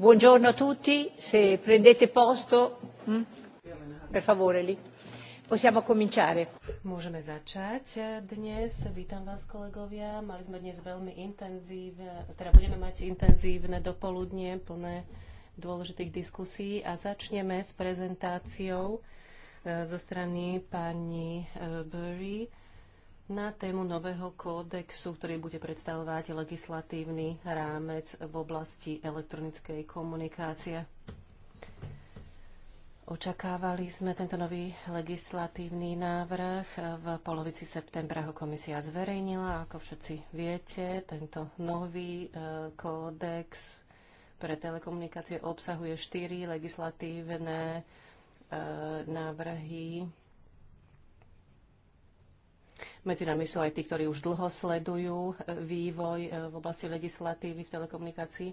Buongiorno a tutti, se prendete posto, hm? per favore lì. Possiamo cominciare. Môžeme začať dnes. Vítam vás, kolegovia. Mali sme dnes veľmi intenzívne, teda budeme mať intenzívne dopoludnie plné dôležitých diskusí a začneme s prezentáciou e, zo strany pani e, Burry na tému nového kódexu, ktorý bude predstavovať legislatívny rámec v oblasti elektronickej komunikácie. Očakávali sme tento nový legislatívny návrh. V polovici septembra ho komisia zverejnila. Ako všetci viete, tento nový e, kódex pre telekomunikácie obsahuje štyri legislatívne e, návrhy medzi nami sú aj tí, ktorí už dlho sledujú e, vývoj e, v oblasti legislatívy v telekomunikácii.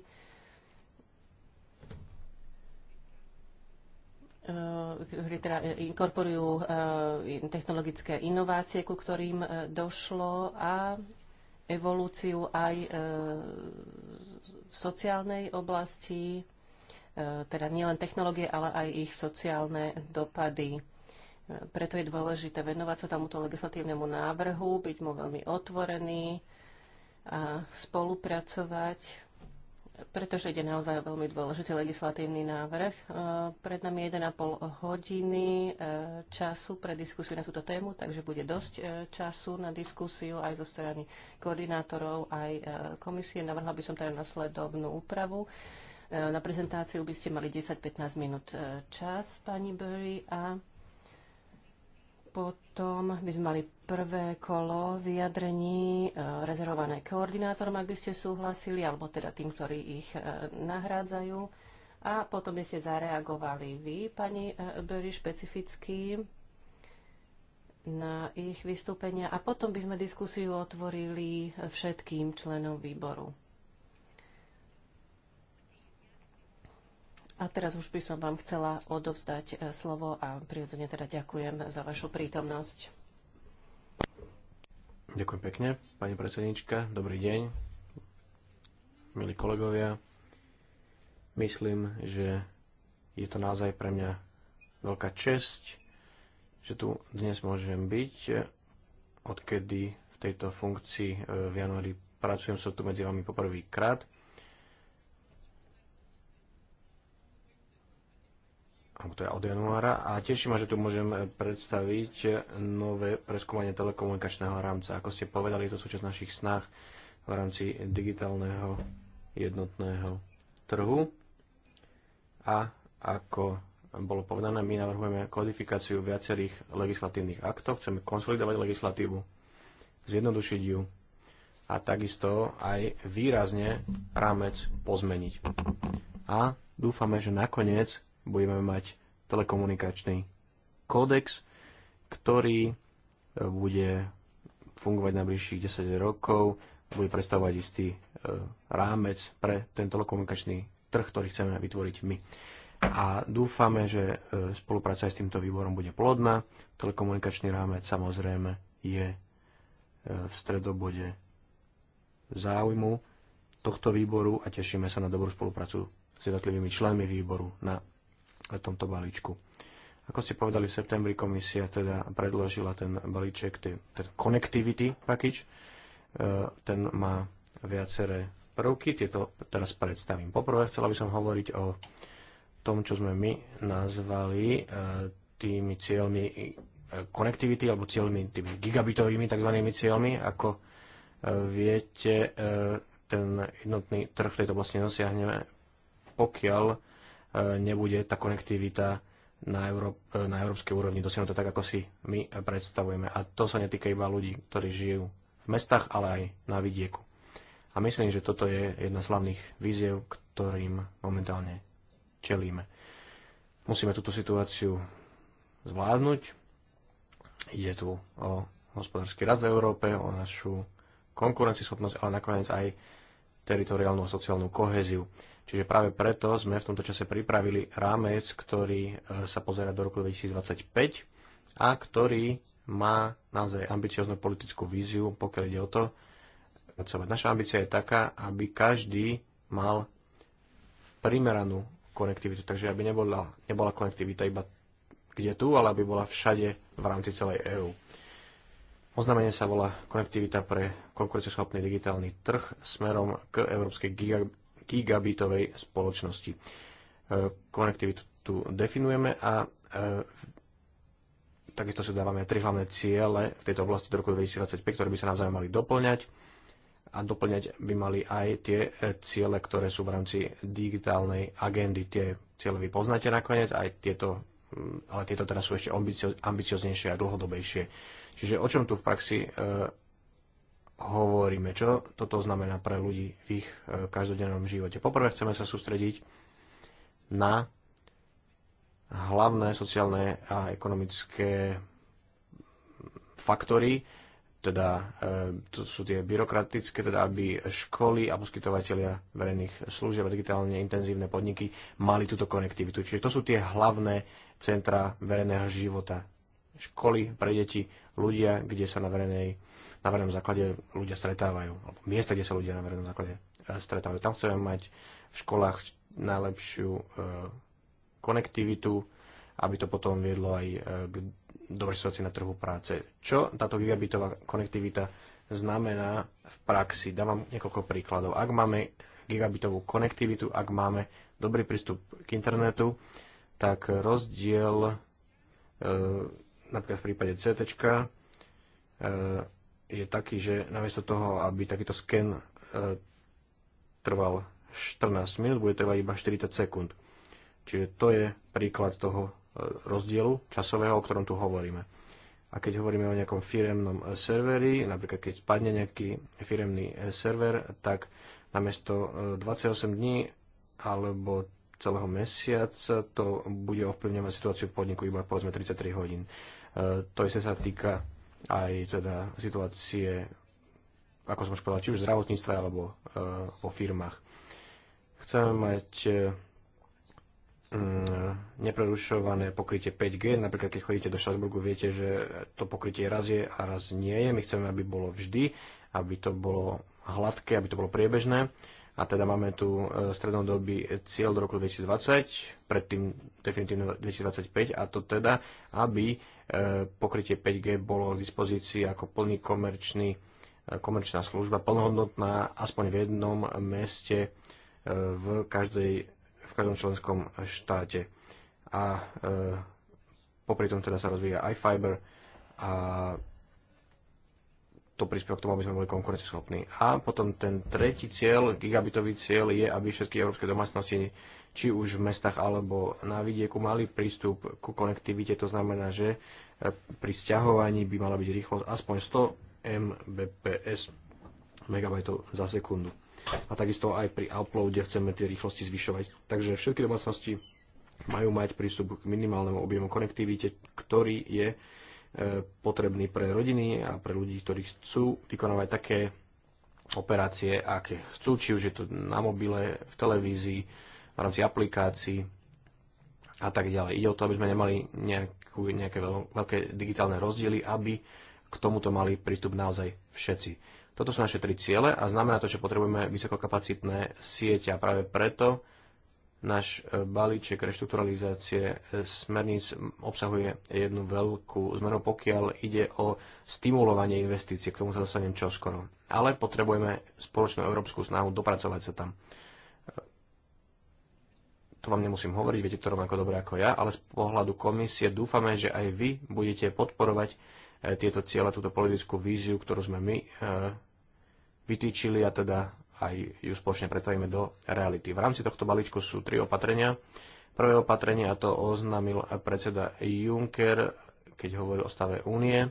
ktorí e, teda inkorporujú technologické inovácie, ku ktorým došlo a evolúciu aj v sociálnej oblasti, teda nielen technológie, ale aj ich sociálne dopady. Preto je dôležité venovať sa tomuto legislatívnemu návrhu, byť mu veľmi otvorený a spolupracovať, pretože ide naozaj o veľmi dôležitý legislatívny návrh. E, pred nami je 1,5 hodiny e, času pre diskusiu na túto tému, takže bude dosť e, času na diskusiu aj zo strany koordinátorov, aj komisie. Navrhla by som teda nasledovnú úpravu. Na prezentáciu by ste mali 10-15 minút čas, pani Burry, a potom by sme mali prvé kolo vyjadrení e, rezervované koordinátorom, ak by ste súhlasili, alebo teda tým, ktorí ich e, nahrádzajú. A potom by ste zareagovali vy, pani e, Berry, špecificky na ich vystúpenia. A potom by sme diskusiu otvorili všetkým členom výboru. A teraz už by som vám chcela odovzdať eh, slovo a prirodzene teda ďakujem za vašu prítomnosť. Ďakujem pekne, pani predsednička. Dobrý deň, milí kolegovia. Myslím, že je to naozaj pre mňa veľká česť, že tu dnes môžem byť, odkedy v tejto funkcii eh, v januári pracujem sa tu medzi vami poprvýkrát je od januára a teší ma, že tu môžem e, predstaviť e, nové preskúmanie telekomunikačného rámca. Ako ste povedali, je to súčasť našich snah v rámci digitálneho jednotného trhu a ako bolo povedané, my navrhujeme kodifikáciu viacerých legislatívnych aktov, chceme konsolidovať legislatívu, zjednodušiť ju a takisto aj výrazne rámec pozmeniť. A dúfame, že nakoniec budeme mať telekomunikačný kódex, ktorý e, bude fungovať na bližších 10 rokov, bude predstavovať istý e, rámec pre ten telekomunikačný trh, ktorý chceme vytvoriť my. A dúfame, že e, spolupráca aj s týmto výborom bude plodná. Telekomunikačný rámec samozrejme je v stredobode záujmu tohto výboru a tešíme sa na dobrú spoluprácu s jednotlivými členmi výboru na tomto balíčku. Ako ste povedali, v septembri komisia teda predložila ten balíček, ten, ten connectivity package. E, ten má viaceré prvky, tieto teraz predstavím. Poprvé chcela by som hovoriť o tom, čo sme my nazvali e, tými cieľmi e, connectivity alebo cieľmi tými gigabitovými tzv. cieľmi. Ako viete, ten jednotný trh v tejto oblasti dosiahneme, pokiaľ E, nebude tá konektivita na, Euró- e, na európskej úrovni dosiahnutá tak, ako si my predstavujeme. A to sa netýka iba ľudí, ktorí žijú v mestách, ale aj na vidieku. A myslím, že toto je jedna z hlavných víziev, ktorým momentálne čelíme. Musíme túto situáciu zvládnuť. Ide tu o hospodársky rast v Európe, o našu konkurencieschopnosť, ale nakoniec aj teritoriálnu a sociálnu kohéziu. Čiže práve preto sme v tomto čase pripravili rámec, ktorý e, sa pozera do roku 2025 a ktorý má naozaj ambicioznú politickú víziu, pokiaľ ide o to. Naša ambícia je taká, aby každý mal primeranú konektivitu, takže aby nebola, nebola konektivita iba kde tu, ale aby bola všade v rámci celej EÚ. Oznámenie sa volá konektivita pre konkurenceschopný digitálny trh smerom k európskej gigabitovej spoločnosti. E, konektivitu tu definujeme a e, takisto si dávame tri hlavné ciele v tejto oblasti do roku 2025, ktoré by sa navzájom mali doplňať a doplňať by mali aj tie e, ciele, ktoré sú v rámci digitálnej agendy. Tie ciele vy poznáte nakoniec, aj tieto, mm, ale tieto teraz sú ešte ambicioznejšie a dlhodobejšie. Čiže o čom tu v praxi hovoríme. Čo toto znamená pre ľudí v ich e, každodennom živote? Poprvé chceme sa sústrediť na hlavné sociálne a ekonomické faktory, teda e, to sú tie byrokratické, teda aby školy a poskytovateľia verejných služieb a digitálne intenzívne podniky mali túto konektivitu. Čiže to sú tie hlavné centra verejného života. Školy pre deti, ľudia, kde sa na verejnej na verejnom základe ľudia stretávajú, alebo miesta, kde sa ľudia na verejnom základe e, stretávajú. Tam chceme mať v školách najlepšiu e, konektivitu, aby to potom viedlo aj e, k dobrej situácii na trhu práce. Čo táto gigabitová konektivita znamená v praxi? Dávam niekoľko príkladov. Ak máme gigabitovú konektivitu, ak máme dobrý prístup k internetu, tak rozdiel e, napríklad v prípade CT e, je taký, že namiesto toho, aby takýto sken e, trval 14 minút, bude trvať iba 40 sekúnd. Čiže to je príklad toho e, rozdielu časového, o ktorom tu hovoríme. A keď hovoríme o nejakom firemnom e, serveri, napríklad keď spadne nejaký firemný server, tak namiesto 28 dní alebo celého mesiaca to bude ovplyvňovať situáciu v podniku iba povedzme 33 hodín. To isté sa týka aj teda situácie, ako som už povedal, či už v zdravotníctve alebo vo eh, firmách. Chceme mať eh, mm, neprerušované pokrytie 5G. Napríklad, keď chodíte do Štrasburgu, viete, že to pokrytie raz je a raz nie je. My chceme, aby bolo vždy, aby to bolo hladké, aby to bolo priebežné a teda máme tu e, strednodobý cieľ do roku 2020, predtým definitívne 2025, a to teda, aby e, pokrytie 5G bolo k dispozícii ako plný komerčný, e, komerčná služba, plnohodnotná aspoň v jednom meste v, každej, v každom členskom štáte. A popri tom teda sa rozvíja aj fiber a to prispieva k tomu, aby sme boli konkurenceschopní. A potom ten tretí cieľ, gigabitový cieľ, je, aby všetky európske domácnosti, či už v mestách alebo na vidieku, mali prístup ku konektivite. To znamená, že e, pri sťahovaní by mala byť rýchlosť aspoň 100 mbps megabajtov za sekundu. A takisto aj pri uploade chceme tie rýchlosti zvyšovať. Takže všetky domácnosti majú mať prístup k minimálnemu objemu konektivite, ktorý je E, potrebný pre rodiny a pre ľudí, ktorí chcú vykonávať také operácie, aké chcú, či už je to na mobile, v televízii, v rámci aplikácií a tak ďalej. Ide o to, aby sme nemali nejakú, nejaké veľké digitálne rozdiely, aby k tomuto mali prístup naozaj všetci. Toto sú naše tri ciele a znamená to, že potrebujeme vysokokapacitné siete a práve preto Náš e, balíček reštrukturalizácie e, smerníc obsahuje jednu veľkú zmenu, pokiaľ ide o stimulovanie investície. K tomu sa dostanem čoskoro. Ale potrebujeme spoločnú európsku snahu dopracovať sa tam. E, to vám nemusím hovoriť, viete to rovnako dobre ako ja, ale z pohľadu komisie dúfame, že aj vy budete podporovať tieto ciele, túto politickú víziu, ktorú sme my vytýčili a teda aj ju spoločne pretavíme do reality. V rámci tohto balíčku sú tri opatrenia. Prvé opatrenie, a to oznámil predseda Juncker, keď hovoril o stave únie.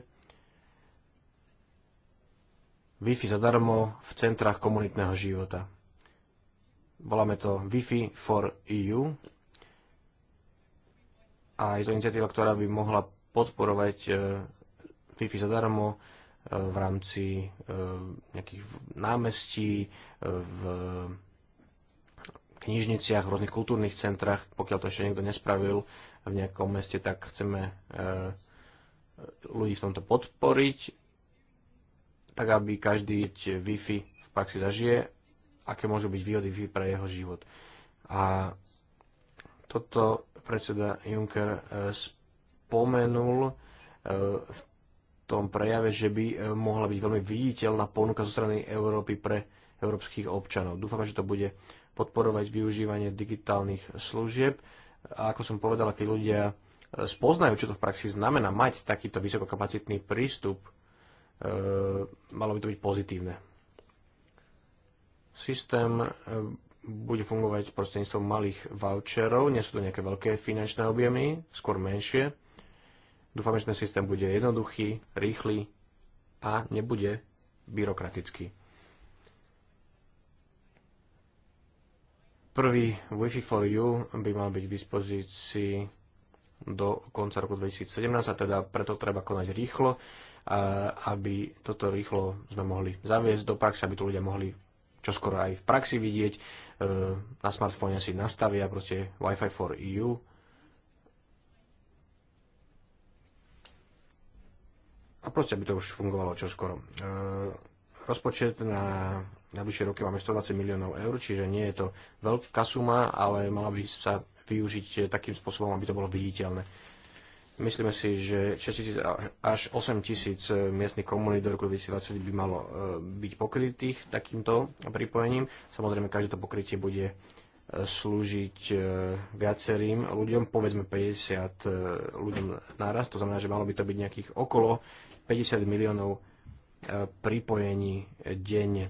Wi-Fi zadarmo v centrách komunitného života. Voláme to Wi-Fi for EU a je to iniciatíva, ktorá by mohla podporovať e, Wi-Fi zadarmo v rámci e, nejakých námestí, e, v knižniciach, v rôznych kultúrnych centrách, pokiaľ to ešte niekto nespravil v nejakom meste, tak chceme e, ľudí v tomto podporiť, tak aby každý Wi-Fi v praxi zažije, aké môžu byť výhody Wi-Fi pre jeho život. A toto predseda Juncker spomenul v tom prejave, že by e, mohla byť veľmi viditeľná ponuka zo strany Európy pre európskych občanov. Dúfam, že to bude podporovať využívanie digitálnych služieb. A ako som povedala, keď ľudia e, spoznajú, čo to v praxi znamená mať takýto vysokokapacitný prístup, e, malo by to byť pozitívne. Systém e, bude fungovať prostredníctvom malých voucherov, nie sú to nejaké veľké finančné objemy, skôr menšie Dúfam, že ten systém bude jednoduchý, rýchly a nebude byrokratický. Prvý Wi-Fi for you by mal byť k dispozícii do konca roku 2017 a teda preto treba konať rýchlo, aby toto rýchlo sme mohli zaviesť do praxe, aby to ľudia mohli čoskoro aj v praxi vidieť, e, na smartfóne si nastavia proste Wi-Fi for EU a proste by to už fungovalo čoskoro. E, rozpočet na najbližšie roky máme 120 miliónov eur, čiže nie je to veľká suma, ale mala by sa využiť takým spôsobom, aby to bolo viditeľné. Myslíme si, že 6 000 až 8 tisíc miestnych komunít do roku 2020 by malo e, byť pokrytých takýmto pripojením. Samozrejme, každé to pokrytie bude slúžiť e, viacerým ľuďom, povedzme 50 e, ľuďom naraz, to znamená, že malo by to byť nejakých okolo 50 miliónov e, pripojení denne.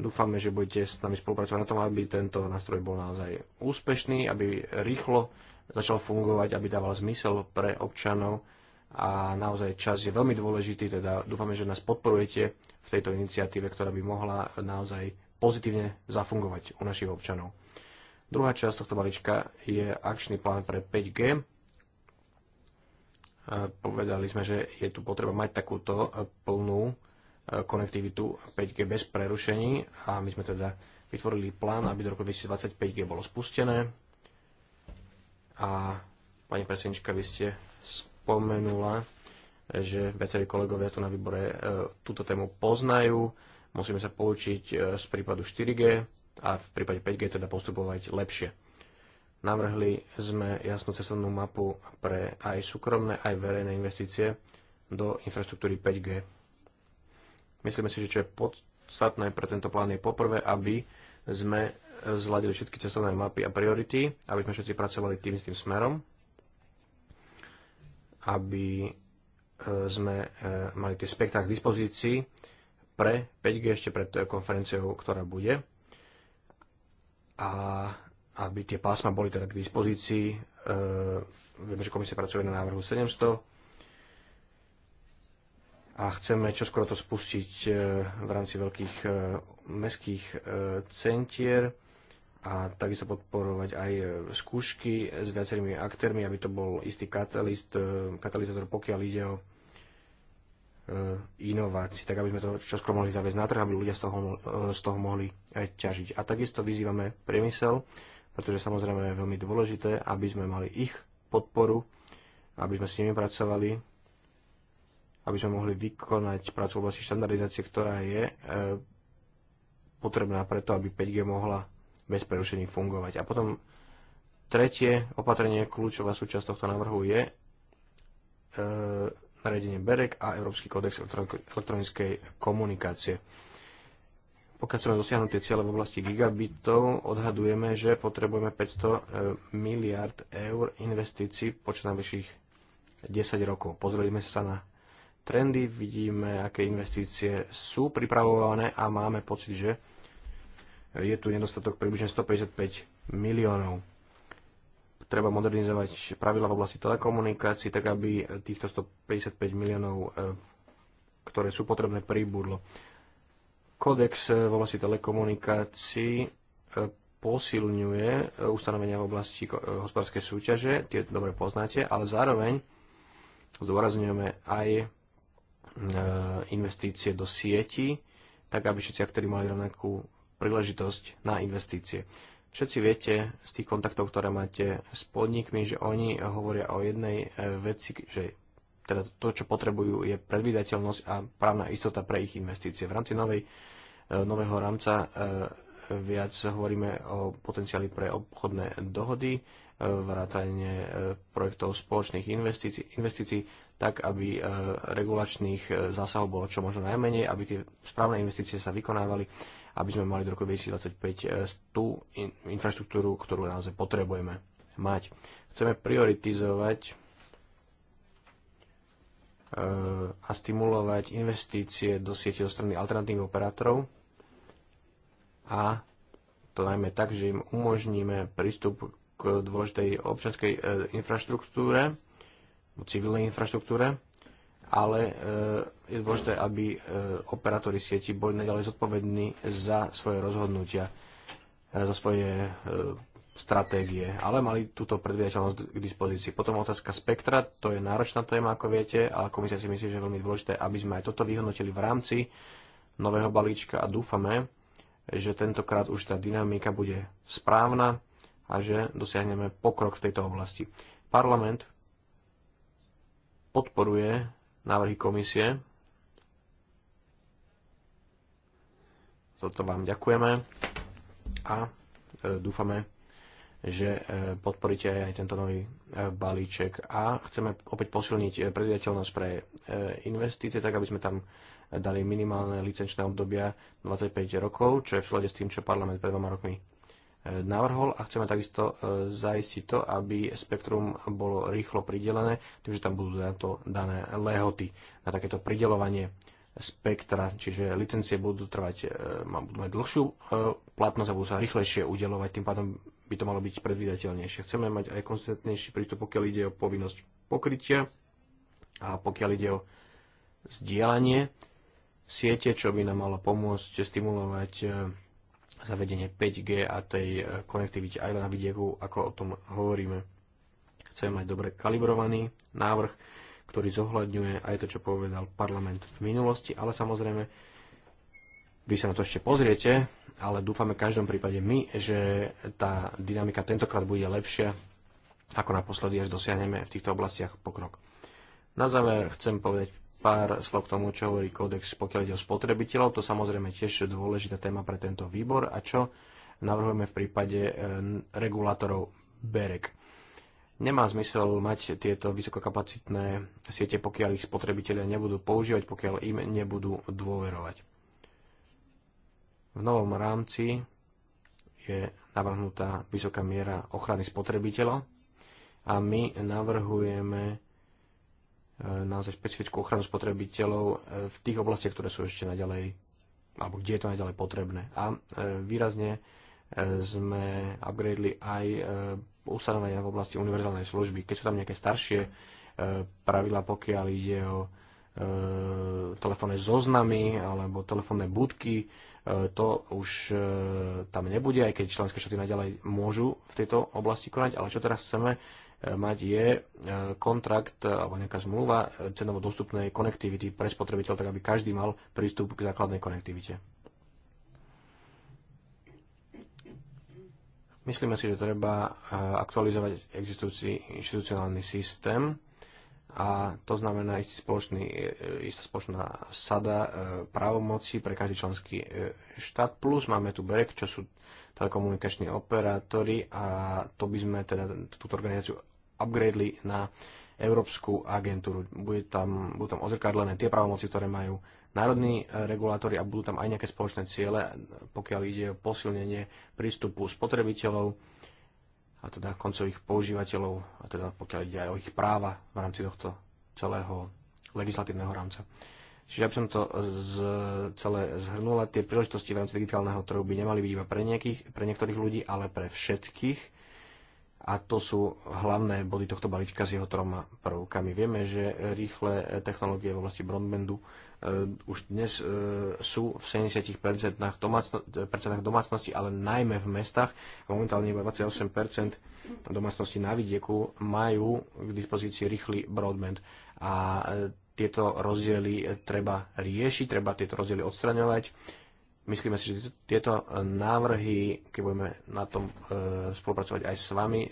Dúfame, že budete s nami spolupracovať na tom, aby tento nástroj bol naozaj úspešný, aby rýchlo začal fungovať, aby dával zmysel pre občanov a naozaj čas je veľmi dôležitý, teda dúfame, že nás podporujete v tejto iniciatíve, ktorá by mohla naozaj pozitívne zafungovať u našich občanov. Druhá časť tohto balíčka je akčný plán pre 5G. E, povedali sme, že je tu potreba mať takúto plnú e, konektivitu 5G bez prerušení a my sme teda vytvorili plán, aby do roku 2025 5G bolo spustené. A pani predsednička, vy ste spomenula, že viacerí kolegovia tu na výbore e, túto tému poznajú. Musíme sa poučiť z prípadu 4G a v prípade 5G teda postupovať lepšie. Navrhli sme jasnú cestovnú mapu pre aj súkromné, aj verejné investície do infraštruktúry 5G. Myslíme si, že čo je podstatné pre tento plán je poprvé, aby sme zladili všetky cestovné mapy a priority, aby sme všetci pracovali tým s tým smerom, aby e, sme e, mali tie spektrá k dispozícii pre 5G ešte pred konferenciou, ktorá bude a aby tie pásma boli teda k dispozícii. E, vieme, že komisia pracuje na návrhu 700 a chceme čoskoro to spustiť e, v rámci veľkých e, mestských e, centier a takisto podporovať aj e, skúšky s viacerými aktérmi, aby to bol istý e, katalizátor, pokiaľ ide o E, inovácií, tak aby sme to čoskoro mohli zaviesť na trh, aby ľudia z toho, e, z toho mohli aj e, ťažiť. A takisto vyzývame priemysel, pretože samozrejme je veľmi dôležité, aby sme mali ich podporu, aby sme s nimi pracovali, aby sme mohli vykonať prácu v oblasti štandardizácie, ktorá je potrebná preto, aby 5G mohla bez prerušení fungovať. A potom tretie opatrenie, kľúčová súčasť tohto návrhu je nariadenie BEREK a Európsky kódex elektronickej komunikácie. Pokiaľ chceme dosiahnuť tie cieľe v oblasti gigabitov, odhadujeme, že potrebujeme 500 e, miliard eur investícií počas najbližších 10 rokov. Pozrieme sa na trendy, vidíme, aké investície sú pripravované a máme pocit, že je tu nedostatok približne 155 miliónov treba modernizovať pravidla v oblasti telekomunikácií, tak aby týchto 155 miliónov, e, ktoré sú potrebné, pribudlo. Kodex e, v oblasti telekomunikácií e, posilňuje ustanovenia v oblasti hospodárskej súťaže, tie dobre poznáte, ale zároveň zdôrazňujeme aj investície do sieti, tak aby všetci aktéri mali rovnakú príležitosť na investície. Všetci viete z tých kontaktov, ktoré máte s podnikmi, že oni hovoria o jednej e, veci, že teda to, čo potrebujú, je predvydateľnosť a právna istota pre ich investície. V rámci novej, e, nového rámca e, viac hovoríme o potenciáli pre obchodné dohody, vrátanie projektov spoločných investícií, investícií tak, aby regulačných zásahov bolo čo možno najmenej, aby tie správne investície sa vykonávali aby sme mali do roku 2025 e, tú infraštruktúru, ktorú naozaj potrebujeme mať. Chceme prioritizovať e, a stimulovať investície do siete zo strany alternatívnych operátorov a to najmä tak, že im umožníme prístup k dôležitej občanskej e, infraštruktúre, civilnej infraštruktúre, ale je dôležité, aby e, operátori sieti boli naďalej zodpovední za svoje rozhodnutia, e, za svoje e, stratégie, ale mali túto predvidateľnosť k dispozícii. Potom otázka spektra, to je náročná téma, ako viete, a komisia si myslí, že je veľmi dôležité, aby sme aj toto vyhodnotili v rámci nového balíčka a dúfame, že tentokrát už tá dynamika bude správna a že dosiahneme pokrok v tejto oblasti. Parlament podporuje návrhy komisie toto vám ďakujeme a e, dúfame, že e, podporíte aj tento nový e, balíček. A chceme opäť posilniť predvidateľnosť pre investície, tak aby sme tam dali minimálne licenčné obdobia 25 rokov, čo je v slade s tým, čo parlament pred dvoma rokmi navrhol a chceme takisto zaistiť to, aby spektrum bolo rýchlo pridelené, tým, že tam budú na to dané lehoty na takéto pridelovanie spektra, čiže licencie budú trvať, e, budú mať dlhšiu e, platnosť a budú sa rýchlejšie udelovať, tým pádom by to malo byť predvídateľnejšie. Chceme mať aj konstantnejší prístup, pokiaľ ide o povinnosť pokrytia a pokiaľ ide o zdieľanie siete, čo by nám malo pomôcť stimulovať e, zavedenie 5G a tej konektivite aj na vidieku, ako o tom hovoríme. Chceme mať dobre kalibrovaný návrh, ktorý zohľadňuje aj to, čo povedal parlament v minulosti, ale samozrejme, vy sa na to ešte pozriete, ale dúfame v každom prípade my, že tá dynamika tentokrát bude lepšia ako naposledy, až dosiahneme v týchto oblastiach pokrok. Na záver chcem povedať pár slov k tomu, čo hovorí kódex, pokiaľ ide o spotrebiteľov. To samozrejme tiež dôležitá téma pre tento výbor a čo navrhujeme v prípade eh, regulátorov BEREK. Nemá zmysel mať tieto vysokokapacitné siete, pokiaľ ich spotrebitelia nebudú používať, pokiaľ im nebudú dôverovať. V novom rámci je navrhnutá vysoká miera ochrany spotrebiteľa a my navrhujeme e, naozaj špecifickú ochranu spotrebiteľov e, v tých oblastiach, ktoré sú ešte naďalej, alebo kde je to naďalej potrebné. A e, výrazne sme upgradeli aj ustanovenia v oblasti univerzálnej služby. Keď sú tam nejaké staršie e, pravidla, pokiaľ ide o e, telefónne zoznamy alebo telefónne budky, e, to už tam nebude, aj keď členské štáty naďalej môžu v tejto oblasti konať, ale čo teraz chceme mať je kontrakt alebo nejaká zmluva cenovo dostupnej konektivity pre spotrebiteľ, tak aby každý mal prístup k základnej konektivite. Myslíme si, že treba eh, aktualizovať existujúci inštitucionálny systém a to znamená istý spoločný, eh, istá spoločná sada eh, právomoci pre každý členský štát. Plus máme tu BREK, čo sú telekomunikační operátori a to by sme teda túto organizáciu upgradeli na Európsku agentúru. Bude tam, budú tam ozrkadlené tie právomoci, ktoré majú národní eh, regulátori a budú tam aj nejaké spoločné ciele, pokiaľ ide o posilnenie prístupu spotrebiteľov a teda koncových používateľov a teda pokiaľ ide aj o ich práva v rámci tohto celého legislatívneho rámca. Čiže aby som to z, celé zhrnula, tie príležitosti v rámci digitálneho trhu by nemali byť iba pre, nejakých, pre niektorých ľudí, ale pre všetkých. A to sú hlavné body tohto balíčka s jeho troma prvkami. Vieme, že rýchle technológie v oblasti broadbandu E, už dnes e, sú v 70% domácnosti, ale najmä v mestách. Momentálne iba 28% domácnosti na vidieku majú k dispozícii rýchly broadband. A e, tieto rozdiely treba riešiť, treba tieto rozdiely odstraňovať. Myslíme si, že tieto návrhy, keď budeme na tom spolupracovať aj s vami,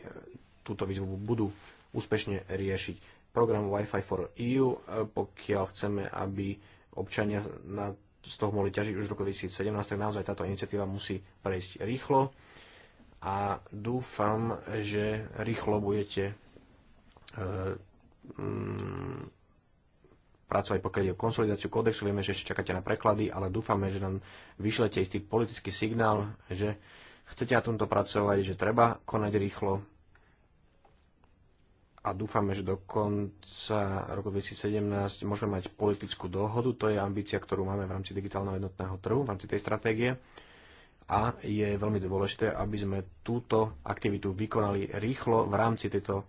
túto výzvu budú úspešne riešiť. Program Wi-Fi for EU, pokiaľ chceme, aby občania na, z toho mohli ťažiť už v roku 2017, tak naozaj táto iniciatíva musí prejsť rýchlo a dúfam, že rýchlo budete e, m, mm, pracovať, pokiaľ ide o konsolidáciu kódexu. Vieme, že ešte čakáte na preklady, ale dúfame, že nám vyšlete istý politický signál, že chcete na tomto pracovať, že treba konať rýchlo a dúfame, že do konca roku 2017 môžeme mať politickú dohodu. To je ambícia, ktorú máme v rámci digitálneho jednotného trhu, v rámci tej stratégie. A je veľmi dôležité, aby sme túto aktivitu vykonali rýchlo v rámci tejto,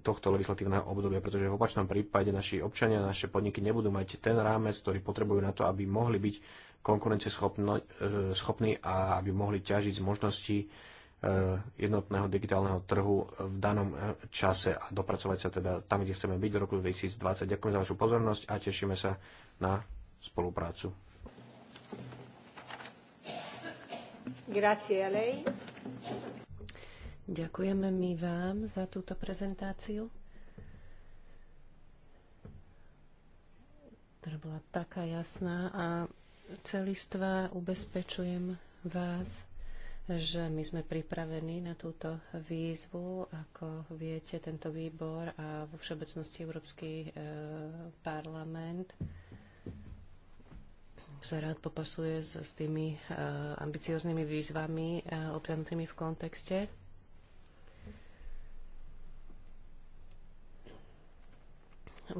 tohto legislatívneho obdobia, pretože v opačnom prípade naši občania, naše podniky nebudú mať ten rámec, ktorý potrebujú na to, aby mohli byť konkurencieschopní e, a aby mohli ťažiť z možností Eh, jednotného digitálneho trhu v danom eh, čase a dopracovať sa teda tam, kde chceme byť do roku 2020. Ďakujem za vašu pozornosť a tešíme sa na spoluprácu. Grazie a lei. Ďakujeme my vám za túto prezentáciu, ktorá bola taká jasná a celistvá. Ubezpečujem vás, že my sme pripravení na túto výzvu. Ako viete, tento výbor a vo všeobecnosti Európsky e, parlament sa rád popasuje s, s tými e, ambicioznými výzvami e, obsiahnutými v kontexte.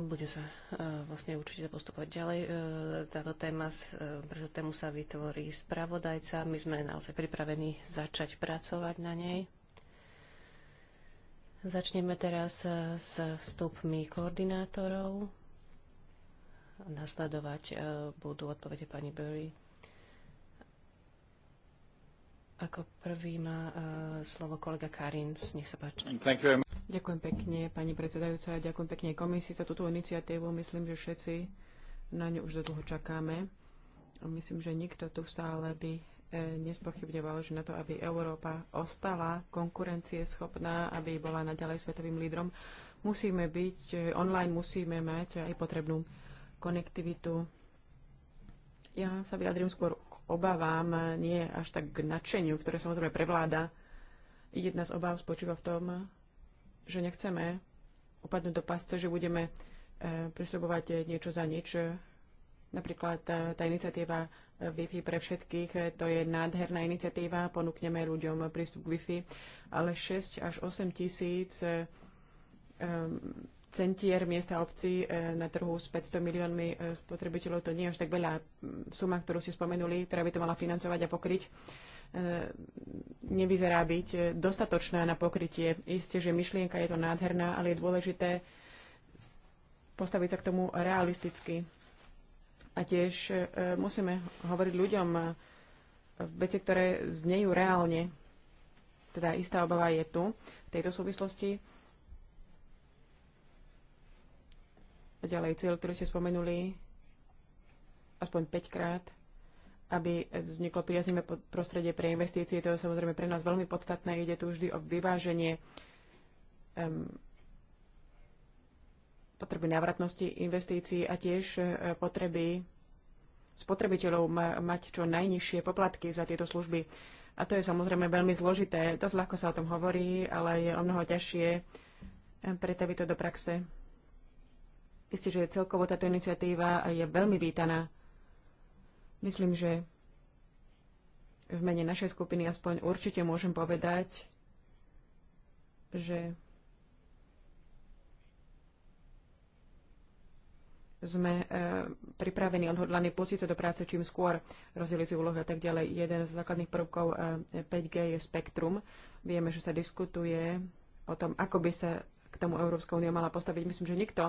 bude sa e, vlastne určite postupovať ďalej. E, táto téma, e, pre tú tému sa vytvorí spravodajca. My sme naozaj pripravení začať pracovať na nej. Začneme teraz s vstupmi koordinátorov. Nasledovať budú odpovede pani Burry. Ako prvý má slovo kolega Karin Nech sa páči. Thank you very Ďakujem pekne, pani predsedajúca, ďakujem pekne komisii za túto iniciatívu. Myslím, že všetci na ňu už dlho čakáme. Myslím, že nikto tu v sále by e, nespochybňoval, že na to, aby Európa ostala konkurencieschopná, aby bola naďalej svetovým lídrom, musíme byť e, online, musíme mať aj potrebnú konektivitu. Ja sa vyjadrím skôr k obavám, nie až tak k nadšeniu, ktoré samozrejme prevláda. Jedna z obáv spočíva v tom, že nechceme upadnúť do pasce, že budeme e, prisľubovať e, niečo za nič. Napríklad tá, e, tá iniciatíva Wi-Fi pre všetkých, to je nádherná iniciatíva, ponúkneme ľuďom prístup k Wi-Fi, ale 6 až 8 tisíc centier miesta obcí na trhu s 500 miliónmi spotrebiteľov, to nie je až tak veľa suma, ktorú si spomenuli, ktorá by to mala financovať a pokryť E, nevyzerá byť dostatočná na pokrytie. Isté, že myšlienka je to nádherná, ale je dôležité postaviť sa k tomu realisticky. A tiež e, musíme hovoriť ľuďom veci, ktoré znejú reálne. Teda istá obava je tu v tejto súvislosti. A ďalej cieľ, ktorý ste spomenuli aspoň 5 krát – aby vzniklo priaznivé prostredie pre investície. To je samozrejme pre nás veľmi podstatné. Ide tu vždy o vyváženie um, potreby návratnosti investícií a tiež e, potreby spotrebiteľov mať čo najnižšie poplatky za tieto služby. A to je samozrejme veľmi zložité. Dosť ľahko sa o tom hovorí, ale je o mnoho ťažšie e, pretaviť to do praxe. Isté, že celkovo táto iniciatíva je veľmi vítaná. Myslím, že v mene našej skupiny aspoň určite môžem povedať, že sme e, pripravení, odhodlaní pustiť sa do práce čím skôr, rozdeliť si úlohy a tak ďalej. Jeden z základných prvkov e, 5G je spektrum. Vieme, že sa diskutuje o tom, ako by sa k tomu Európska únia mala postaviť. Myslím, že nikto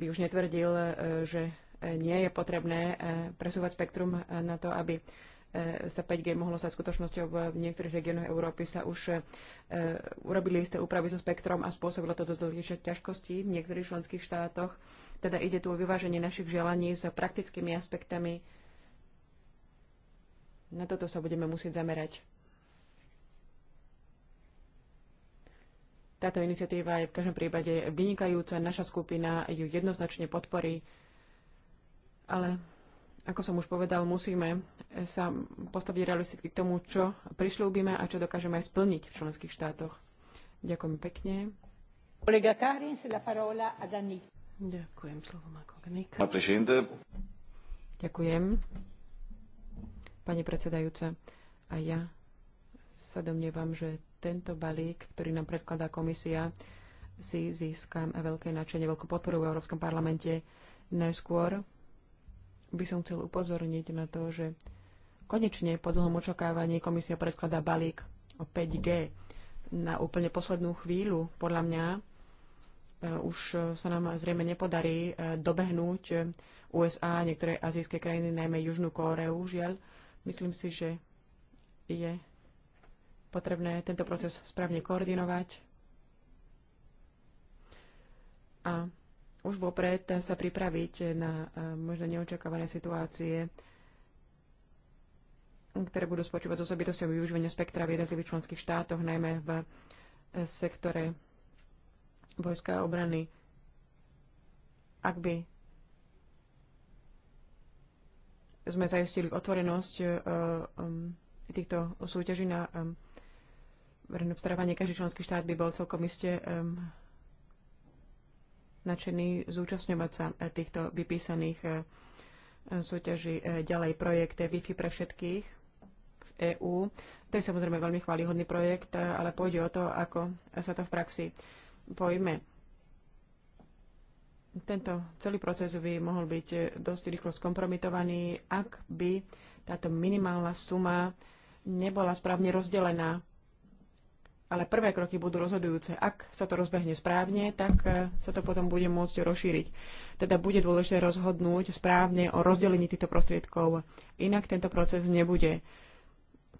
by už netvrdil, e, že nie je potrebné e, presúvať spektrum e, na to, aby e, sa 5G mohlo stať skutočnosťou. V niektorých regiónoch Európy sa už urobili isté úpravy so spektrom a spôsobilo to dosť ťažkosti v niektorých členských štátoch. Teda ide tu o vyváženie našich želaní s praktickými aspektami. Na toto sa budeme musieť zamerať. Táto iniciatíva je v každom prípade vynikajúca. Naša skupina ju jednoznačne podporí. Ale ako som už povedal, musíme sa postaviť realisticky k tomu, čo prišľúbime a čo dokážeme aj splniť v členských štátoch. Ďakujem pekne. Kolega Karin, la parola Ďakujem, slovo má Kognik. Ďakujem. Pani predsedajúca, a ja sa domnievam, že tento balík, ktorý nám predkladá komisia, si získam veľké nadšenie, veľkú podporu v Európskom parlamente. Najskôr by som chcel upozorniť na to, že konečne po dlhom očakávaní komisia predkladá balík o 5G na úplne poslednú chvíľu. Podľa mňa e, už sa nám zrejme nepodarí e, dobehnúť USA a niektoré azijské krajiny, najmä Južnú Kóreu, žiaľ. Myslím si, že je potrebné tento proces správne koordinovať a už vopred sa pripraviť na e, možno neočakávané situácie, ktoré budú spočívať s osobitosťou využívania spektra v jednotlivých členských štátoch, najmä v e, sektore vojska a obrany. Ak by sme zajistili otvorenosť e, týchto súťaží na verejné obstarávanie, každý členský štát by bol celkom iste nadšení zúčastňovať sa eh, týchto vypísaných eh, súťaží. Eh, ďalej projekt Wi-Fi pre všetkých v EÚ. To je samozrejme veľmi chválihodný projekt, ale pôjde o to, ako sa to v praxi pojme. Tento celý proces by mohol byť dosť rýchlo skompromitovaný, ak by táto minimálna suma nebola správne rozdelená ale prvé kroky budú rozhodujúce. Ak sa to rozbehne správne, tak e, sa to potom bude môcť rozšíriť. Teda bude dôležité rozhodnúť správne o rozdelení týchto prostriedkov. Inak tento proces nebude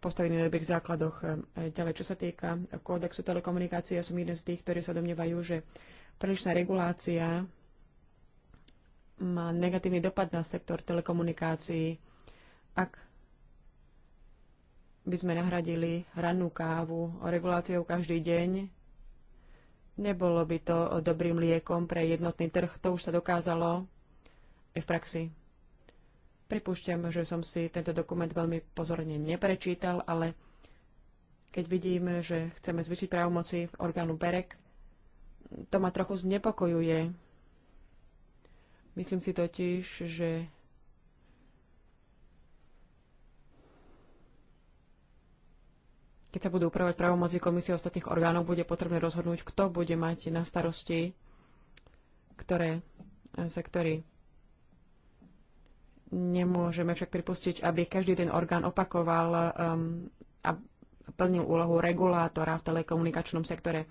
postavený na dobrých základoch. E, ďalej, čo sa týka kódexu telekomunikácie, ja som jeden z tých, ktorí sa domnievajú, že prílišná regulácia má negatívny dopad na sektor telekomunikácií. Ak by sme nahradili rannú kávu reguláciou každý deň. Nebolo by to dobrým liekom pre jednotný trh, to už sa dokázalo aj v praxi. Pripúšťam, že som si tento dokument veľmi pozorne neprečítal, ale keď vidím, že chceme zvyšiť právomoci v orgánu BEREK, to ma trochu znepokojuje. Myslím si totiž, že keď sa budú upravovať právomoci komisie ostatných orgánov, bude potrebné rozhodnúť, kto bude mať na starosti ktoré eh, sektory. Nemôžeme však pripustiť, aby každý ten orgán opakoval um, a plnil úlohu regulátora v telekomunikačnom sektore.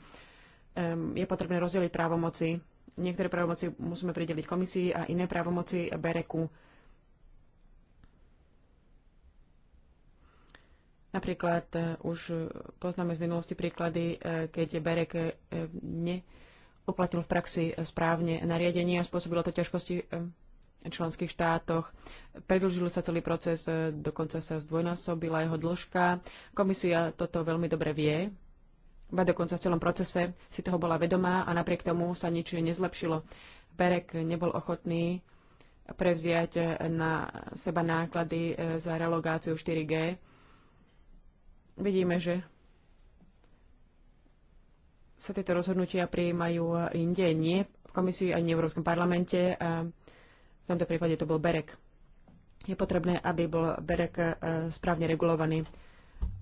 Um, je potrebné rozdeliť právomoci. Niektoré právomoci musíme prideliť komisii a iné právomoci bereku. Napríklad e, už e, poznáme z minulosti príklady, e, keď Berek neuplatil v praxi správne nariadenie a spôsobilo to ťažkosti členských štátoch. Predlžil sa celý proces, dokonca sa zdvojnásobila jeho dĺžka. Komisia toto veľmi dobre vie, ba dokonca v celom procese si toho bola vedomá a napriek tomu sa nič nezlepšilo. Berek nebol ochotný prevziať na seba náklady za relogáciu 4G Vidíme, že sa tieto rozhodnutia prijímajú inde, nie v komisii ani v Európskom parlamente. A v tomto prípade to bol Berek. Je potrebné, aby bol Berek e, správne regulovaný.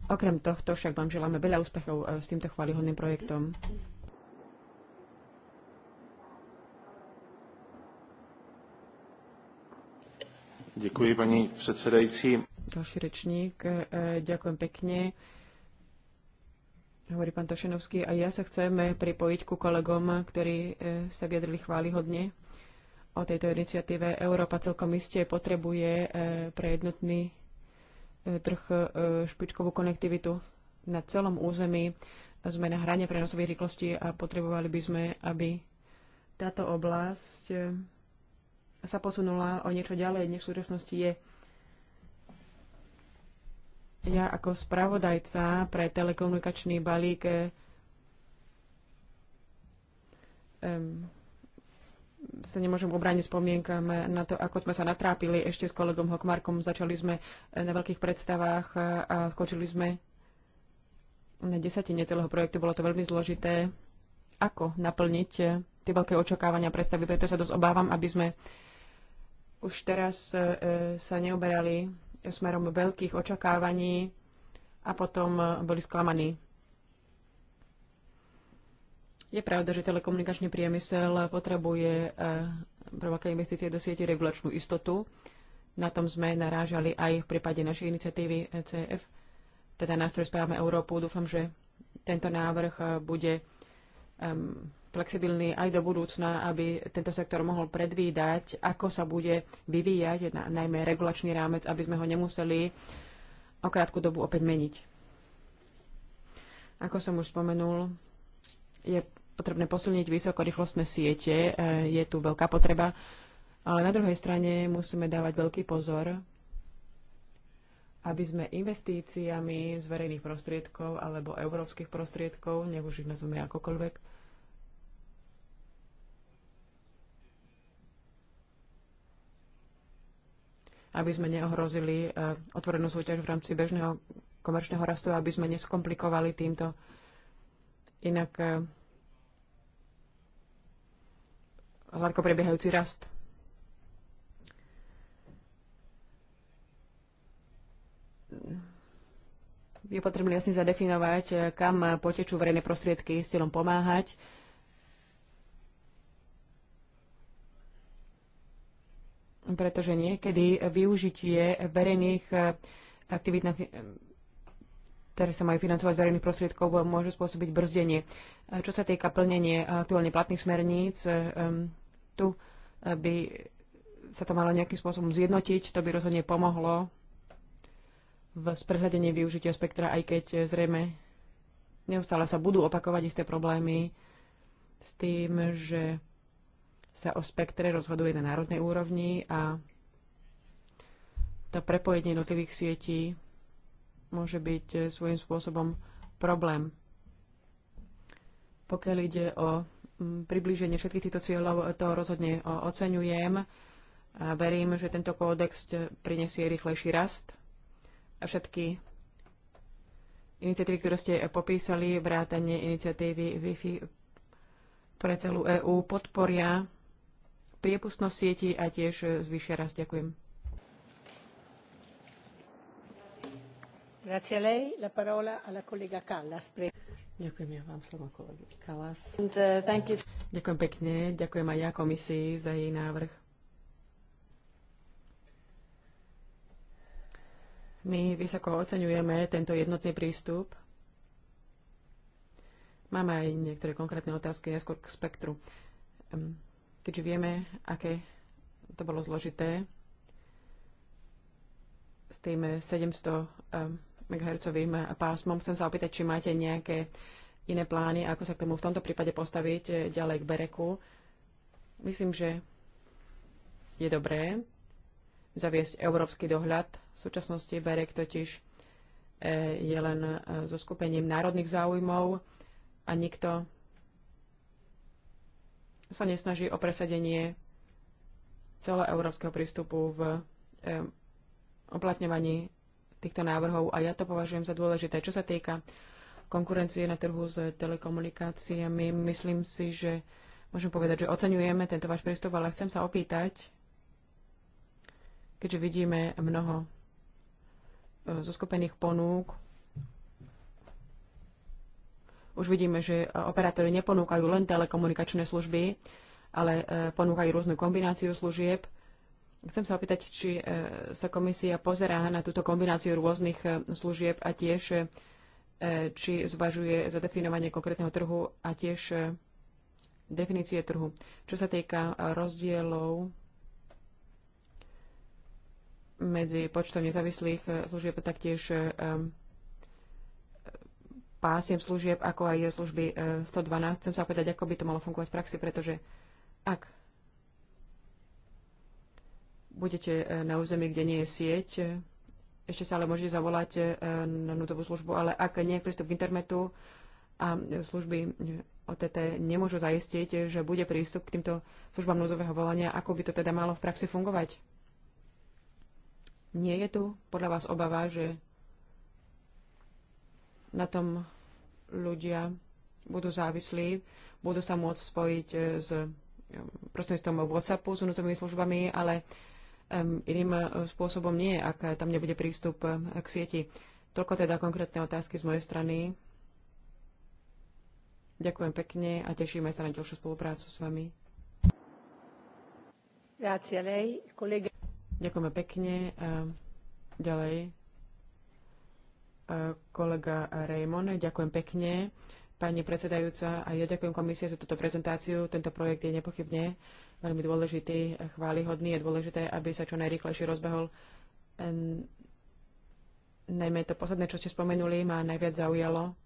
Okrem tohto však vám želáme veľa úspechov e, s týmto chválihodným projektom. Děkuji, paní předsedající. Ďalší rečník, e, e, ďakujem pekne. Hovorí pán Tošenovský a ja sa chcem pripojiť ku kolegom, ktorí e, sa vyjadrili chválihodne o tejto iniciatíve. Európa celkom iste potrebuje pre jednotný trh špičkovú konektivitu na celom území. Sme na hrane prenosových rýchlostí a potrebovali by sme, aby táto oblasť sa posunula o niečo ďalej, než v súčasnosti je. Ja ako spravodajca pre telekomunikačný balík um, sa nemôžem obrániť spomienkam na to, ako sme sa natrápili ešte s kolegom Hokmarkom. Začali sme eh, na veľkých predstavách eh, a skočili sme na desatine celého projektu. Bolo to veľmi zložité, ako naplniť tie veľké očakávania predstavy. Preto sa dosť obávam, aby sme už teraz sa neoberali smerom veľkých očakávaní a potom e, boli sklamaní. Je pravda, že telekomunikačný priemysel potrebuje pre veľké investície do siete regulačnú istotu. Na tom sme narážali aj v prípade našej iniciatívy ECF, teda nástroj Správame Európu. Dúfam, že tento návrh e, bude um, flexibilní aj do budúcna, aby tento sektor mohol predvídať, ako sa bude vyvíjať, najmä regulačný rámec, aby sme ho nemuseli o krátku dobu opäť meniť. Ako som už spomenul, je potrebné posilniť vysokorýchlostné siete, e, je tu veľká potreba, ale na druhej strane musíme dávať veľký pozor, aby sme investíciami z verejných prostriedkov alebo európskych prostriedkov, nech už ich nazveme akokoľvek, aby sme neohrozili e, otvorenú súťaž v rámci bežného komerčného rastu, aby sme neskomplikovali týmto. Inak e, hladko prebiehajúci rast. Je potrebné jasne zadefinovať, e, kam potečú verejné prostriedky s cieľom pomáhať pretože niekedy využitie verejných aktivít, ktoré sa majú financovať verejných prostriedkov, môže spôsobiť brzdenie. Čo sa týka plnenia aktuálne platných smerníc, tu by sa to malo nejakým spôsobom zjednotiť, to by rozhodne pomohlo v sprehľadení využitia spektra, aj keď zrejme neustále sa budú opakovať isté problémy s tým, že sa o spektre rozhoduje na národnej úrovni a to prepojenie jednotlivých sietí môže byť eh, svojím spôsobom problém. Pokiaľ ide o mm, priblíženie všetkých týchto cieľov, eh, to rozhodne eh, oceňujem. A verím, že tento kódex prinesie rýchlejší rast a všetky iniciatívy, ktoré ste popísali, vrátanie iniciatívy Wi-Fi pre celú EÚ podporia priepustnosť sieti a tiež e, zvyšia raz Ďakujem. Ďakujem ja vám, slovo kolegy Kalas. Uh, ďakujem pekne, ďakujem aj ja komisii za jej návrh. My vysoko oceňujeme tento jednotný prístup. Máme aj niektoré konkrétne otázky neskôr k spektru. Um, keďže vieme, aké to bolo zložité s tým 700 eh, MHz pásmom. Chcem sa opýtať, či máte nejaké iné plány, ako sa k tomu v tomto prípade postaviť eh, ďalej k Bereku. Myslím, že je dobré zaviesť európsky dohľad. V súčasnosti Berek totiž eh, je len so skupením národných záujmov a nikto sa nesnaží o presadenie celoeurópskeho prístupu v oplatňovaní týchto návrhov a ja to považujem za dôležité. Čo sa týka konkurencie na trhu s telekomunikáciami, myslím si, že môžem povedať, že oceňujeme tento váš prístup, ale chcem sa opýtať, keďže vidíme mnoho e, zoskupených ponúk už vidíme, že e, operátori neponúkajú len telekomunikačné služby, ale e, ponúkajú rôznu kombináciu služieb. Chcem sa opýtať, či e, sa komisia pozerá na túto kombináciu rôznych služieb a tiež či zvažuje zadefinovanie konkrétneho trhu a tiež definície trhu. Čo sa týka rozdielov medzi počtom nezávislých služieb, taktiež pásiem služieb, ako aj služby 112. E, Chcem sa opýtať, ako by to malo fungovať v praxi, pretože ak budete e, na území, kde nie je sieť, e, ešte sa ale môžete zavolať na nutovú službu, ale ak nie je prístup k internetu a služby OTT nemôžu zaistiť, že bude prístup k týmto službám núzového volania, ako by to teda malo v praxi fungovať? Nie je tu podľa vás obava, že na tom ľudia budú závislí, budú sa môcť spojiť e, s e, prostredníctvom WhatsAppu, s vnútornými službami, ale iným e, spôsobom nie, ak tam nebude prístup k sieti. Toľko teda konkrétne otázky z mojej strany. Ďakujem pekne a tešíme sa na ďalšiu spoluprácu s vami. Ďakujeme pekne. Ďalej kolega Raymond. Ďakujem pekne, pani predsedajúca, a ja ďakujem komisie za túto prezentáciu. Tento projekt je nepochybne veľmi dôležitý, chválihodný. Je dôležité, aby sa čo najrýchlejšie rozbehol. Najmä to posledné, čo ste spomenuli, ma najviac zaujalo.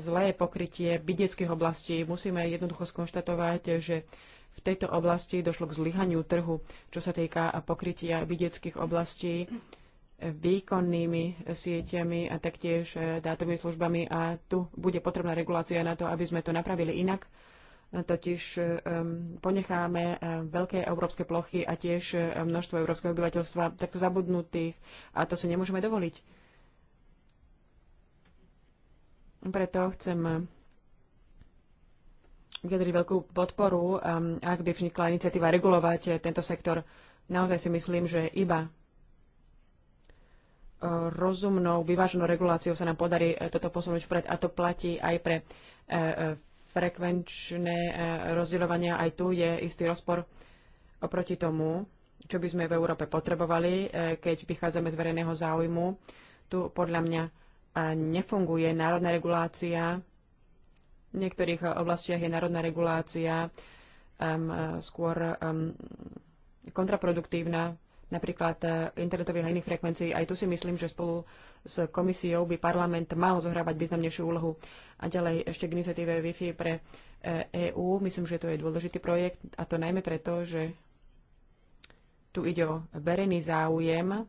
Zlé pokrytie bydeckých oblastí. Musíme jednoducho skonštatovať, že v tejto oblasti došlo k zlyhaniu trhu, čo sa týka pokrytia bydeckých oblastí výkonnými sieťami a taktiež e, dátovými službami a tu bude potrebná regulácia na to, aby sme to napravili inak. Totiž e, ponecháme e, veľké európske plochy a tiež množstvo európskeho obyvateľstva takto zabudnutých a to si nemôžeme dovoliť. Preto chcem vyjadriť veľkú podporu, ak by vznikla iniciatíva regulovať tento sektor. Naozaj si myslím, že iba rozumnou, vyváženou reguláciou sa nám podarí e, toto posunúť vpred a to platí aj pre e, e, frekvenčné rozdeľovania. Aj tu je istý rozpor oproti tomu, čo by sme v Európe potrebovali, keď vychádzame z verejného záujmu. Tu podľa mňa nefunguje národná regulácia. V niektorých oblastiach je národná regulácia skôr kontraproduktívna napríklad e, internetových a iných frekvencií. Aj tu si myslím, že spolu s komisiou by parlament mal zohrávať významnejšiu úlohu. A ďalej ešte k iniciatíve Wi-Fi pre EÚ. E myslím, že to je dôležitý projekt a to najmä preto, že tu ide o verejný záujem,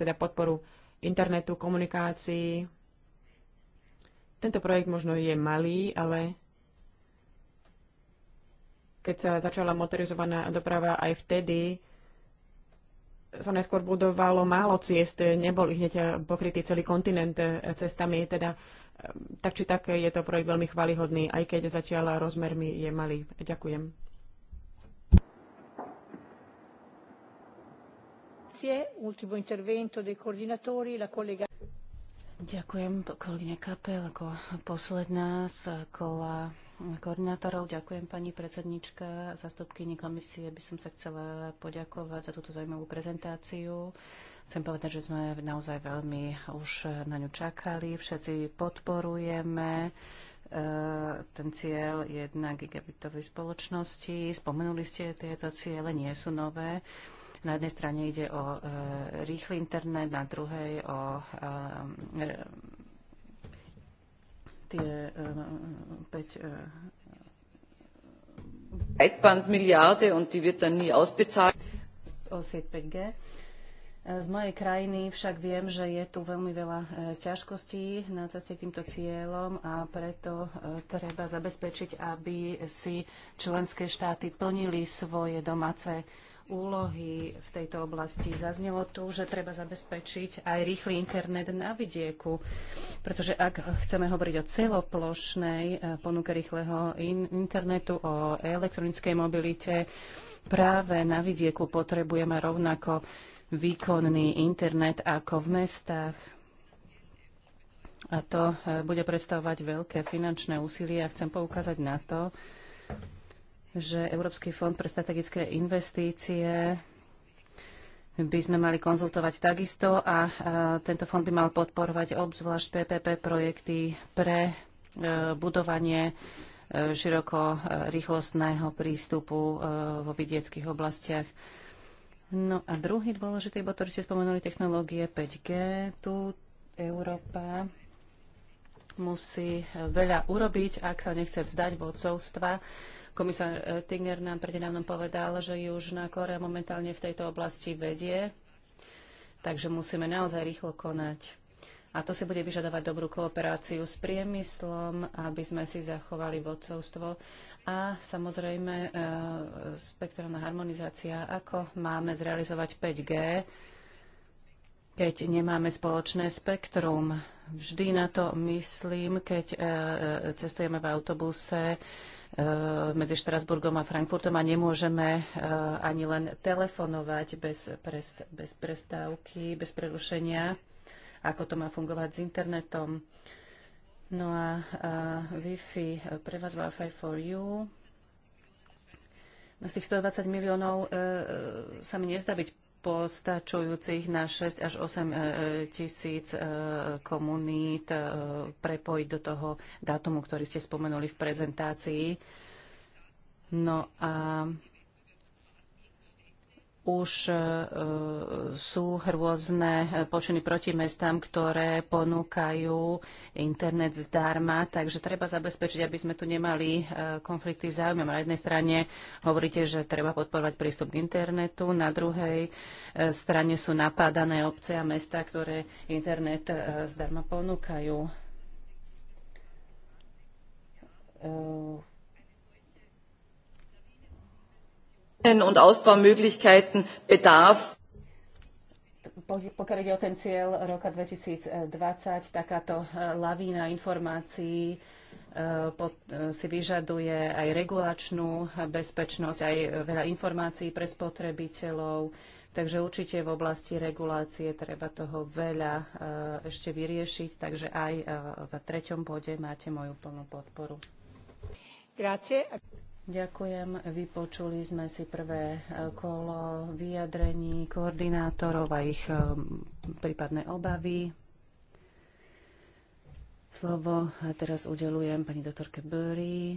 teda podporu internetu, komunikácií. Tento projekt možno je malý, ale keď sa začala motorizovaná doprava aj vtedy, sa najskôr budovalo málo ciest, nebol ich hneď pokrytý celý kontinent cestami, teda eh, tak či tak je to projekt veľmi chválihodný, aj keď zatiaľ rozmermi je malý. Ďakujem. Ďakujem, kolegyňa Kapel, ako posledná z kola koordinátorov. Ďakujem pani predsednička, zastupkyni komisie. By som sa chcela poďakovať za túto zaujímavú prezentáciu. Chcem povedať, že sme naozaj veľmi už na ňu čakali. Všetci podporujeme eh, ten cieľ 1 gigabitovej spoločnosti. Spomenuli ste, tieto ciele nie sú nové. Na jednej strane ide o e, rýchly internet, na druhej o e, tie 5 eh, eh, Breitbandmiliarde und die wird dann nie ausbezahlt. O sieť 5G. Eh, z mojej krajiny však viem, že je tu veľmi veľa ťažkostí na ceste k týmto cieľom a preto treba zabezpečiť, aby si členské štáty plnili svoje domáce úlohy v tejto oblasti. Zaznelo tu, že treba zabezpečiť aj rýchly internet na vidieku, pretože ak chceme hovoriť o celoplošnej eh, ponuke rýchleho in internetu, o elektronickej mobilite, práve na vidieku potrebujeme rovnako výkonný internet ako v mestách. A to eh, bude predstavovať veľké finančné úsilie a chcem poukázať na to, že Európsky fond pre strategické investície by sme mali konzultovať takisto a, a tento fond by mal podporovať obzvlášť PPP projekty pre e, budovanie e, široko rýchlostného prístupu e, vo vidieckých oblastiach. No a druhý dôležitý bod, ktorý ste spomenuli, technológie 5G. Tu Európa musí e, veľa urobiť, ak sa nechce vzdať vodcovstva. Komisár eh, Tigner nám prednedávnom povedal, že Južná Korea momentálne v tejto oblasti vedie, takže musíme naozaj rýchlo konať. A to si bude vyžadovať dobrú kooperáciu s priemyslom, aby sme si zachovali vodcovstvo a samozrejme e, spektrálna harmonizácia, ako máme zrealizovať 5G, keď nemáme spoločné spektrum. Vždy na to myslím, keď e, cestujeme v autobuse, E, medzi Štrasburgom a Frankfurtom a nemôžeme e, ani len telefonovať bez, prest, bez prestávky, bez prerušenia, ako to má fungovať s internetom. No a, a Wi-Fi pre vás Wi-Fi for you. No, z tých 120 miliónov e, e, sa mi nezdá byť postačujúcich na 6 až 8 e, e, tisíc e, komunít prepojiť do toho dátumu, ktorý ste spomenuli v prezentácii. No a už e, e, sú rôzne e, počiny proti mestám, ktoré ponúkajú internet zdarma, takže treba zabezpečiť, aby sme tu nemali konflikty záujmom. Na jednej strane hovoríte, že treba podporovať prístup k internetu, na druhej strane sú napádané obce a mesta, ktoré internet zdarma ponúkajú und Ausbaumöglichkeiten bedarf. Pokiaľ ide o ten cieľ roka 2020, takáto eh, lavína informácií eh, eh, si vyžaduje aj regulačnú bezpečnosť, aj veľa informácií pre spotrebiteľov. Takže určite v oblasti regulácie treba toho veľa ešte vyriešiť. Takže aj v treťom bode máte moju plnú podporu. Grazie. Ďakujem. Vypočuli sme si prvé e, kolo vyjadrení koordinátorov a ich e, prípadné obavy. Slovo e, teraz udelujem pani doktorke Bury,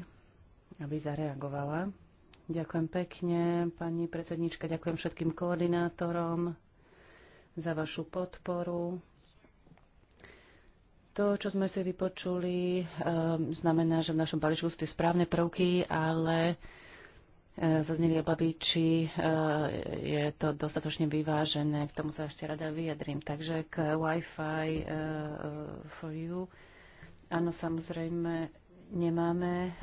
aby zareagovala. Ďakujem pekne, pani predsednička, ďakujem všetkým koordinátorom za vašu podporu to, čo sme si vypočuli, ehm, znamená, že v našom balíčku sú tie správne prvky, ale e, zazneli obavy, či e, je to dostatočne vyvážené. K tomu sa ešte rada vyjadrím. Takže k Wi-Fi e, for you. Áno, samozrejme, nemáme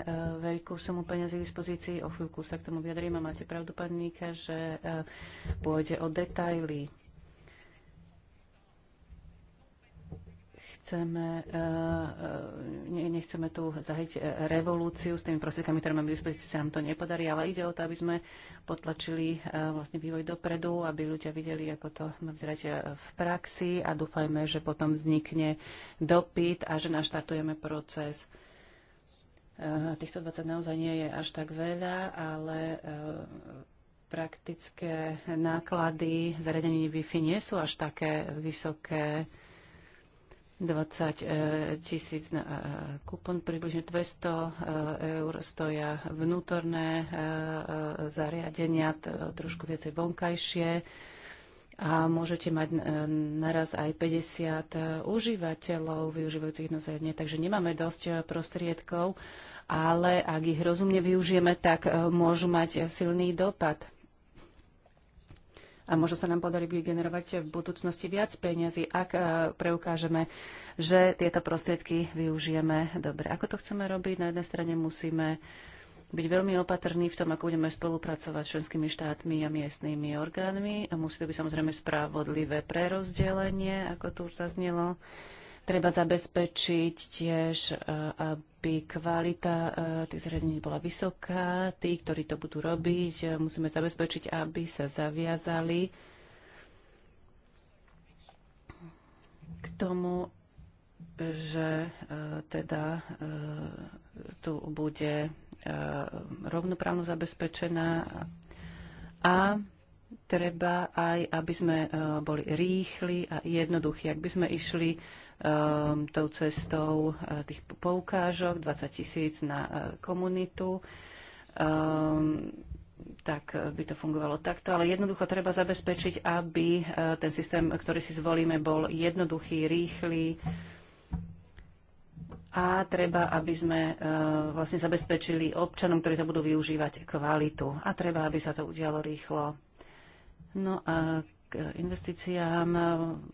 veľkú sumu peniazy k dispozícii. O chvíľku sa k tomu vyjadrím a máte pravdu, pán Níka, že pôjde o detaily chceme, eh, eh, nechceme tu zahyť eh, revolúciu s tými prostriedkami, ktoré máme dispozícii, sa nám to nepodarí, ale ide o to, aby sme potlačili vlastne vývoj dopredu, aby ľudia videli, ako to má vyzerať v praxi a dúfajme, že potom vznikne dopyt a že naštartujeme proces. Týchto 20 naozaj nie je až tak veľa, ale praktické náklady zariadení Wi-Fi nie sú až také vysoké 20 e, tisíc na e, kupon, približne 200 e, eur stoja vnútorné zariadenia, trošku viacej vonkajšie a môžete mať naraz aj 50 užívateľov využívajúcich jedno zariadenie, takže nemáme dosť prostriedkov, ale ak ich rozumne využijeme, tak môžu mať silný dopad a možno sa nám podarí vygenerovať v budúcnosti viac peniazy, ak e, preukážeme, že tieto prostriedky využijeme dobre. Ako to chceme robiť? Na jednej strane musíme byť veľmi opatrní v tom, ako budeme spolupracovať s členskými štátmi a miestnymi orgánmi. A musí to byť samozrejme spravodlivé prerozdelenie, ako tu už zaznelo. Treba zabezpečiť tiež, e, aby kvalita e, tých zariadení bola vysoká. Tí, ktorí to budú robiť, e, musíme zabezpečiť, aby sa zaviazali k tomu, že teda tu bude rovnoprávno zabezpečená a treba aj, aby sme boli rýchli a jednoduchí. Ak by sme išli um, tou cestou uh, tých poukážok, 20 tisíc na uh, komunitu. Um, tak e, by to fungovalo takto, ale jednoducho treba zabezpečiť, aby ten systém, ktorý si zvolíme, bol jednoduchý, rýchly a treba, aby sme vlastne zabezpečili občanom, ktorí to budú využívať, kvalitu. A treba, aby sa to udialo rýchlo. No a k investíciám.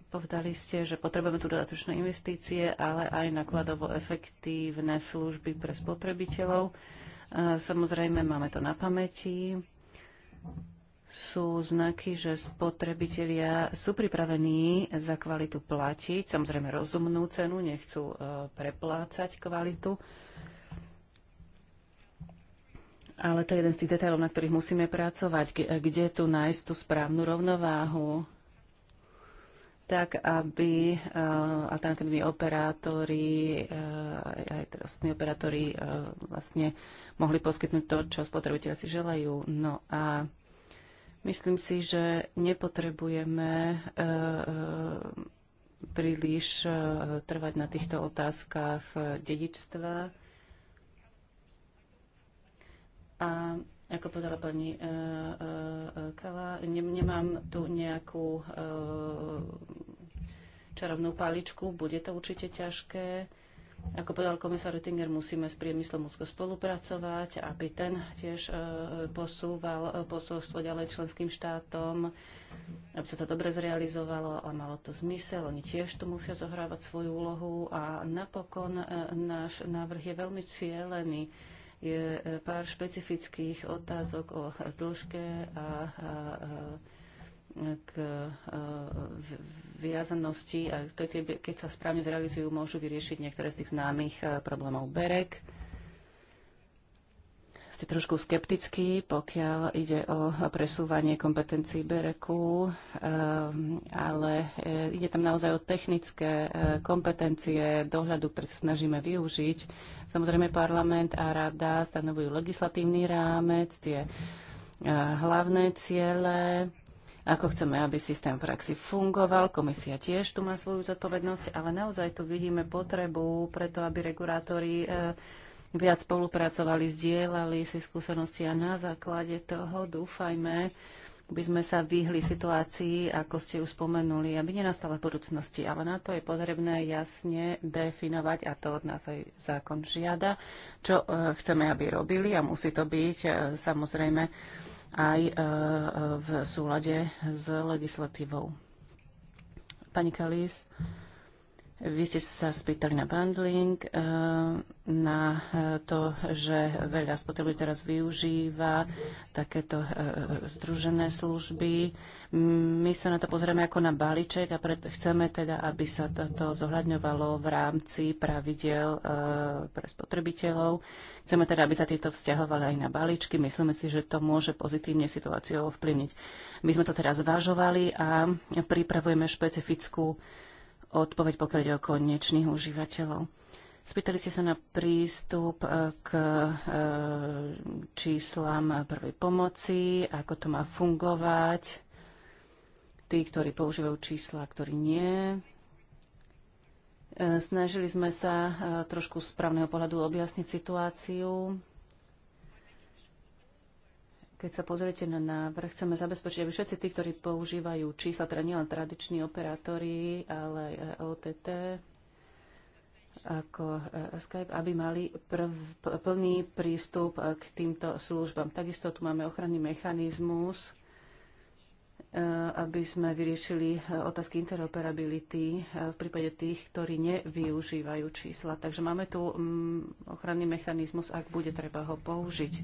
Povedali ste, že potrebujeme tu dodatočné investície, ale aj nakladovo efektívne služby pre spotrebiteľov. Samozrejme, máme to na pamäti. Sú znaky, že spotrebitelia sú pripravení za kvalitu platiť, samozrejme rozumnú cenu, nechcú e, preplácať kvalitu ale to je jeden z tých detailov, na ktorých musíme pracovať. Kde tu nájsť tú správnu rovnováhu? tak aby uh, alternatívni operátori, uh, aj teda ostatní operátori uh, vlastne mohli poskytnúť to, čo spotrebitelia si želajú. No a myslím si, že nepotrebujeme príliš trvať na týchto otázkach dedičstva a ako povedala pani uh, uh, Kala, ne, nemám tu nejakú uh, čarovnú paličku, bude to určite ťažké. Ako povedal komisár Rutinger, musíme s priemyslom úzko spolupracovať, aby ten tiež posúval posolstvo ďalej členským štátom, aby sa to dobre zrealizovalo a malo to zmysel. Oni tiež tu musia zohrávať svoju úlohu a napokon náš návrh je veľmi cieľený je e, pár špecifických otázok o dĺžke a, a, a e, k e, viazanosti, a keď sa správne zrealizujú, môžu vyriešiť niektoré z tých známych problémov BEREK ste trošku skeptickí, pokiaľ ide o presúvanie kompetencií Bereku, ehm, ale eh, ide tam naozaj o technické eh, kompetencie dohľadu, ktoré sa snažíme využiť. Samozrejme, parlament a rada stanovujú legislatívny rámec, tie eh, hlavné ciele, ako chceme, aby systém v praxi fungoval. Komisia tiež tu má svoju zodpovednosť, ale naozaj tu vidíme potrebu preto, aby regulátori viac spolupracovali, zdieľali si skúsenosti a na základe toho dúfajme, by sme sa vyhli situácii, ako ste ju spomenuli, aby nenastala v budúcnosti. Ale na to je potrebné jasne definovať, a to od nás aj zákon žiada, čo e, chceme, aby robili a musí to byť e, samozrejme aj e, v súlade s legislatívou. Pani Kalis. Vy ste sa spýtali na bundling, eh, na eh, to, že veľa spotreby teraz využíva takéto eh, združené služby. My sa na to pozrieme ako na balíček a preto chceme teda, aby sa toto zohľadňovalo v rámci pravidel pre spotrebiteľov. Chceme teda, aby sa tieto vzťahovali aj na balíčky. Myslíme si, že to môže pozitívne situáciou ovplyvniť. My sme to teraz zvažovali a pripravujeme špecifickú odpoveď, pokiaľ ide o konečných užívateľov. Spýtali ste sa na prístup e, k e, číslam prvej pomoci, ako to má fungovať, tí, ktorí používajú čísla, ktorí nie. E, snažili sme sa trošku z právneho pohľadu objasniť situáciu keď sa pozriete na návrh, chceme zabezpečiť, aby všetci tí, ktorí používajú čísla, teda nielen tradiční operátori, ale aj OTT, ako e, Skype, aby mali prv, plný prístup e, k týmto službám. Takisto tu máme ochranný mechanizmus, e, aby sme vyriešili otázky interoperability v prípade tých, ktorí nevyužívajú čísla. Takže máme tu mm, ochranný mechanizmus, ak bude treba ho použiť.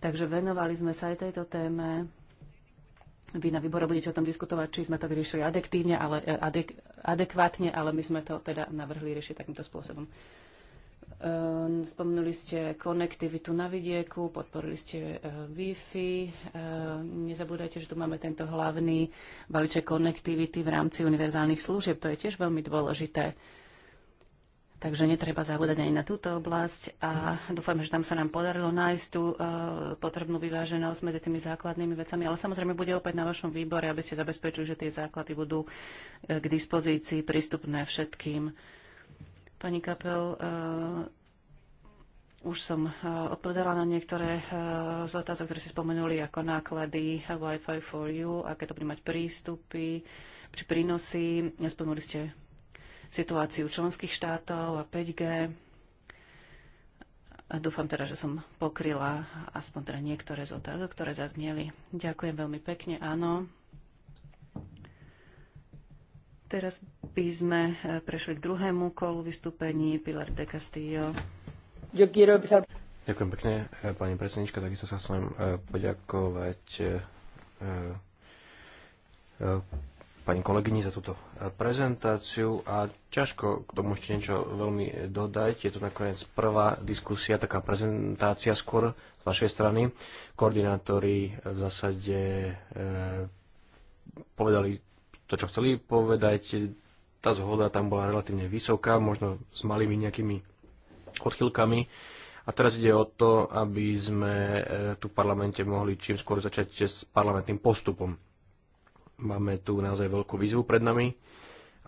Takže venovali sme sa aj tejto téme. Vy na výbore budete o tom diskutovať, či sme to vyriešili adektívne, ale, e, adek, adekvátne, ale my sme to teda navrhli riešiť takýmto spôsobom. Ehm, Spomnuli ste konektivitu na vidieku, podporili ste e, Wi-Fi. Ehm, nezabúdajte, že tu máme tento hlavný balíček konektivity v rámci univerzálnych služieb. To je tiež veľmi dôležité. Takže netreba zabúdať aj na túto oblasť a dúfam, že tam sa nám podarilo nájsť tú e, potrebnú vyváženosť medzi tými základnými vecami. Ale samozrejme bude opäť na vašom výbore, aby ste zabezpečili, že tie základy budú e, k dispozícii prístupné všetkým. Pani Kapel, e, už som e, odpovedala na niektoré e, z otázok, ktoré ste spomenuli, ako náklady Wi-Fi for you, aké to bude mať prístupy či prínosy. Spomenuli ste situáciu členských štátov a 5G. A dúfam teda, že som pokryla aspoň teda niektoré z otázok, ktoré zazneli. Ďakujem veľmi pekne, áno. Teraz by sme e, prešli k druhému kolu vystúpení Pilar de Castillo. Ďakujem pekne, e, pani predsednička. Takisto sa chcem e, poďakovať pani kolegyni za túto prezentáciu a ťažko k tomu ešte niečo veľmi dodať. Je to nakoniec prvá diskusia, taká prezentácia skôr z vašej strany. Koordinátori v zásade e, povedali to, čo chceli povedať. Tá zhoda tam bola relatívne vysoká, možno s malými nejakými odchylkami. A teraz ide o to, aby sme eh, tu v parlamente mohli čím skôr začať s parlamentným postupom. Máme tu naozaj veľkú výzvu pred nami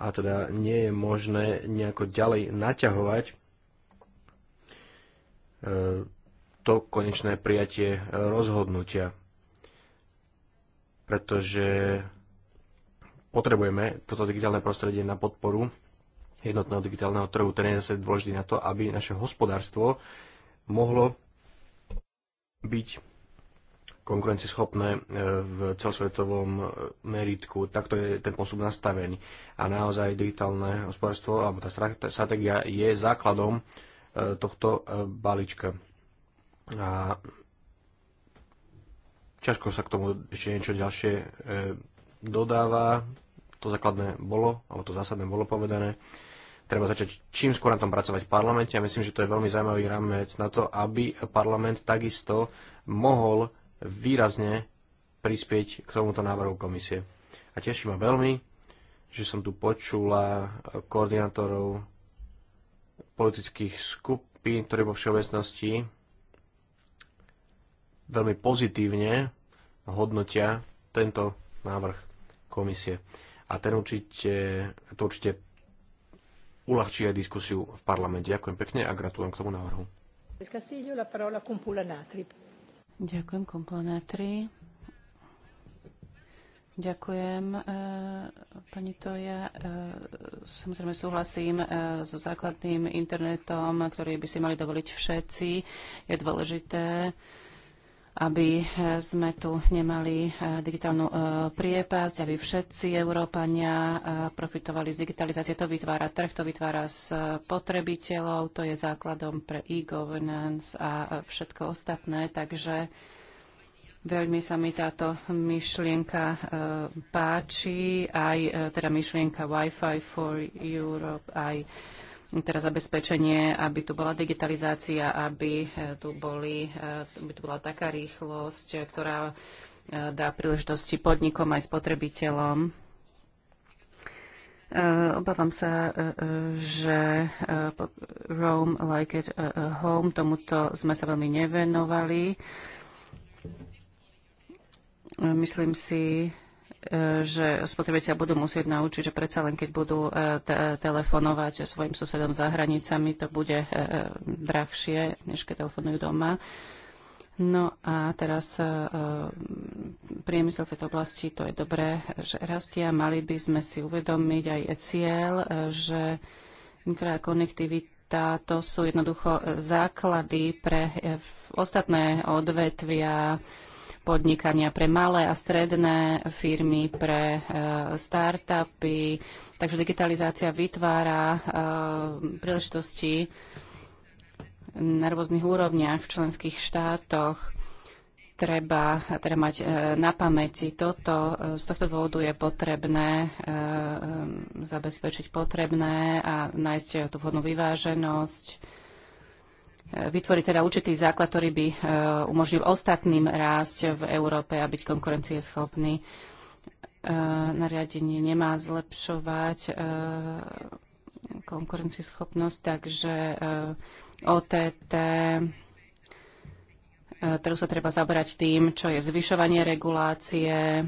a teda nie je možné nejako ďalej naťahovať e, to konečné prijatie rozhodnutia. Pretože potrebujeme toto digitálne prostredie na podporu jednotného digitálneho trhu. Ten je zase dôležitý na to, aby naše hospodárstvo mohlo byť konkurencieschopné e, v celosvetovom e, meritku. Takto je ten postup nastavený. A naozaj digitálne hospodárstvo, alebo tá stratégia je základom e, tohto balíčka. A ťažko sa k tomu ešte niečo ďalšie dodáva. To základné bolo, alebo to zásadné bolo povedané treba začať čím skôr na tom pracovať v parlamente a myslím, že to je veľmi zaujímavý rámec na to, aby parlament takisto mohol výrazne prispieť k tomuto návrhu komisie. A teší ma veľmi, že som tu počula koordinátorov politických skupín, ktorí vo všeobecnosti veľmi pozitívne hodnotia tento návrh komisie. A ten určite, to určite uľahčí aj diskusiu v parlamente. Ďakujem pekne a gratulujem k tomu návrhu. Castillo, la parola con Pula Natrip. Ďakujem, komponátri. Ďakujem, e, pani Toja. E, samozrejme súhlasím e, so základným internetom, ktorý by si mali dovoliť všetci. Je dôležité, aby eh, sme tu nemali eh, digitálnu eh, priepasť, aby všetci Európania profitovali z digitalizácie. To vytvára trh, to vytvára potrebiteľov, to je základom pre e-governance a všetko ostatné. Takže veľmi sa mi táto myšlienka páči, aj teda myšlienka Wi-Fi for Europe, aj teda zabezpečenie, aby tu bola digitalizácia, aby eh, tu, boli, eh, aby tu bola taká rýchlosť, eh, ktorá dá príležitosti podnikom aj spotrebiteľom. Obávam sa, že Rome like it home, tomuto sme sa veľmi nevenovali. Myslím si, že spotrebitelia budú musieť naučiť, že predsa len keď budú e, telefonovať svojim susedom za hranicami, to bude e, e, drahšie, než keď telefonujú doma. No a teraz priemysel v tejto oblasti, to je dobré, že rastia. a mali by sme si uvedomiť aj cieľ, že infrakonektivita to sú jednoducho základy pre ostatné odvetvia, podnikania pre malé a stredné firmy, pre eh, startupy. Takže digitalizácia vytvára eh, príležitosti na rôznych úrovniach v členských štátoch treba teda mať eh, na pamäti toto. Z tohto dôvodu je potrebné zabezpečiť potrebné a nájsť tú vhodnú vyváženosť vytvoriť teda určitý základ, ktorý by e, umožnil ostatným rásť v Európe a byť konkurencieschopný. E, nariadenie nemá zlepšovať e, konkurencieschopnosť, takže OTT ktorú sa treba zabrať tým, čo je zvyšovanie regulácie,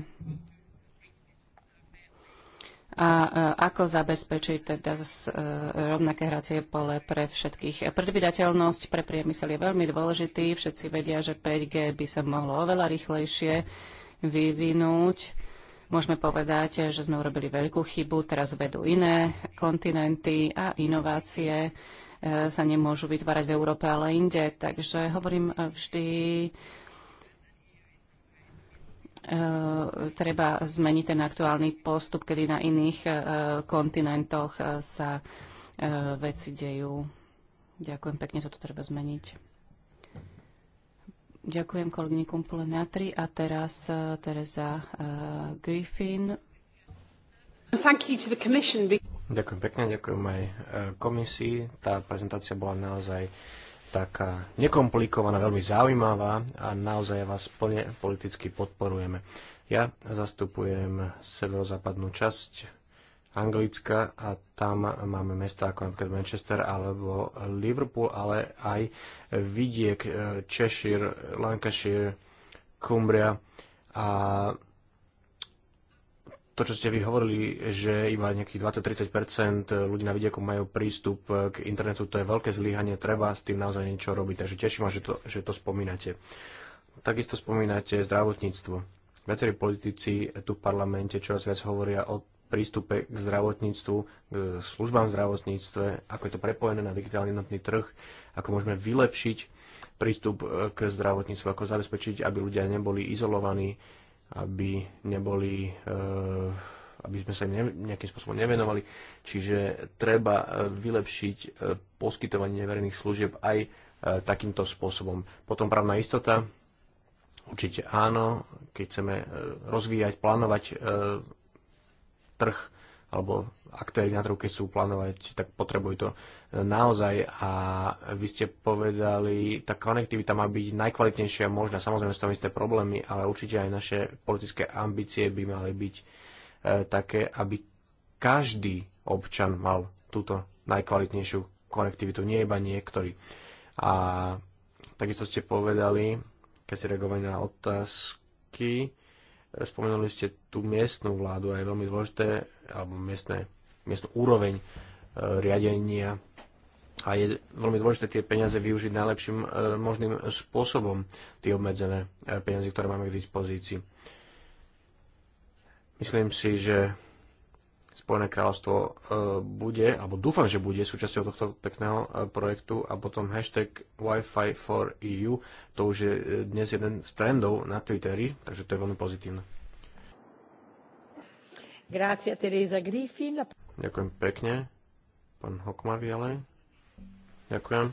a e, ako zabezpečiť teda e, rovnaké hracie pole pre všetkých. Predvydateľnosť pre priemysel je veľmi dôležitý. Všetci vedia, že 5G by sa mohlo oveľa rýchlejšie vyvinúť. Môžeme povedať, že sme urobili veľkú chybu, teraz vedú iné kontinenty a inovácie e, sa nemôžu vytvárať v Európe, ale inde. Takže hovorím vždy E, treba zmeniť ten aktuálny postup, kedy na iných e, kontinentoch e, sa veci dejú. Ďakujem pekne, toto treba zmeniť. Ďakujem kolegyni Kumpule Natri a teraz Teresa Griffin. Ďakujem pekne, ďakujem aj komisii. Tá prezentácia bola naozaj taká nekomplikovaná, veľmi zaujímavá a naozaj vás plne politicky podporujeme. Ja zastupujem severozápadnú časť Anglicka a tam máme mesta ako napríklad Manchester alebo Liverpool, ale aj vidiek eh, Cheshire, Lancashire, Cumbria a to, čo ste vy hovorili, že iba nejakých 20-30 ľudí na vidieku majú prístup k internetu, to je veľké zlyhanie, treba s tým naozaj niečo robiť. Takže teším ma, že to, že to spomínate. Takisto spomínate zdravotníctvo. Viacerí politici tu v parlamente čoraz viac hovoria o prístupe k zdravotníctvu, k službám v zdravotníctve, ako je to prepojené na digitálny jednotný trh, ako môžeme vylepšiť prístup k zdravotníctvu, ako zabezpečiť, aby ľudia neboli izolovaní, aby neboli eh, aby sme sa im nejakým spôsobom nevenovali. Čiže treba eh, vylepšiť eh, poskytovanie neverejných služieb aj takýmto spôsobom. Potom právna istota, určite áno, keď chceme rozvíjať, plánovať trh alebo aktéry na trhu, keď sú plánovať, tak potrebujú to naozaj. A vy ste povedali, tá konektivita má byť najkvalitnejšia možná. Samozrejme sú tam isté problémy, ale určite aj naše politické ambície by mali byť e, také, aby každý občan mal túto najkvalitnejšiu konektivitu, nie iba niektorí. A takisto ste povedali, keď ste reagovali na otázky, Spomenuli ste tú miestnú vládu a je veľmi dôležité, alebo miestne, miestnú úroveň e, riadenia a je veľmi dôležité tie peniaze využiť najlepším e, možným spôsobom, tie obmedzené e, peniaze, ktoré máme k dispozícii. Myslím si, že Spojené kráľovstvo e, bude, alebo dúfam, že bude súčasťou tohto pekného e, projektu a potom hashtag Wi-Fi for EU, to už je e, dnes jeden z trendov na Twitteri, takže to je veľmi pozitívne. Grazie, Teresa Griffin. Ďakujem pekne. Pán Hokmar ďalej. Ďakujem.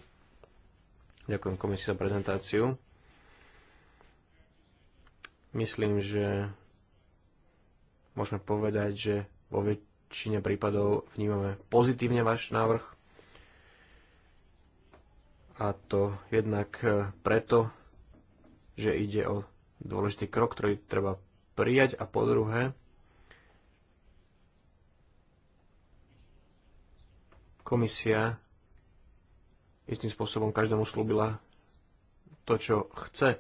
Ďakujem komisii za prezentáciu. Myslím, že môžeme povedať, že vo väč- väčšine prípadov vnímame pozitívne váš návrh. A to jednak e, preto, že ide o dôležitý krok, ktorý treba prijať a po druhé, komisia istým spôsobom každému slúbila to, čo chce e,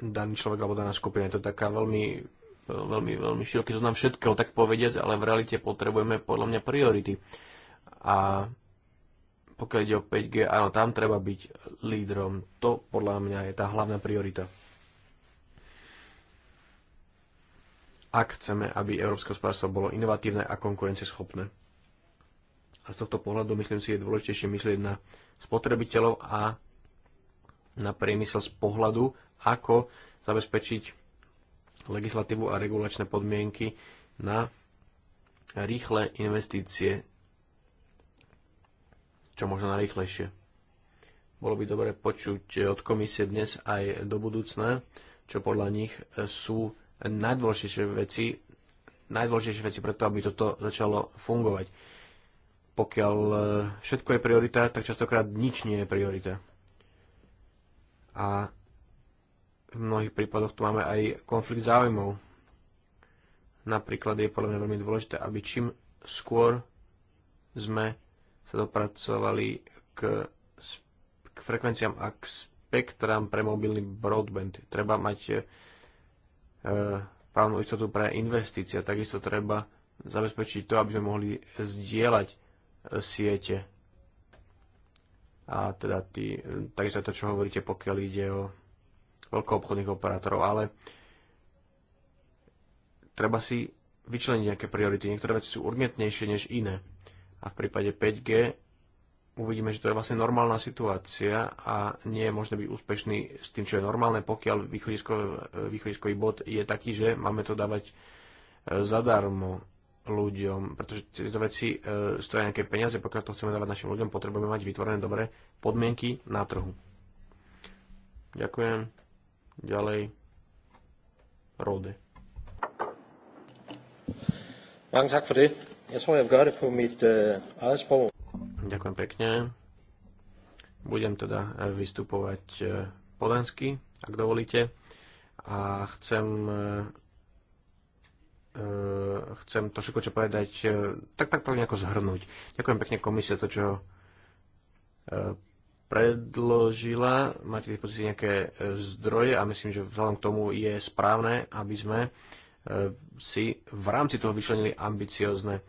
daný človek alebo daná skupina. Je to taká veľmi veľmi, veľmi široký zoznam všetkého, tak povediať, ale v realite potrebujeme podľa mňa priority. A pokiaľ ide o 5G, áno, tam treba byť lídrom. To podľa mňa je tá hlavná priorita. Ak chceme, aby európske hospodárstvo bolo inovatívne a konkurencieschopné. A z tohto pohľadu, myslím si, je dôležitejšie myslieť na spotrebiteľov a na priemysel z pohľadu, ako zabezpečiť legislatívu a regulačné podmienky na rýchle investície, čo možno najrýchlejšie. Bolo by dobre počuť od komisie dnes aj do budúcna, čo podľa nich sú najdôležitejšie veci, najdôležitejšie veci preto, aby toto začalo fungovať. Pokiaľ e, všetko je priorita, tak častokrát nič nie je priorita. A v mnohých prípadoch tu máme aj konflikt záujmov. Napríklad je podľa mňa veľmi dôležité, aby čím skôr sme sa dopracovali k, k frekvenciám a k spektrám pre mobilný broadband. Treba mať e, právnu istotu pre investície, takisto treba zabezpečiť to, aby sme mohli zdieľať e, siete. A teda tí, takisto to, čo hovoríte, pokiaľ ide o veľkoobchodných operátorov, ale treba si vyčleniť nejaké priority. Niektoré veci sú urgentnejšie než iné. A v prípade 5G uvidíme, že to je vlastne normálna situácia a nie je možné byť úspešný s tým, čo je normálne, pokiaľ východisko, východiskový bod je taký, že máme to dávať e, zadarmo ľuďom, pretože tieto veci e, stojí nejaké peniaze, pokiaľ to chceme dávať našim ľuďom, potrebujeme mať vytvorené dobré podmienky na trhu. Ďakujem. Ďalej. Rode. Øh, Ďakujem pekne. Budem teda eh, vystupovať eh, podansky, ak dovolíte. A chcem eh, chcem to všetko, čo povedať, tak takto nejako zhrnúť. Ďakujem pekne komisie, to, čo predložila. Máte k dispozícii nejaké e, zdroje a myslím, že vzhľadom k tomu je správne, aby sme e, si v rámci toho vyšlenili ambiciozne e,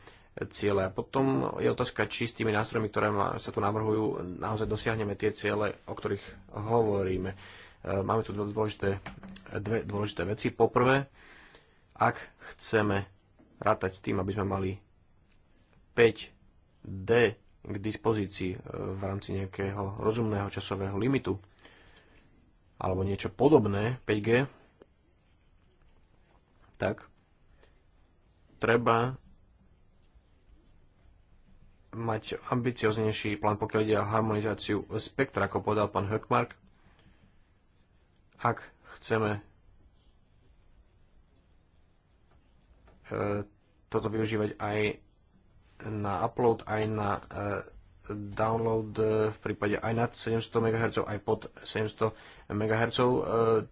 ciele. A potom je otázka, či s tými nástrojmi, ktoré sa tu navrhujú, naozaj dosiahneme tie ciele, o ktorých hovoríme. Máme tu dôležité, dve dôležité veci. Poprvé, ak chceme rátať s tým, aby sme mali 5D k dispozícii e, v rámci nejakého rozumného časového limitu alebo niečo podobné 5G, tak treba mať ambicioznejší plán, pokiaľ ide o harmonizáciu spektra, ako povedal pán Höckmark. Ak chceme e, toto využívať aj na upload, aj na eh, download eh, v prípade aj nad 700 MHz, aj pod 700 MHz, eh,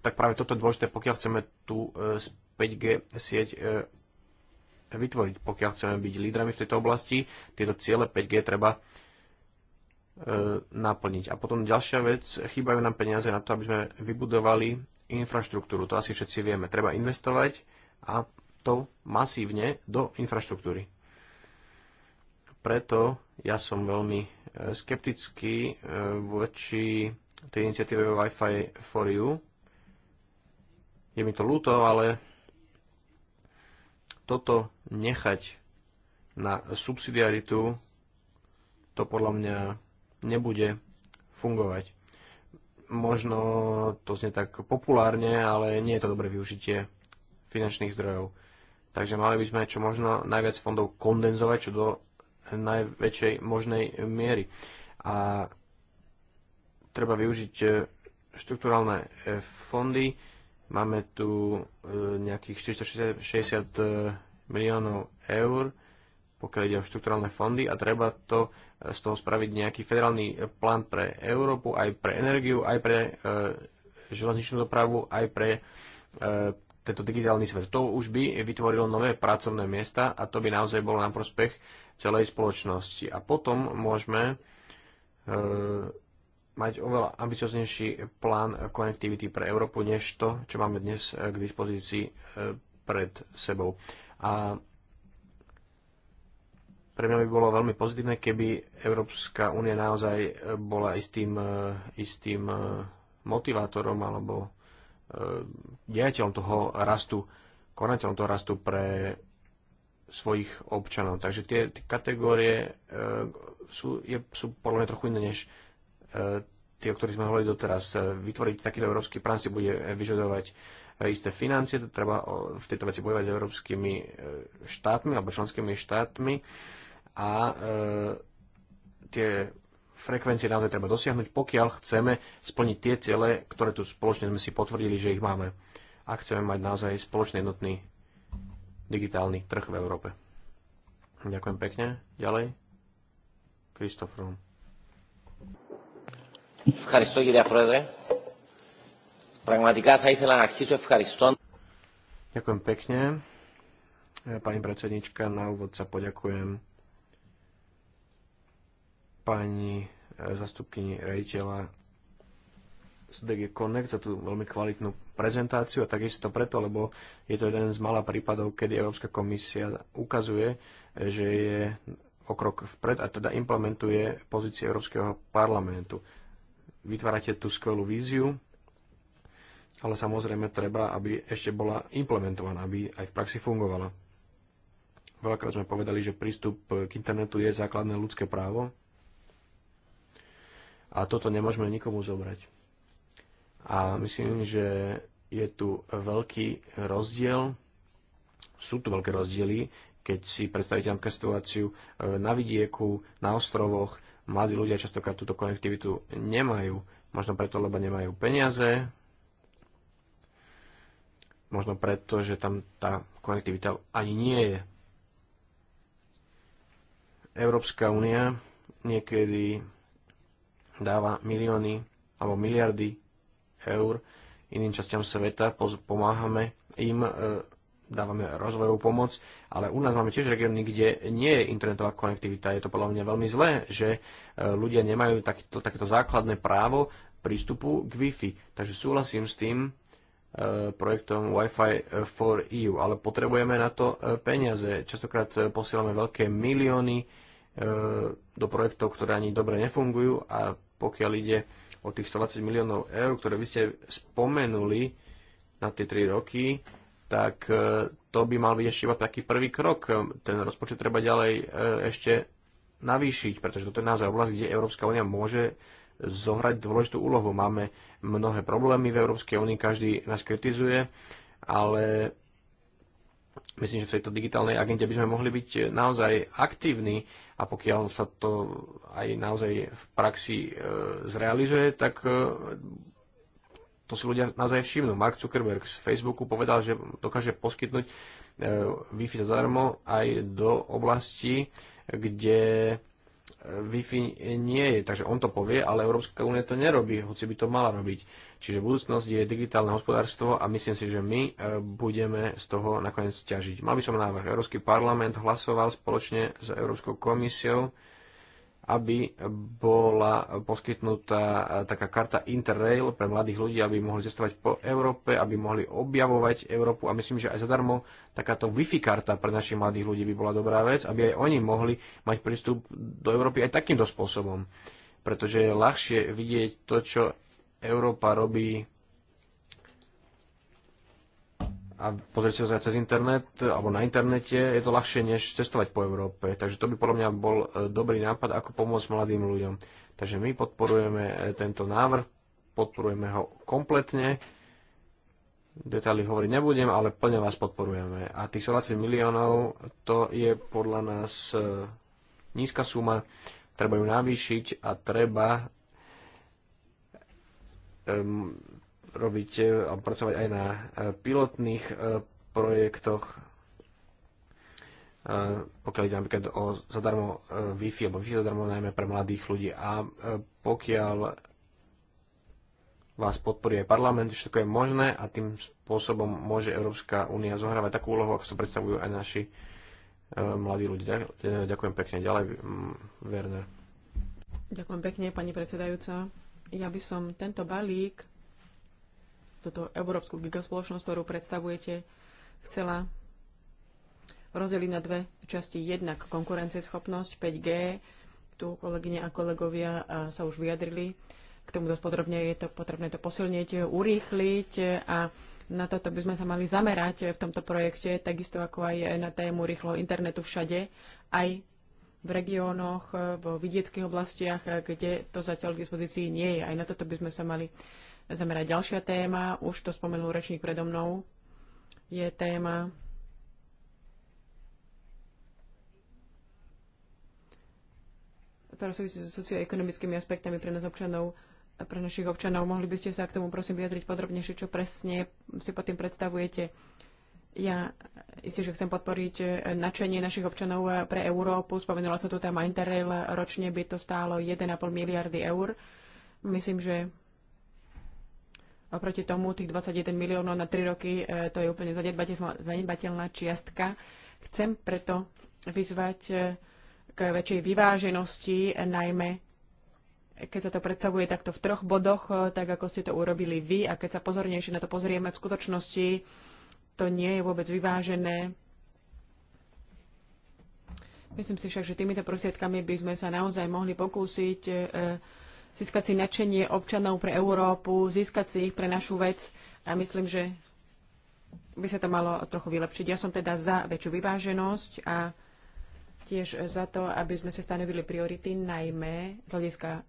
tak práve toto je dôležité, pokiaľ chceme tú 5G sieť vytvoriť, pokiaľ chceme byť lídrami v tejto oblasti, tieto ciele 5G treba naplniť. A potom ďalšia vec, chýbajú nám peniaze na to, aby sme vybudovali infraštruktúru. To asi všetci vieme. Treba investovať a to masívne do infraštruktúry. Preto ja som veľmi e, skeptický e, voči tej iniciatíve Wi-Fi for you. Je mi to ľúto, ale toto nechať na subsidiaritu, to podľa mňa nebude fungovať. Možno to znie tak populárne, ale nie je to dobré využitie finančných zdrojov. Takže mali by sme čo možno najviac fondov kondenzovať, čo do najväčšej možnej miery. A treba využiť e, štruktúralne e, fondy. Máme tu e, nejakých 460 miliónov eur, pokiaľ ide o štruktúralne fondy a treba to z toho spraviť nejaký federálny plán pre Európu, aj pre energiu, aj pre železničnú dopravu, aj pre tento digitálny svet. To už by vytvorilo nové pracovné miesta a to by naozaj bolo na prospech celej spoločnosti. A potom môžeme e, mať oveľa ambicioznejší plán konektivity pre Európu, než to, čo máme dnes e, k dispozícii e, pred sebou. A pre mňa by bolo veľmi pozitívne, keby Európska únia naozaj bola istým, istým motivátorom alebo dejateľom toho rastu, konateľom toho rastu pre svojich občanov. Takže tie, tie kategórie uh, sú, je, sú podľa mňa trochu iné než uh, tie, o ktorých sme hovorili doteraz. E, vytvoriť takýto európsky plán si bude vyžadovať isté financie, to treba uh, v tejto veci bojovať s európskymi uh, štátmi alebo členskými štátmi a uh, tie frekvencie naozaj treba dosiahnuť, pokiaľ chceme splniť tie ciele, ktoré tu spoločne sme si potvrdili, že ich máme. Ak chceme mať naozaj spoločný jednotný digitálny trh v Európe. Ďakujem pekne. Ďalej. Kristof Rum. Ďakujem pekne. Pani predsednička, na úvod sa poďakujem pani e, zastupkyni rejiteľa z Connect za tú veľmi kvalitnú prezentáciu a takisto preto, lebo je to jeden z malých prípadov, kedy Európska komisia ukazuje, že je o krok vpred a teda implementuje pozície Európskeho parlamentu. Vytvárate tú skvelú víziu, ale samozrejme treba, aby ešte bola implementovaná, aby aj v praxi fungovala. Veľakrát sme povedali, že prístup k internetu je základné ľudské právo a toto nemôžeme nikomu zobrať. A myslím, že je tu veľký rozdiel, sú tu veľké rozdiely, keď si predstavíte napríklad situáciu e, na vidieku, na ostrovoch, mladí ľudia častokrát túto konektivitu nemajú, možno preto, lebo nemajú peniaze, možno preto, že tam tá konektivita ani nie je. Európska únia niekedy dáva milióny alebo miliardy eur iným častiam sveta, pomáhame im, e, dávame rozvojovú pomoc, ale u nás máme tiež regióny, kde nie je internetová konektivita. Je to podľa mňa veľmi zlé, že e, ľudia nemajú takéto, takéto základné právo prístupu k Wi-Fi. Takže súhlasím s tým e, projektom Wi-Fi for EU, ale potrebujeme na to peniaze. Častokrát posielame veľké milióny do projektov, ktoré ani dobre nefungujú a pokiaľ ide o tých 120 miliónov eur, ktoré vy ste spomenuli na tie 3 roky, tak e, to by mal byť ešte iba taký prvý krok. Ten rozpočet treba ďalej e, ešte navýšiť, pretože toto je naozaj oblasť, kde Európska únia môže zohrať dôležitú úlohu. Máme mnohé problémy v Európskej únii, každý nás kritizuje, ale Myslím, že v tejto digitálnej agente by sme mohli byť naozaj aktívni a pokiaľ sa to aj naozaj v praxi e, zrealizuje, tak e, to si ľudia naozaj všimnú. Mark Zuckerberg z Facebooku povedal, že dokáže poskytnúť e, Wi-Fi zadarmo aj do oblasti, kde e, Wi-Fi nie je. Takže on to povie, ale Európska únia to nerobí, hoci by to mala robiť. Čiže budúcnosť je digitálne hospodárstvo a myslím si, že my e, budeme z toho nakoniec ťažiť. Mal by som návrh. Európsky parlament hlasoval spoločne s Európskou komisiou, aby bola poskytnutá e, taká karta Interrail pre mladých ľudí, aby mohli cestovať po Európe, aby mohli objavovať Európu a myslím, že aj zadarmo takáto Wi-Fi karta pre našich mladých ľudí by bola dobrá vec, aby aj oni mohli mať prístup do Európy aj takýmto spôsobom pretože je ľahšie vidieť to, čo Európa robí a pozrieť si cez internet alebo na internete, je to ľahšie než cestovať po Európe. Takže to by podľa mňa bol e, dobrý nápad, ako pomôcť mladým ľuďom. Takže my podporujeme e, tento návrh, podporujeme ho kompletne. Detaily hovoriť nebudem, ale plne vás podporujeme. A tých 120 miliónov, to je podľa nás e, nízka suma, treba ju navýšiť a treba robiť e, a pracovať aj na e, pilotných e, projektoch, pokiaľ ide napríklad o zadarmo Wi-Fi, alebo Wi-Fi zadarmo najmä pre mladých ľudí. A pokiaľ vás podporí aj parlament, všetko je možné a tým spôsobom môže Európska únia zohrávať takú úlohu, ako sa predstavujú aj naši mladí ľudia. Ďakujem pekne. Ďalej, Werner. Ďakujem pekne, pani predsedajúca. Ja by som tento balík, túto európsku gigaspoločnosť, ktorú predstavujete, chcela rozdeliť na dve časti. Jednak konkurencieschopnosť 5G, tu kolegyne a kolegovia sa už vyjadrili, k tomu dosť podrobne je to potrebné to posilniť, urýchliť a na toto by sme sa mali zamerať v tomto projekte, takisto ako aj na tému rýchlo internetu všade, aj v regiónoch, e, vo vidieckých oblastiach, e, kde to zatiaľ k dispozícii nie je. Aj na toto by sme sa mali zamerať. Ďalšia téma, už to spomenul rečník predo mnou, je téma ktorá súvisí s socioekonomickými aspektami pre nás občanov a pre našich občanov. Mohli by ste sa k tomu prosím vyjadriť podrobnejšie, čo presne si pod tým predstavujete ja isté, že chcem podporiť e, nadšenie našich občanov e, pre Európu. Spomenula sa tu tam Interrail, e, ročne by to stálo 1,5 miliardy eur. Myslím, že oproti tomu tých 21 miliónov na 3 roky, to je úplne zanedbateľná čiastka. Chcem preto vyzvať k väčšej vyváženosti, najmä keď sa to predstavuje takto v troch bodoch, tak ako ste to urobili vy a keď sa pozornejšie na to pozrieme v skutočnosti, to nie je vôbec vyvážené. Myslím si však, že týmito prosiedkami by sme sa naozaj mohli pokúsiť e, získať si nadšenie občanov pre Európu, získať si ich pre našu vec a myslím, že by sa to malo trochu vylepšiť. Ja som teda za väčšiu vyváženosť a tiež za to, aby sme si stanovili priority, najmä z hľadiska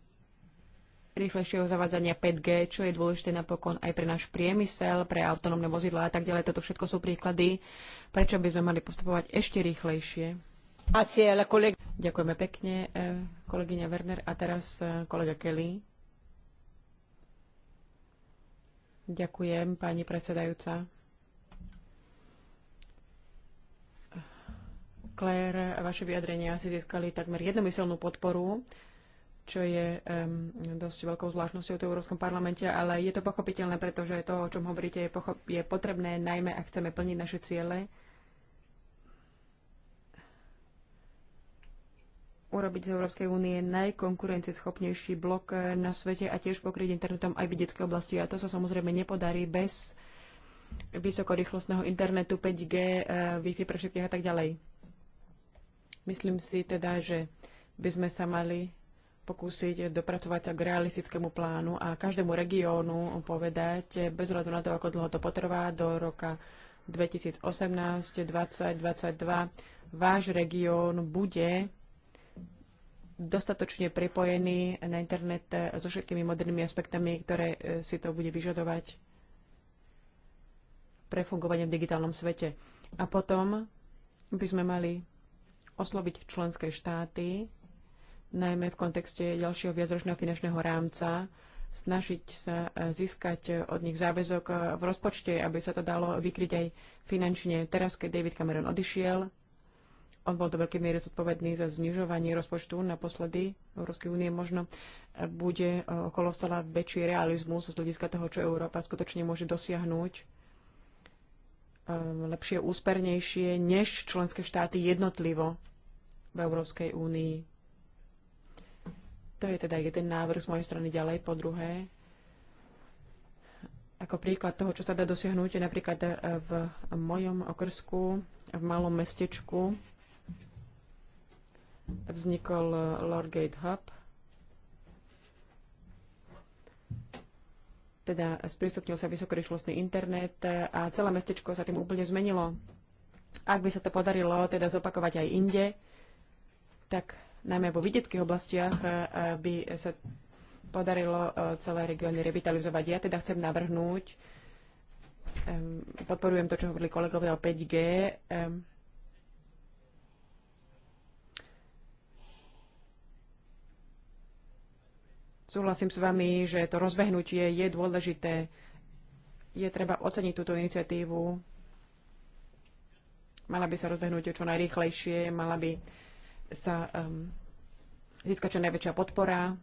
rýchlejšieho zavádzania 5G, čo je dôležité napokon aj pre náš priemysel, pre autonómne vozidla a tak ďalej. Toto všetko sú príklady, prečo by sme mali postupovať ešte rýchlejšie. Ďakujeme pekne, eh, kolegyňa Werner. A teraz eh, kolega Kelly. Ďakujem, pani predsedajúca. Claire, vaše vyjadrenia si získali takmer jednomyselnú podporu čo je um, dosť veľkou zvláštnosťou v Európskom parlamente, ale je to pochopiteľné, pretože to, o čom hovoríte, je, je potrebné, najmä ak chceme plniť naše ciele. urobiť z Európskej únie najkonkurencieschopnejší blok eh, na svete a tiež pokryť internetom aj v detskej oblasti. A to sa samozrejme nepodarí bez vysokorýchlostného internetu 5G, eh, Wi-Fi pre všetkých a tak ďalej. Myslím si teda, že by sme sa mali pokúsiť dopracovať sa k realistickému plánu a každému regiónu povedať, bez hľadu na to, ako dlho to potrvá, do roka 2018, 2022 váš región bude dostatočne pripojený na internet so všetkými modernými aspektami, ktoré e, si to bude vyžadovať pre fungovanie v digitálnom svete. A potom by sme mali osloviť členské štáty, najmä v kontexte ďalšieho viacročného finančného rámca, snažiť sa eh, získať eh, od nich záväzok eh, v rozpočte, aby sa to dalo vykryť aj finančne. Teraz, keď David Cameron odišiel, on bol do veľkej miery zodpovedný za znižovanie rozpočtu naposledy Európskej únie možno bude okolo stola väčší realizmus z hľadiska toho, čo Európa skutočne môže dosiahnuť lepšie, úspernejšie, než členské štáty jednotlivo v Európskej únii. To je teda jeden návrh z mojej strany ďalej. Po druhé, ako príklad toho, čo sa dá dosiahnuť, je napríklad e, v mojom okrsku, v malom mestečku, vznikol e, Lordgate Hub, teda sprístupnil sa vysokorýchlostný internet a celé mestečko sa tým úplne zmenilo. Ak by sa to podarilo teda zopakovať aj inde, tak najmä vo vidieckých oblastiach e, e, by sa podarilo e, celé regióny revitalizovať. Ja teda chcem navrhnúť, podporujem to, čo hovorili kolegovia o 5G, Súhlasím s vami, že to rozbehnutie je dôležité. Je treba oceniť túto iniciatívu. Mala by sa rozbehnúť čo najrýchlejšie, mala by sa um, získa čo najväčšia podpora.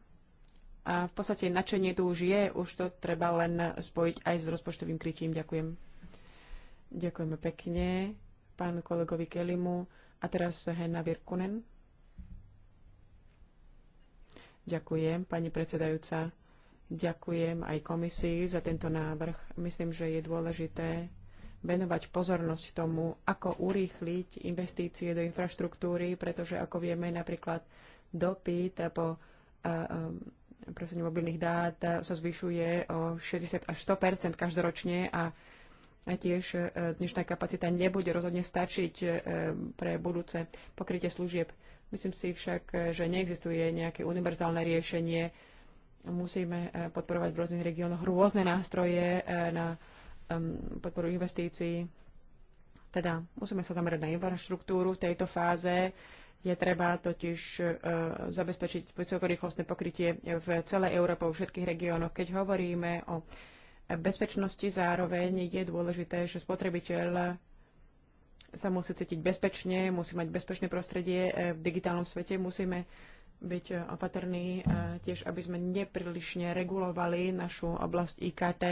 A v podstate načenie tu už je, už to treba len spojiť aj s rozpočtovým krytím. Ďakujem. Ďakujeme pekne pánu kolegovi Kelimu. A teraz Henna Virkunen. Ďakujem, pani predsedajúca. Ďakujem aj komisii za tento návrh. Myslím, že je dôležité venovať pozornosť tomu, ako urýchliť investície do infraštruktúry, pretože ako vieme napríklad dopyt po eh, eh, presunie mobilných dát sa zvyšuje o 60 až 100 každoročne a tiež eh, dnešná kapacita nebude rozhodne stačiť pre budúce pokrytie služieb. Myslím si však, že neexistuje nejaké univerzálne riešenie. Musíme podporovať v rôznych regiónoch rôzne nástroje na Um, podporu investícií. Teda musíme sa zamerať na infraštruktúru v tejto fáze. Je treba totiž uh, zabezpečiť vysokorýchlostné pokrytie v celej Európe, vo všetkých regiónoch. Keď hovoríme o bezpečnosti zároveň je dôležité, že spotrebiteľ sa musí cítiť bezpečne, musí mať bezpečné prostredie eh, v digitálnom svete, musíme byť e, opatrní, e, tiež aby sme neprilišne regulovali našu oblasť IKT.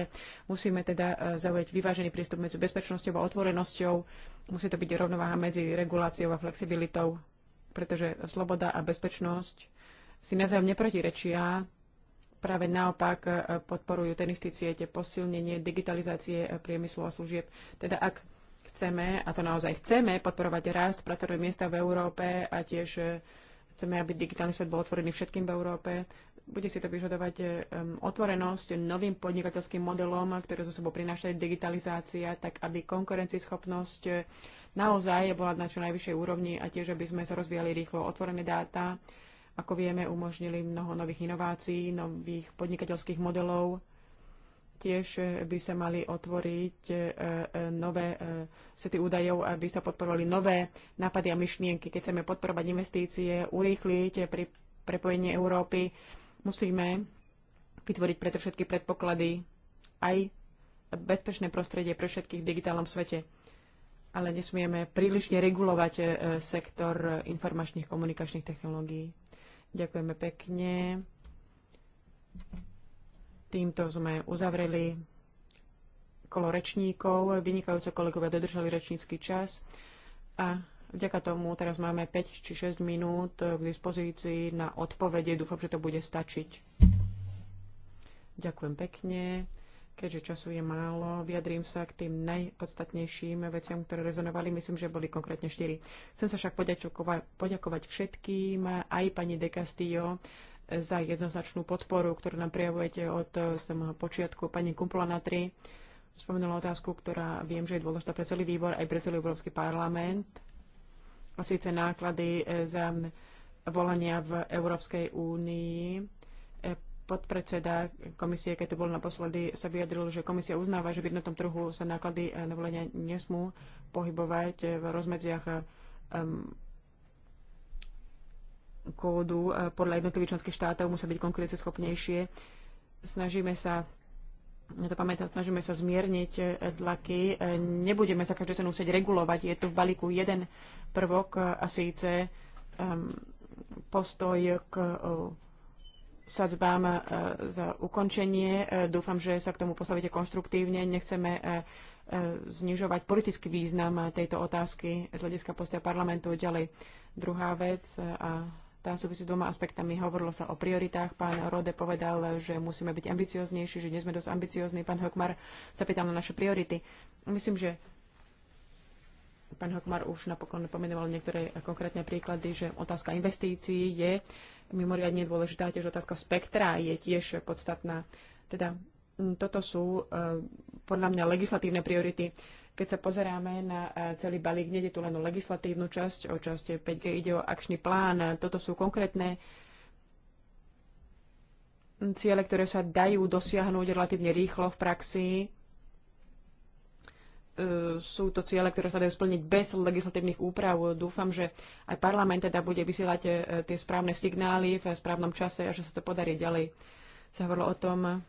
Musíme teda e, zaujať vyvážený prístup medzi bezpečnosťou a otvorenosťou. Musí to byť rovnováha medzi reguláciou a flexibilitou, pretože sloboda a bezpečnosť si navzájom neprotirečia, práve naopak podporujú ten istý cieľ, posilnenie digitalizácie priemyslu a služieb. Teda ak chceme, a to naozaj chceme, podporovať rast pracovných miesta v Európe a tiež Chceme, aby digitálny svet bol otvorený všetkým v Európe. Bude si to vyžadovať um, otvorenosť novým podnikateľským modelom, ktoré zo sebou prinášajú digitalizácia, tak aby konkurencieschopnosť eh, naozaj bola na čo najvyššej úrovni a tiež, aby sme sa rozvíjali rýchlo otvorené dáta. Ako vieme, umožnili mnoho nových inovácií, nových podnikateľských modelov Tiež eh, by sa mali otvoriť eh, eh, nové sety údajov, aby sa podporovali nové nápady a myšlienky. Keď chceme podporovať investície, urýchliť pri prepojení Európy, musíme vytvoriť preto všetky predpoklady aj bezpečné prostredie pre všetkých v digitálnom svete. Ale nesmieme prílišne regulovať sektor informačných komunikačných technológií. Ďakujeme pekne. Týmto sme uzavreli kolo rečníkov. vynikajúce kolegovia dodržali rečnícky čas a vďaka tomu teraz máme 5 či 6 minút k dispozícii na odpovede. Dúfam, že to bude stačiť. Ďakujem pekne. Keďže času je málo, vyjadrím sa k tým najpodstatnejším veciam, ktoré rezonovali. Myslím, že boli konkrétne štyri. Chcem sa však poďakovať všetkým, aj pani De Castillo, za jednoznačnú podporu, ktorú nám prejavujete od eh, samého počiatku. Pani Kumpula na 3 spomenula otázku, ktorá viem, že je dôležitá pre celý výbor aj pre celý Európsky parlament. A síce náklady eh, za volania v Európskej únii. Eh, podpredseda komisie, keď to bol naposledy, sa vyjadril, že komisia uznáva, že v jednotnom trhu sa náklady na volenia nesmú pohybovať v rozmedziach kódu podľa jednotlivých členských štátov musia byť konkurencieschopnejšie. Snažíme sa ja to pamätám, snažíme sa zmierniť e, tlaky. E, nebudeme sa každú cenu musieť regulovať. Je tu v balíku jeden prvok e, a síce um, postoj k uh, sadzbám uh, za ukončenie. Uh, dúfam, že sa k tomu postavíte konštruktívne. Nechceme znižovať politický význam tejto otázky z hľadiska postoja parlamentu. Ďalej druhá vec a tá súvisí s dvoma aspektami. Hovorilo sa o prioritách. Pán Rode povedal, že musíme byť ambicioznejší, že nie sme dosť ambiciozní. Pán Hokmar sa pýtal na naše priority. Myslím, že pán Hokmar už napokon pomenoval niektoré konkrétne príklady, že otázka investícií je mimoriadne dôležitá, tiež otázka spektra je tiež podstatná. Teda toto sú e, podľa mňa legislatívne priority. Keď sa pozeráme na e, celý balík, nie je tu len o legislatívnu časť, o časť 5G ide o akčný plán. Toto sú konkrétne ciele, ktoré sa dajú dosiahnuť relatívne rýchlo v praxi. E, sú to ciele, ktoré sa dajú splniť bez legislatívnych úprav. Dúfam, že aj parlament teda bude vysielať e, tie správne signály v správnom čase a že sa to podarí ďalej. Sa hovorilo o tom,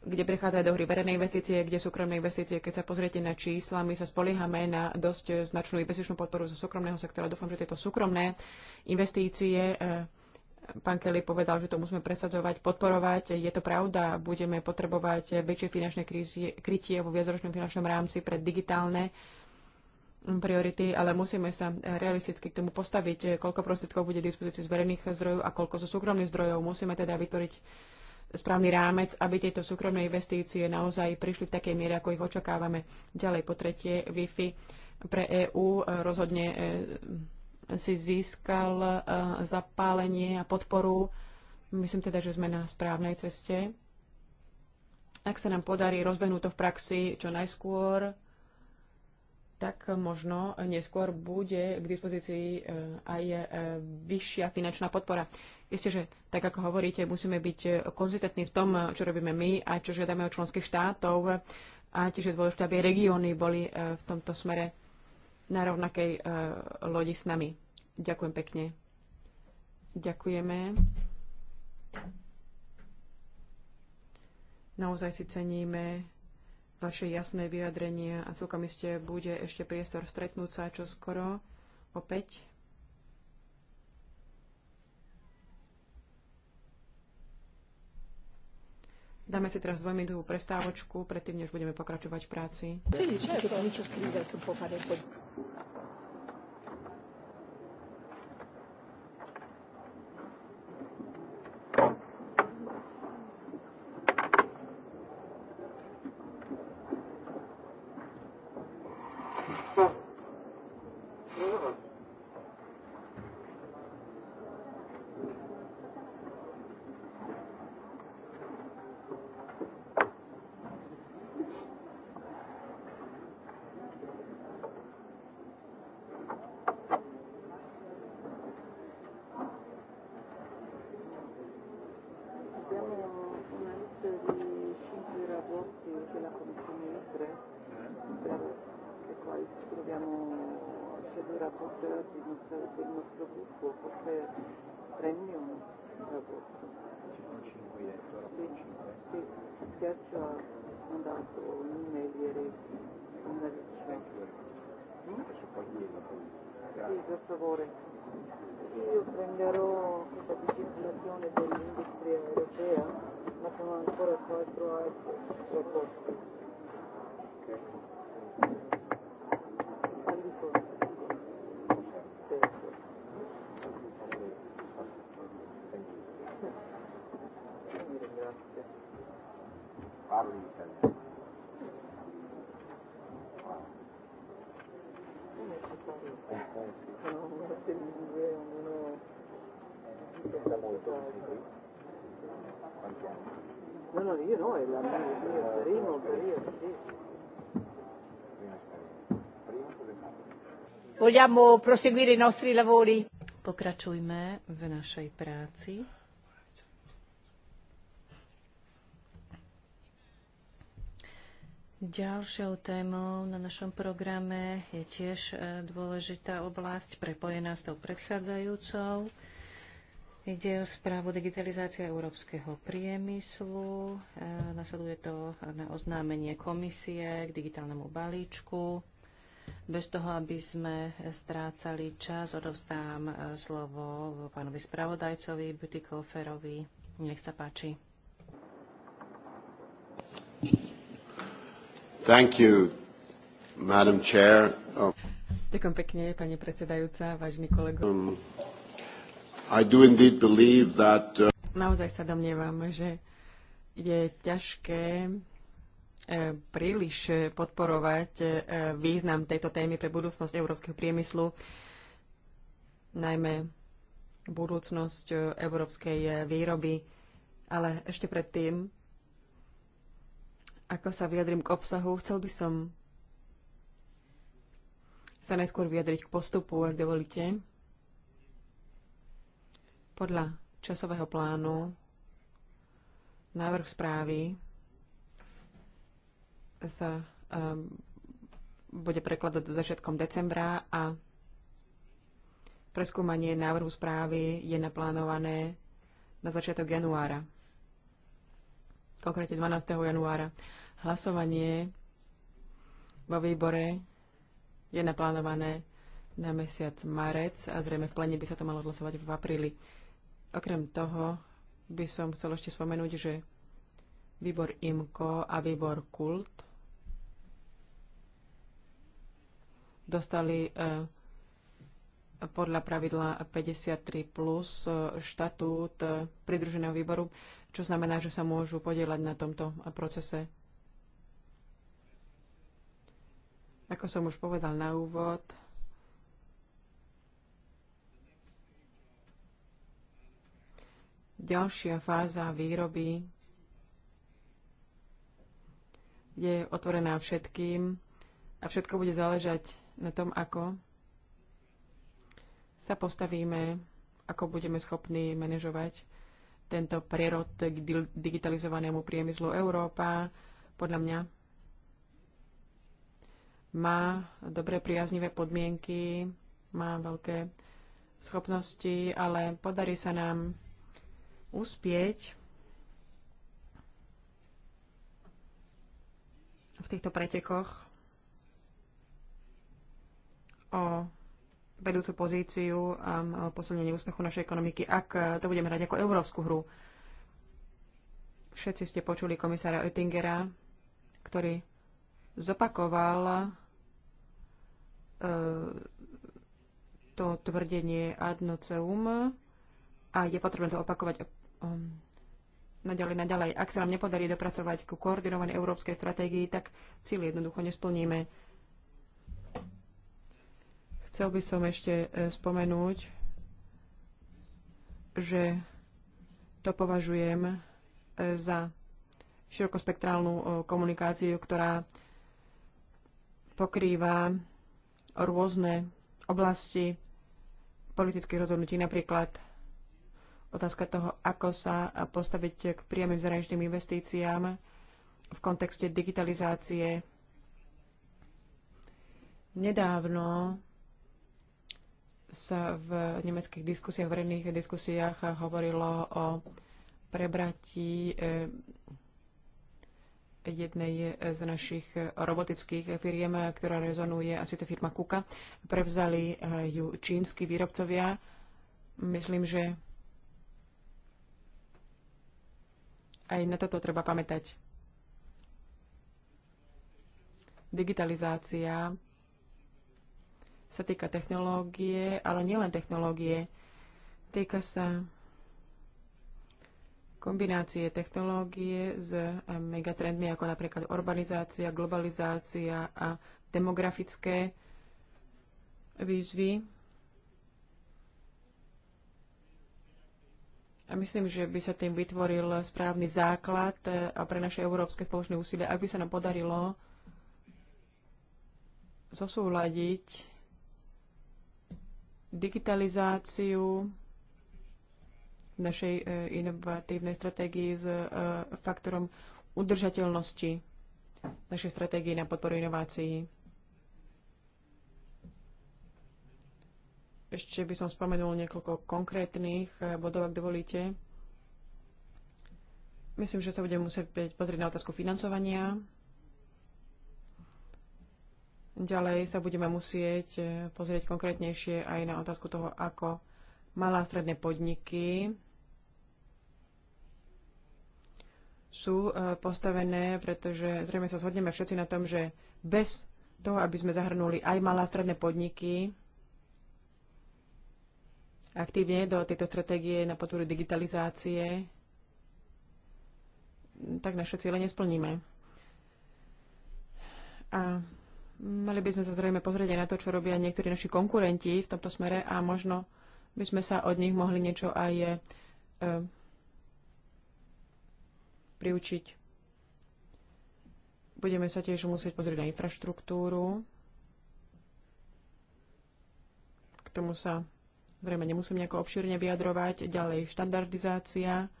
kde prichádzajú do hry verejné investície, kde súkromné investície. Keď sa pozriete na čísla, my sa spoliehame na dosť značnú investičnú podporu zo súkromného sektora. Dúfam, že tieto súkromné investície, e, pán Kelly povedal, že to musíme presadzovať, podporovať. Je to pravda, budeme potrebovať väčšie finančné krízie, krytie vo viacročnom finančnom rámci pre digitálne priority, ale musíme sa realisticky k tomu postaviť, koľko prostriedkov bude dispozícii z verejných zdrojov a koľko zo súkromných zdrojov. Musíme teda vytvoriť správny rámec, aby tieto súkromné investície naozaj prišli v takej miere, ako ich očakávame. Ďalej po tretie, Wi-Fi pre EÚ e, rozhodne e, si získal e, zapálenie a podporu. Myslím teda, že sme na správnej ceste. Ak sa nám podarí rozbehnúť to v praxi čo najskôr, tak možno neskôr bude k dispozícii e, aj e, vyššia finančná podpora. Isté, že tak ako hovoríte, musíme byť e, konzistentní v tom, čo robíme my a čo žiadame od členských štátov a tiež je dôležité, aby regióny boli v tomto smere na rovnakej lodi s nami. Ďakujem pekne. Ďakujeme. Naozaj si ceníme vaše jasné vyjadrenie a celkom iste bude ešte priestor stretnúť sa čo skoro opäť. Dáme si teraz dvojminútovú prestávočku, predtým než budeme pokračovať v práci. No, no, io no, è la mia, il mio primo periodo, sì. Vogliamo proseguire i nostri lavori? Pokračujme v našej práci. Ďalšou témou na našom programe je tiež e, dôležitá oblasť prepojená s tou predchádzajúcou. Ide o správu digitalizácia európskeho priemyslu. E, nasleduje to na oznámenie komisie k digitálnemu balíčku. Bez toho, aby sme strácali čas, odovzdám e, slovo pánovi spravodajcovi Butikoferovi. Nech sa páči. Thank you, Madam Chair. Oh. Ďakujem pekne, pani predsedajúca, vážni kolegovia. Um. I do indeed believe that... Uh... Naozaj sa domnievam, že je ťažké e, príliš podporovať e, význam tejto témy pre budúcnosť európskeho priemyslu, najmä budúcnosť e, európskej výroby. Ale ešte predtým, ako sa vyjadrím k obsahu, chcel by som sa najskôr vyjadriť k postupu, ak dovolíte. Podľa časového plánu návrh správy sa um, bude prekladať začiatkom decembra a preskúmanie návrhu správy je naplánované na začiatok januára. Konkrétne 12. januára. Hlasovanie vo výbore je naplánované na mesiac marec a zrejme v plene by sa to malo hlasovať v apríli. Okrem toho by som chcel ešte spomenúť, že výbor IMKO a výbor KULT dostali e, podľa pravidla 53 plus e, štatút e, pridruženého výboru, čo znamená, že sa môžu podielať na tomto procese. Ako som už povedal na úvod, Ďalšia fáza výroby je otvorená všetkým a všetko bude záležať na tom, ako sa postavíme, ako budeme schopní manažovať tento prerod k digitalizovanému priemyslu Európa. Podľa mňa má dobré priaznivé podmienky, má veľké schopnosti, ale podarí sa nám uspieť v týchto pretekoch o vedúcu pozíciu a posilnenie úspechu našej ekonomiky, ak to budeme hrať ako európsku hru. Všetci ste počuli komisára Oettingera, ktorý zopakoval e, to tvrdenie ad noceum a je potrebné to opakovať um, naďalej, naďalej. Ak sa nám nepodarí dopracovať ku koordinovanej európskej stratégii, tak cíl jednoducho nesplníme. Chcel by som ešte e, spomenúť, že to považujem e, za širokospektrálnu e, komunikáciu, ktorá pokrýva rôzne oblasti politických rozhodnutí, napríklad otázka toho, ako sa postaviť k priamým zahraničným investíciám v kontexte digitalizácie. Nedávno sa v nemeckých diskusiách, verejných diskusiách hovorilo o prebratí eh, jednej z našich robotických firiem, ktorá rezonuje, asi to firma Kuka. Prevzali eh, ju čínsky výrobcovia. Myslím, že Aj na toto treba pamätať. Digitalizácia sa týka technológie, ale nielen technológie. Týka sa kombinácie technológie s eh, megatrendmi ako napríklad urbanizácia, globalizácia a demografické výzvy A myslím, že by sa tým vytvoril správny základ e, a pre naše európske spoločné úsilie, ak by sa nám podarilo zosúľadiť digitalizáciu našej e, inovatívnej stratégii s e, faktorom udržateľnosti našej stratégie na podporu inovácií. Ešte by som spomenul niekoľko konkrétnych eh, bodov, ak dovolíte. Myslím, že sa budeme musieť pozrieť na otázku financovania. Ďalej sa budeme musieť eh, pozrieť konkrétnejšie aj na otázku toho, ako malé a stredné podniky sú eh, postavené, pretože zrejme sa zhodneme všetci na tom, že bez toho, aby sme zahrnuli aj malé a stredné podniky, aktívne do tejto stratégie na podporu digitalizácie, tak naše ciele nesplníme. A mali by sme sa zrejme pozrieť aj na to, čo robia niektorí naši konkurenti v tomto smere a možno by sme sa od nich mohli niečo aj e, priučiť. Budeme sa tiež musieť pozrieť na infraštruktúru. K tomu sa zrejme nemusím nejako obšírne vyjadrovať. Ďalej štandardizácia.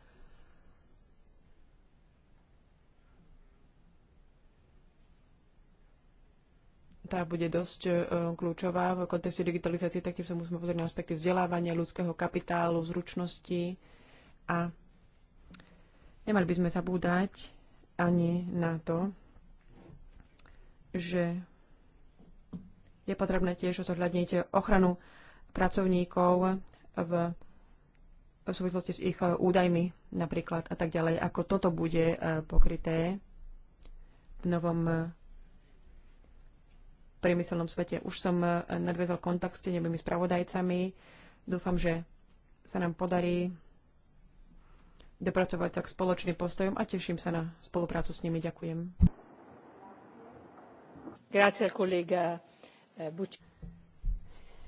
Tá bude dosť e, kľúčová v kontexte digitalizácie, taktiež sa musíme pozrieť na aspekty vzdelávania, ľudského kapitálu, zručnosti a nemali by sme zabúdať ani na to, že je potrebné tiež zohľadniť ochranu pracovníkov v, v súvislosti s ich eh, údajmi napríklad a tak ďalej. Ako toto bude eh, pokryté v novom eh, priemyselnom svete. Už som nadviezal kontakt s tenevými spravodajcami. Dúfam, že sa nám podarí dopracovať tak spoločným postojom a teším sa na spoluprácu s nimi. Ďakujem. Grazie, kolega. Buď...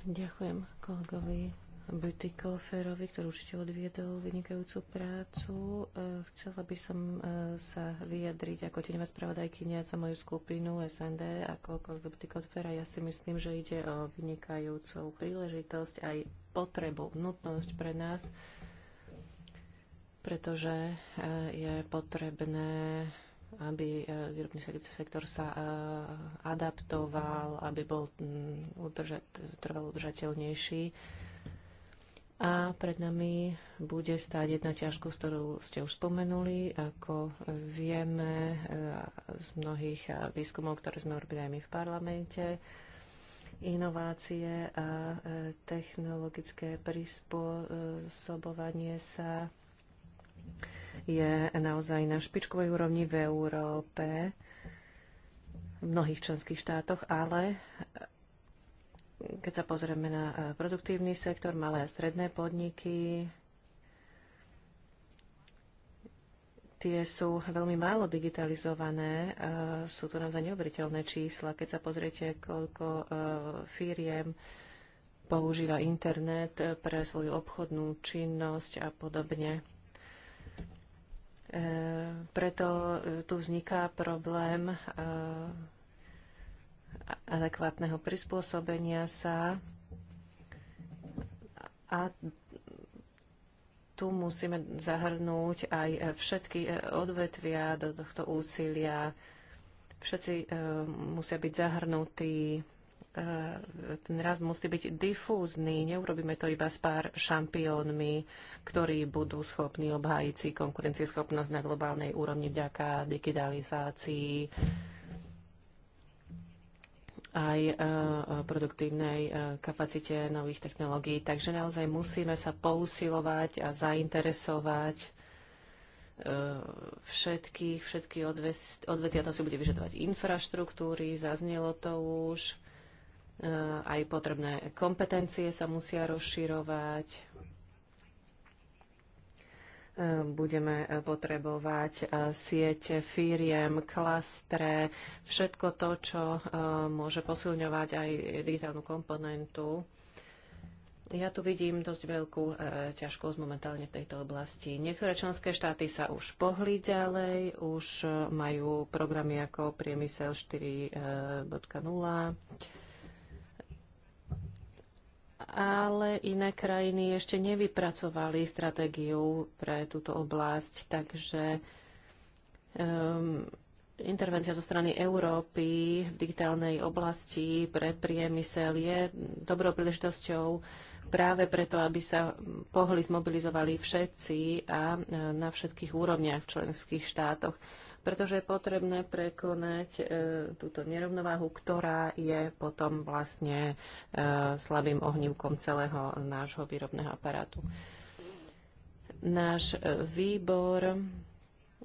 Ďakujem kolegovi Kolferovi, ktorý určite odviedol vynikajúcu prácu. E, chcela by som e, sa vyjadriť ako teňová spravodajkynia za moju skupinu SND ako kolega Kolfera. Ja si myslím, že ide o vynikajúcu príležitosť aj potrebu, nutnosť pre nás, pretože e, je potrebné aby e, výrobný sektor sa e, adaptoval, aby bol mm, udržať, trvalo udržateľnejší. A pred nami bude stáť jedna ťažkosť, ktorú ste už spomenuli. Ako vieme e, z mnohých výskumov, ktoré sme robili aj my v parlamente, inovácie a technologické prispôsobovanie sa je naozaj na špičkovej úrovni v Európe, v mnohých členských štátoch, ale keď sa pozrieme na eh, produktívny sektor, malé a stredné podniky, tie sú veľmi málo digitalizované. Eh, sú to naozaj neuveriteľné čísla. Keď sa pozriete, koľko eh, firiem používa internet pre svoju obchodnú činnosť a podobne. E, preto e, tu vzniká problém e, adekvátneho prispôsobenia sa a tu musíme zahrnúť aj všetky odvetvia do tohto úsilia. Všetci musia byť zahrnutí E, ten rast musí byť difúzny. Neurobíme to iba s pár šampiónmi, ktorí budú schopní obhájiť si konkurencieschopnosť na globálnej úrovni vďaka digitalizácii aj e, produktívnej e, kapacite nových technológií. Takže naozaj musíme sa pousilovať a zainteresovať všetkých, všetky odvetia, to si bude vyžadovať infraštruktúry, zaznelo to už aj potrebné kompetencie sa musia rozširovať. Budeme potrebovať e, siete firiem, klastre, všetko to, čo e, môže posilňovať aj digitálnu komponentu. Ja tu vidím dosť veľkú e, ťažkosť momentálne v tejto oblasti. Niektoré členské štáty sa už pohli ďalej, už e, majú programy ako Priemysel 4.0. E, ale iné krajiny ešte nevypracovali stratégiu pre túto oblasť, takže um, intervencia zo strany Európy v digitálnej oblasti pre priemysel je dobrou príležitosťou práve preto, aby sa pohli, zmobilizovali všetci a e, na všetkých úrovniach v členských štátoch pretože je potrebné prekonať e, túto nerovnováhu, ktorá je potom vlastne e, slabým ohnívkom celého nášho výrobného aparátu. Náš e, výbor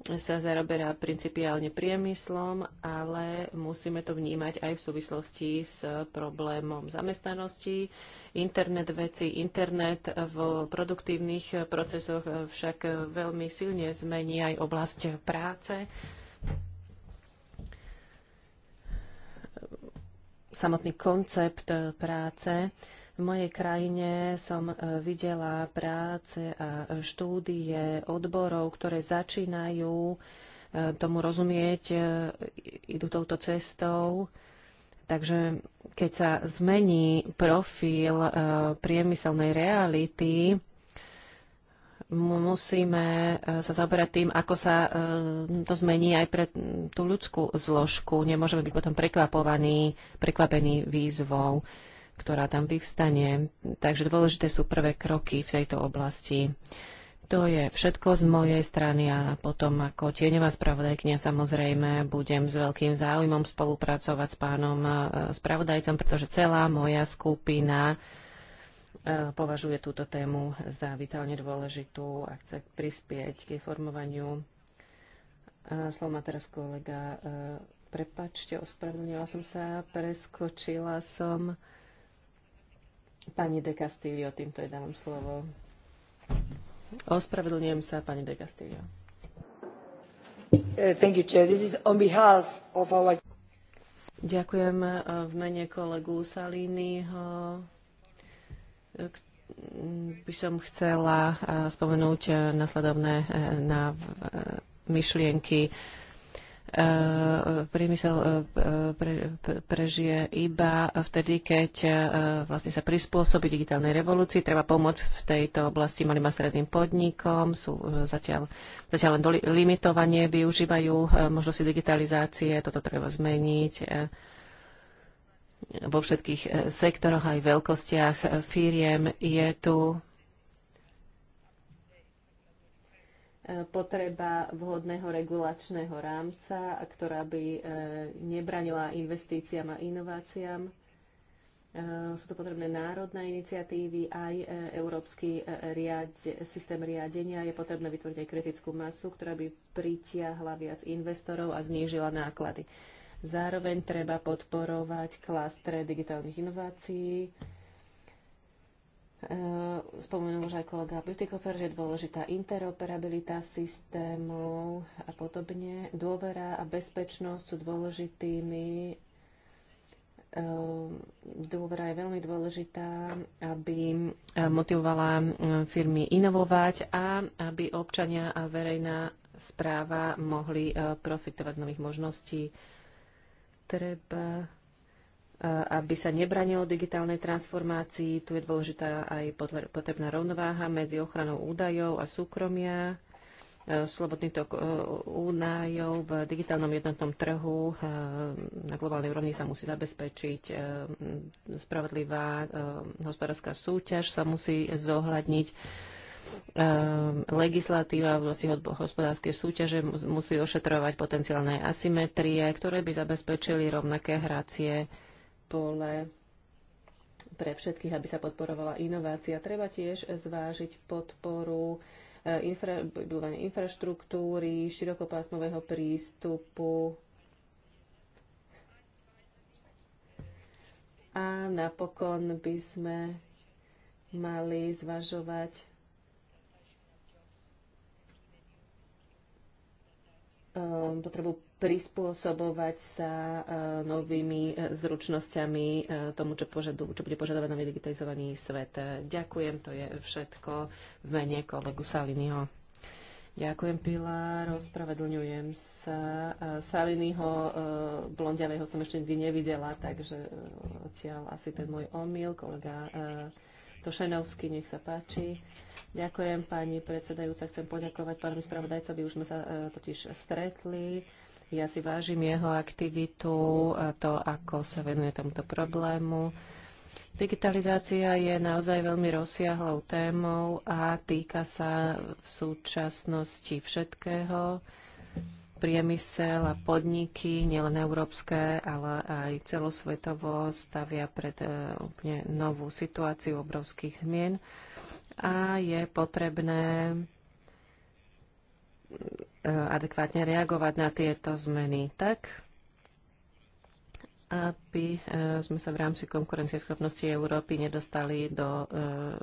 sa zaoberá principiálne priemyslom, ale musíme to vnímať aj v súvislosti s problémom zamestnanosti. Internet veci, internet v produktívnych procesoch však veľmi silne zmení aj oblasť práce. Samotný koncept práce v mojej krajine som e, videla práce a štúdie odborov, ktoré začínajú e, tomu rozumieť, e, idú touto cestou. Takže keď sa zmení profil priemyselnej reality, musíme sa zaoberať tým, ako sa to zmení aj pre tú ľudskú zložku. Nemôžeme byť potom prekvapovaní, prekvapení výzvou ktorá tam vyvstane. Takže dôležité sú prvé kroky v tejto oblasti. To je všetko z mojej strany a potom ako tieňová spravodajkňa samozrejme budem s veľkým záujmom spolupracovať s pánom e, spravodajcom, pretože celá moja skupina e, považuje túto tému za vitálne dôležitú a chce prispieť k formovaniu. E, slovo má teraz kolega. Prepačte, ospravedlnila som sa, preskočila som. Pani De Castillo, týmto je dávam slovo. Ospravedlňujem sa, pani De Castillo. Eh, thank you, Chair. This is on behalf of our... Ďakujem eh, v mene kolegu Salínyho. Eh, by som chcela spomenúť nasledovné na myšlienky E, priemysel e, prežije iba vtedy, keď e, vlastne sa prispôsobí digitálnej revolúcii. Treba pomôcť v tejto oblasti malým a stredným podnikom. Sú zatiaľ, zatiaľ len limitovanie využívajú možnosti digitalizácie. Toto treba zmeniť vo všetkých sektoroch aj veľkostiach firiem. Je tu potreba vhodného regulačného rámca, ktorá by e, nebranila investíciám a inováciám. E, sú to potrebné národné iniciatívy, aj e, európsky riad, systém riadenia. Je potrebné vytvoriť aj kritickú masu, ktorá by pritiahla viac investorov a znížila náklady. Zároveň treba podporovať klastre digitálnych inovácií, Eh, spomenul už aj kolega Butikofer, že je dôležitá interoperabilita systémov a podobne. Dôvera a bezpečnosť sú dôležitými. Eh, dôvera je veľmi dôležitá, aby eh, motivovala firmy inovovať a aby občania a verejná správa mohli profitovať z nových možností. Treba aby sa nebranilo digitálnej transformácii. Tu je dôležitá aj potrebná rovnováha medzi ochranou údajov a súkromia, e, slobodný tok e, údajov v digitálnom jednotnom trhu e, na globálnej úrovni sa musí zabezpečiť. Spravodlivá hospodárska súťaž sa musí zohľadniť legislatíva v vlasti hospodárskej súťaže musí ošetrovať potenciálne asymetrie, ktoré by zabezpečili rovnaké hracie pole pre všetkých, aby sa podporovala inovácia. Treba tiež zvážiť podporu eh, infra, budovania infraštruktúry, širokopásmového prístupu a napokon by sme mali zvažovať eh, potrebu prispôsobovať sa e, novými e, zručnosťami e, tomu, čo, požadu, čo bude požadovať nový digitalizovaný svet. Ďakujem, to je všetko v mene kolegu Saliniho. Ďakujem, Pilar, ospravedlňujem sa. Saliniho blondiavého som ešte nikdy nevidela, takže odtiaľ asi ten môj omyl, kolega Tošenovský, nech sa páči. Ďakujem, pani predsedajúca. Chcem poďakovať pánovi spravodajcovi, už sme sa totiž stretli ja si vážim jeho aktivitu, to, ako sa venuje tomuto problému. Digitalizácia je naozaj veľmi rozsiahlou témou a týka sa v súčasnosti všetkého. Priemysel a podniky, nielen európske, ale aj celosvetovo, stavia pred e, úplne novú situáciu obrovských zmien a je potrebné E, adekvátne reagovať na tieto zmeny tak, aby e, sme sa v rámci konkurencieschopnosti Európy nedostali do e,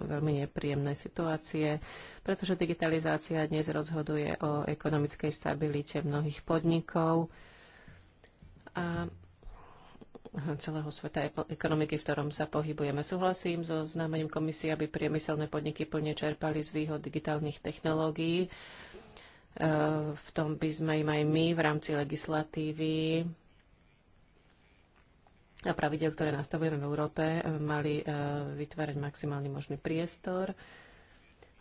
veľmi nepríjemnej situácie, pretože digitalizácia dnes rozhoduje o ekonomickej stabilite mnohých podnikov a celého sveta ekonomiky, v ktorom sa pohybujeme. Súhlasím so znamením komisie, aby priemyselné podniky plne čerpali z výhod digitálnych technológií Eh, v tom by sme im aj my v rámci legislatívy a pravidel, ktoré nastavujeme v Európe, eh, mali eh, vytvárať maximálny možný priestor.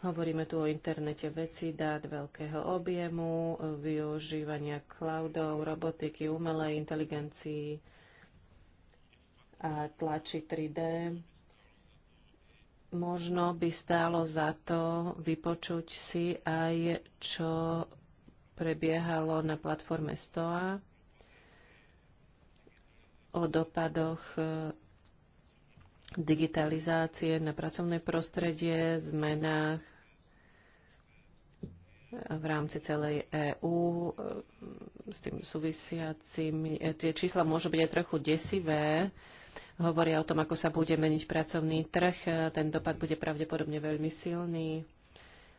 Hovoríme tu o internete veci, dát veľkého objemu, využívania cloudov, robotiky, umelej inteligencii a tlači 3D Možno by stálo za to vypočuť si aj, čo prebiehalo na platforme STOA o dopadoch e, digitalizácie na pracovné prostredie, zmenách v rámci celej EÚ e, s tým súvisiacimi. E, tie čísla môžu byť aj trochu desivé, hovoria o tom, ako sa bude meniť pracovný trh. E, ten dopad bude pravdepodobne veľmi silný.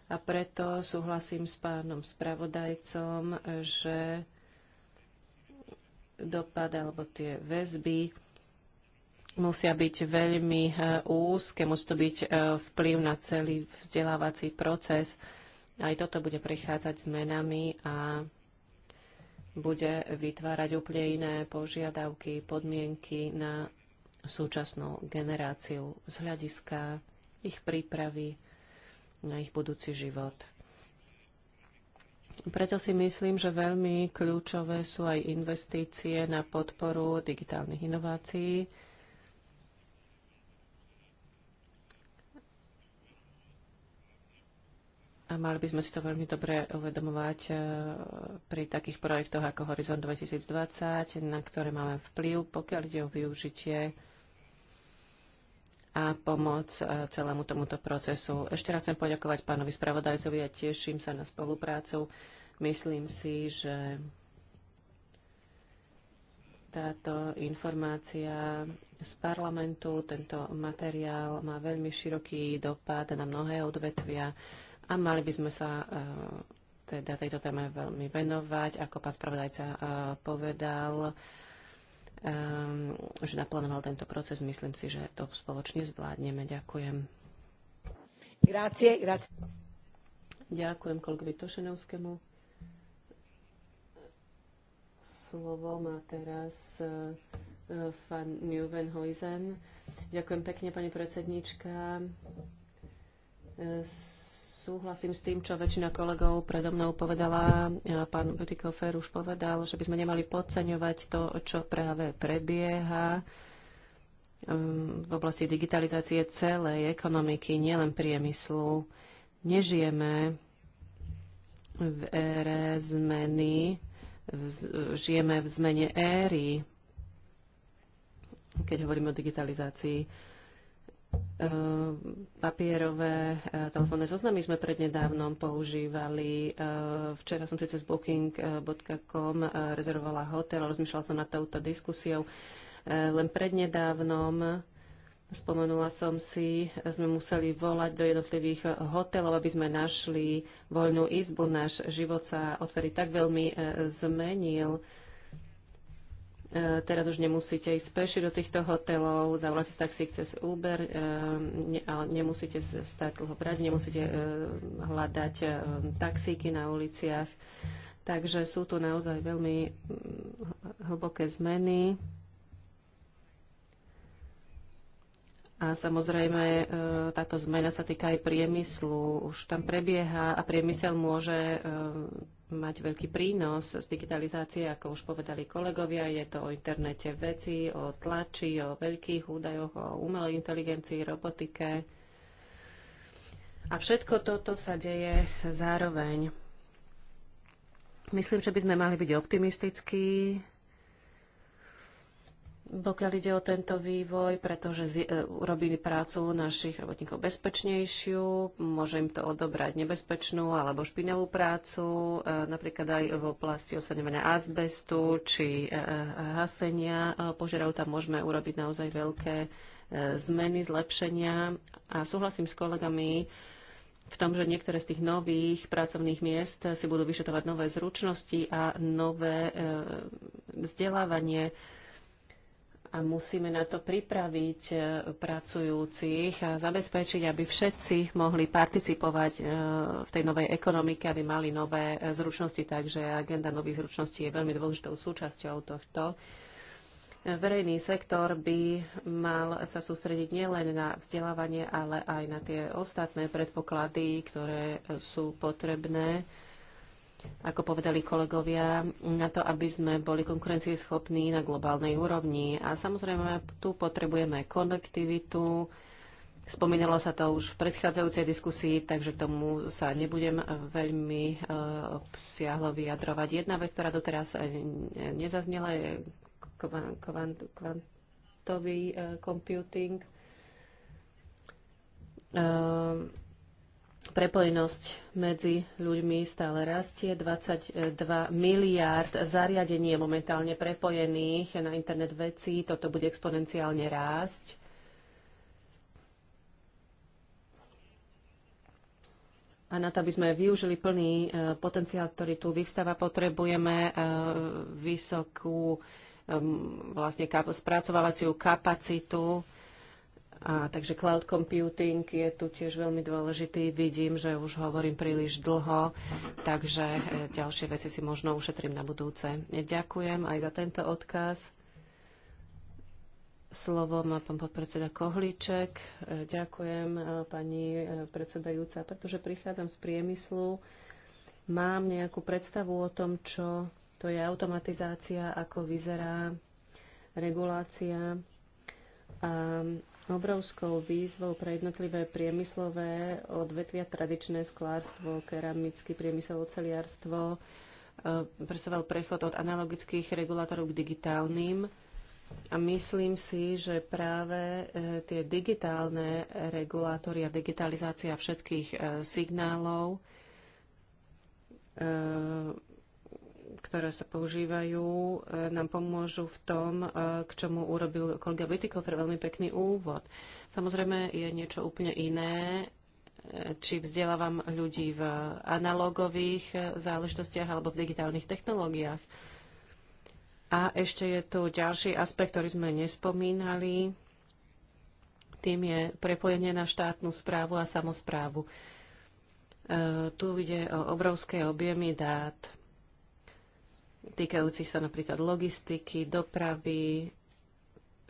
A preto súhlasím s pánom spravodajcom, že dopad alebo tie väzby musia byť veľmi e, úzke, musí to byť e, vplyv na celý vzdelávací proces. Aj toto bude prichádzať zmenami a bude vytvárať úplne iné požiadavky, podmienky na súčasnú generáciu z hľadiska ich prípravy na ich budúci život. Preto si myslím, že veľmi kľúčové sú aj investície na podporu digitálnych inovácií. A mali by sme si to veľmi dobre uvedomovať e, pri takých projektoch ako Horizon 2020, na ktoré máme vplyv, pokiaľ ide o využitie a pomoc e, celému tomuto procesu. Ešte raz chcem poďakovať pánovi spravodajcovi a teším sa na spoluprácu. Myslím si, že táto informácia z parlamentu, tento materiál má veľmi široký dopad na mnohé odvetvia a mali by sme sa e, teda tejto téme veľmi venovať. Ako pán spravodajca e, povedal, um, že naplánoval tento proces. Myslím si, že to spoločne zvládneme. Ďakujem. Grácie, grácie. Ďakujem kolegovi Tošenovskému. Slovo má teraz fan e, e, Nieuwenhuizen. Ďakujem pekne, pani predsednička. Uh, súhlasím s tým, čo väčšina kolegov predo mnou povedala. Pán Budikofer už povedal, že by sme nemali podceňovať to, čo práve prebieha ehm, v oblasti digitalizácie celej ekonomiky, nielen priemyslu. Nežijeme v ére zmeny, žijeme v zmene éry, keď hovoríme o digitalizácii. Eh, papierové eh, telefónne zoznamy sme prednedávnom používali. Eh, včera som si cez booking.com rezervovala hotel, rozmýšľala som nad touto diskusiou. Len prednedávnom spomenula som si, sme museli volať do jednotlivých hotelov, aby sme našli voľnú izbu. Náš život sa otvorí tak veľmi zmenil Teraz už nemusíte ísť peši do týchto hotelov, zavolať si taxík cez Uber, eh, ne, ale nemusíte stať dlho v rade, nemusíte eh, hľadať eh, taxíky na uliciach. Takže sú tu naozaj veľmi mm, hlboké zmeny. A samozrejme, táto zmena sa týka aj priemyslu. Už tam prebieha a priemysel môže mať veľký prínos z digitalizácie, ako už povedali kolegovia. Je to o internete veci, o tlači, o veľkých údajoch, o umelej inteligencii, robotike. A všetko toto sa deje zároveň. Myslím, že by sme mali byť optimistickí pokiaľ ide o tento vývoj, pretože e, urobili prácu našich robotníkov bezpečnejšiu, môže im to odobrať nebezpečnú alebo špinavú prácu, e, napríklad aj v oblasti osadňovania azbestu či e, hasenia požiarov, tam môžeme urobiť naozaj veľké zmeny, zlepšenia. A súhlasím s kolegami, v tom, že niektoré z tých nových pracovných miest si budú vyšetovať nové zručnosti a nové vzdelávanie a musíme na to pripraviť e, pracujúcich a zabezpečiť, aby všetci mohli participovať e, v tej novej ekonomike, aby mali nové e, zručnosti. Takže agenda nových zručností je veľmi dôležitou súčasťou tohto. Verejný sektor by mal sa sústrediť nielen na vzdelávanie, ale aj na tie ostatné predpoklady, ktoré sú potrebné ako povedali kolegovia, na to, aby sme boli konkurencieschopní na globálnej úrovni. A samozrejme, tu potrebujeme konektivitu. Spomínalo sa to už v predchádzajúcej diskusii, takže k tomu sa nebudem veľmi e, obsiahlo vyjadrovať. Jedna vec, ktorá doteraz e, nezaznela, je kvant, kvantový e, computing prepojenosť medzi ľuďmi stále rastie. 22 miliárd zariadení je momentálne prepojených na internet vecí. Toto bude exponenciálne rásť. A na to, aby sme využili plný e, potenciál, ktorý tu vyvstáva, potrebujeme e, vysokú e, vlastne spracovávaciu kapacitu a, takže cloud computing je tu tiež veľmi dôležitý. Vidím, že už hovorím príliš dlho, takže e, ďalšie veci si možno ušetrím na budúce. Ďakujem aj za tento odkaz. Slovo má pán podpredseda Kohliček. E, ďakujem e, pani predsedajúca, pretože prichádzam z priemyslu. Mám nejakú predstavu o tom, čo to je automatizácia, ako vyzerá regulácia. A obrovskou výzvou pre jednotlivé priemyslové odvetvia tradičné sklárstvo, keramický priemysel, oceliarstvo e, presoval prechod od analogických regulátorov k digitálnym. A myslím si, že práve e, tie digitálne regulátory a digitalizácia všetkých e, signálov ktoré sa používajú, e, nám pomôžu v tom, e, k čomu urobil kolega Bytikofer veľmi pekný úvod. Samozrejme je niečo úplne iné, e, či vzdelávam ľudí v analogových záležitostiach alebo v digitálnych technológiách. A ešte je tu ďalší aspekt, ktorý sme nespomínali. Tým je prepojenie na štátnu správu a samozprávu. Tu ide o obrovské objemy dát týkajúcich sa napríklad logistiky, dopravy,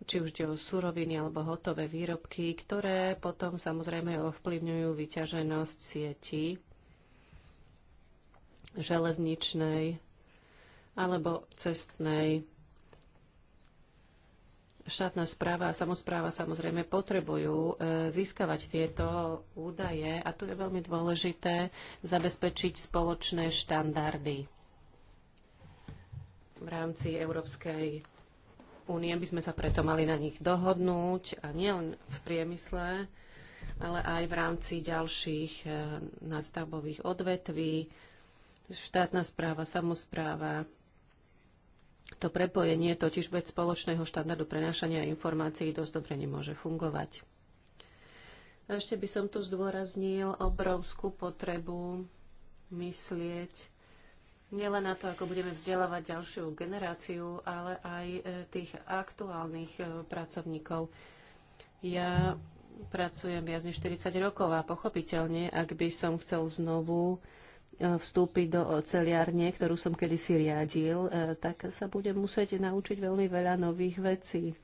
či už ide o suroviny alebo hotové výrobky, ktoré potom samozrejme ovplyvňujú vyťaženosť sieti železničnej alebo cestnej. Štátna správa a samozpráva samozrejme potrebujú e, získavať tieto údaje a tu je veľmi dôležité zabezpečiť spoločné štandardy v rámci Európskej únie by sme sa preto mali na nich dohodnúť a nielen v priemysle, ale aj v rámci ďalších e, nadstavbových odvetví, štátna správa, samozpráva. To prepojenie totiž bez spoločného štandardu prenášania informácií dosť dobre nemôže fungovať. A ešte by som tu zdôraznil obrovskú potrebu myslieť nielen na to, ako budeme vzdelávať ďalšiu generáciu, ale aj e, tých aktuálnych e, pracovníkov. Ja pracujem viac než 40 rokov a pochopiteľne, ak by som chcel znovu e, vstúpiť do celiarne, ktorú som kedysi riadil, tak sa budem musieť naučiť veľmi veľa nových vecí.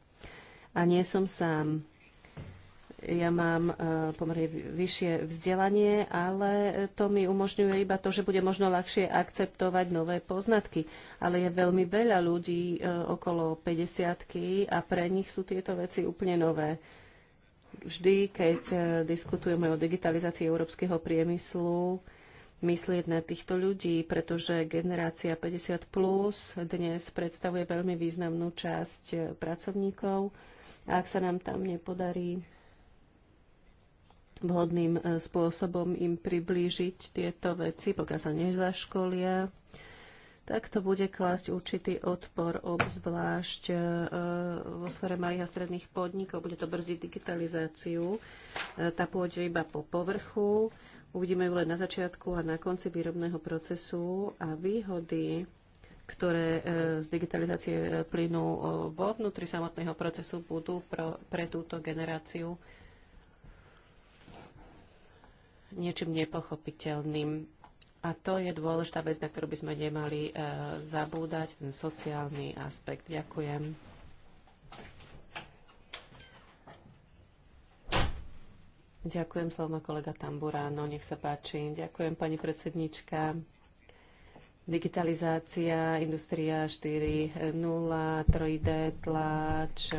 A nie som sám. Ja mám e, pomerne vyššie vzdelanie, ale to mi umožňuje iba to, že bude možno ľahšie akceptovať nové poznatky. Ale je veľmi veľa ľudí e, okolo 50 a pre nich sú tieto veci úplne nové. Vždy, keď e, diskutujeme o digitalizácii európskeho priemyslu, myslieť na týchto ľudí, pretože generácia 50 plus dnes predstavuje veľmi významnú časť pracovníkov. A ak sa nám tam nepodarí vhodným e, spôsobom im priblížiť tieto veci, pokiaľ sa nezaškolia, tak to bude klásť určitý odpor, obzvlášť e, vo sfere malých a stredných podnikov. Bude to brzdiť digitalizáciu. E, tá pôjde iba po povrchu. Uvidíme ju len na začiatku a na konci výrobného procesu a výhody ktoré z digitalizácie plynú vo vnútri samotného procesu budú pro, pre túto generáciu niečím nepochopiteľným. A to je dôležitá vec, na ktorú by sme nemali uh, zabúdať, ten sociálny aspekt. Ďakujem. Ďakujem, slovo kolega Tamburáno, nech sa páči. Ďakujem, pani predsednička. Digitalizácia, Industria 4.0, 3D, tlač,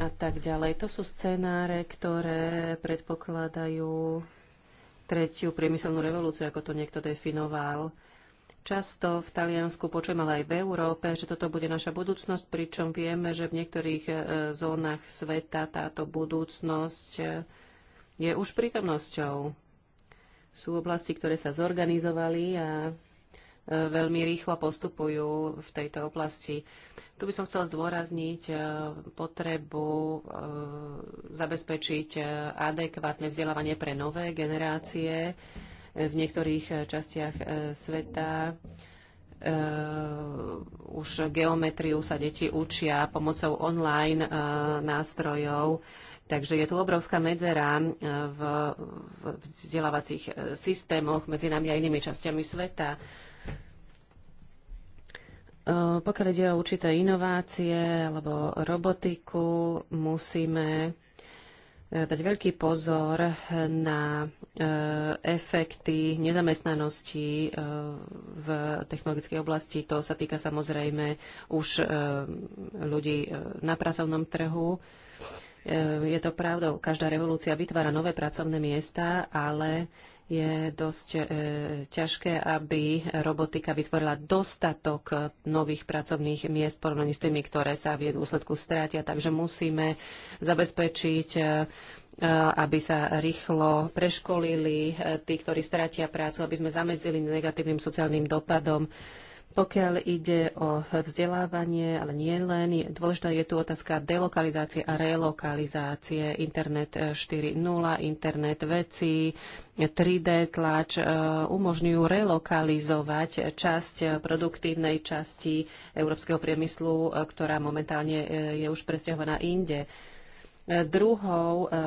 a tak ďalej. To sú scenáre, ktoré predpokladajú tretiu priemyselnú revolúciu, ako to niekto definoval. Často v Taliansku počujem, ale aj v Európe, že toto bude naša budúcnosť, pričom vieme, že v niektorých e, zónach sveta táto budúcnosť e, je už prítomnosťou. Sú oblasti, ktoré sa zorganizovali a veľmi rýchlo postupujú v tejto oblasti. Tu by som chcel zdôrazniť e, potrebu e, zabezpečiť e, adekvátne vzdelávanie pre nové generácie v niektorých častiach sveta. Už geometriu sa deti učia pomocou online nástrojov. Takže je tu obrovská medzera v vzdelávacích systémoch medzi nami a inými časťami sveta. E, pokiaľ ide o určité inovácie alebo robotiku, musíme e, dať veľký pozor na e, efekty nezamestnanosti v technologickej oblasti. To sa týka samozrejme už ľudí na pracovnom trhu. Je to pravdou, každá revolúcia vytvára nové pracovné miesta, ale je dosť e, ťažké, aby robotika vytvorila dostatok e, nových pracovných miest porovnaní s tými, ktoré sa v jej dôsledku strátia. Takže musíme zabezpečiť, e, e, aby sa rýchlo preškolili e, tí, ktorí stratia prácu, aby sme zamedzili negatívnym sociálnym dopadom. E, pokiaľ ide o vzdelávanie, ale nie len, je, dôležitá je tu otázka delokalizácie a relokalizácie, internet 4.0, eh, internet veci, 3D tlač eh, umožňujú relokalizovať časť eh, produktívnej časti európskeho priemyslu, ktorá momentálne je už presťahovaná inde. Druhou e, e, e,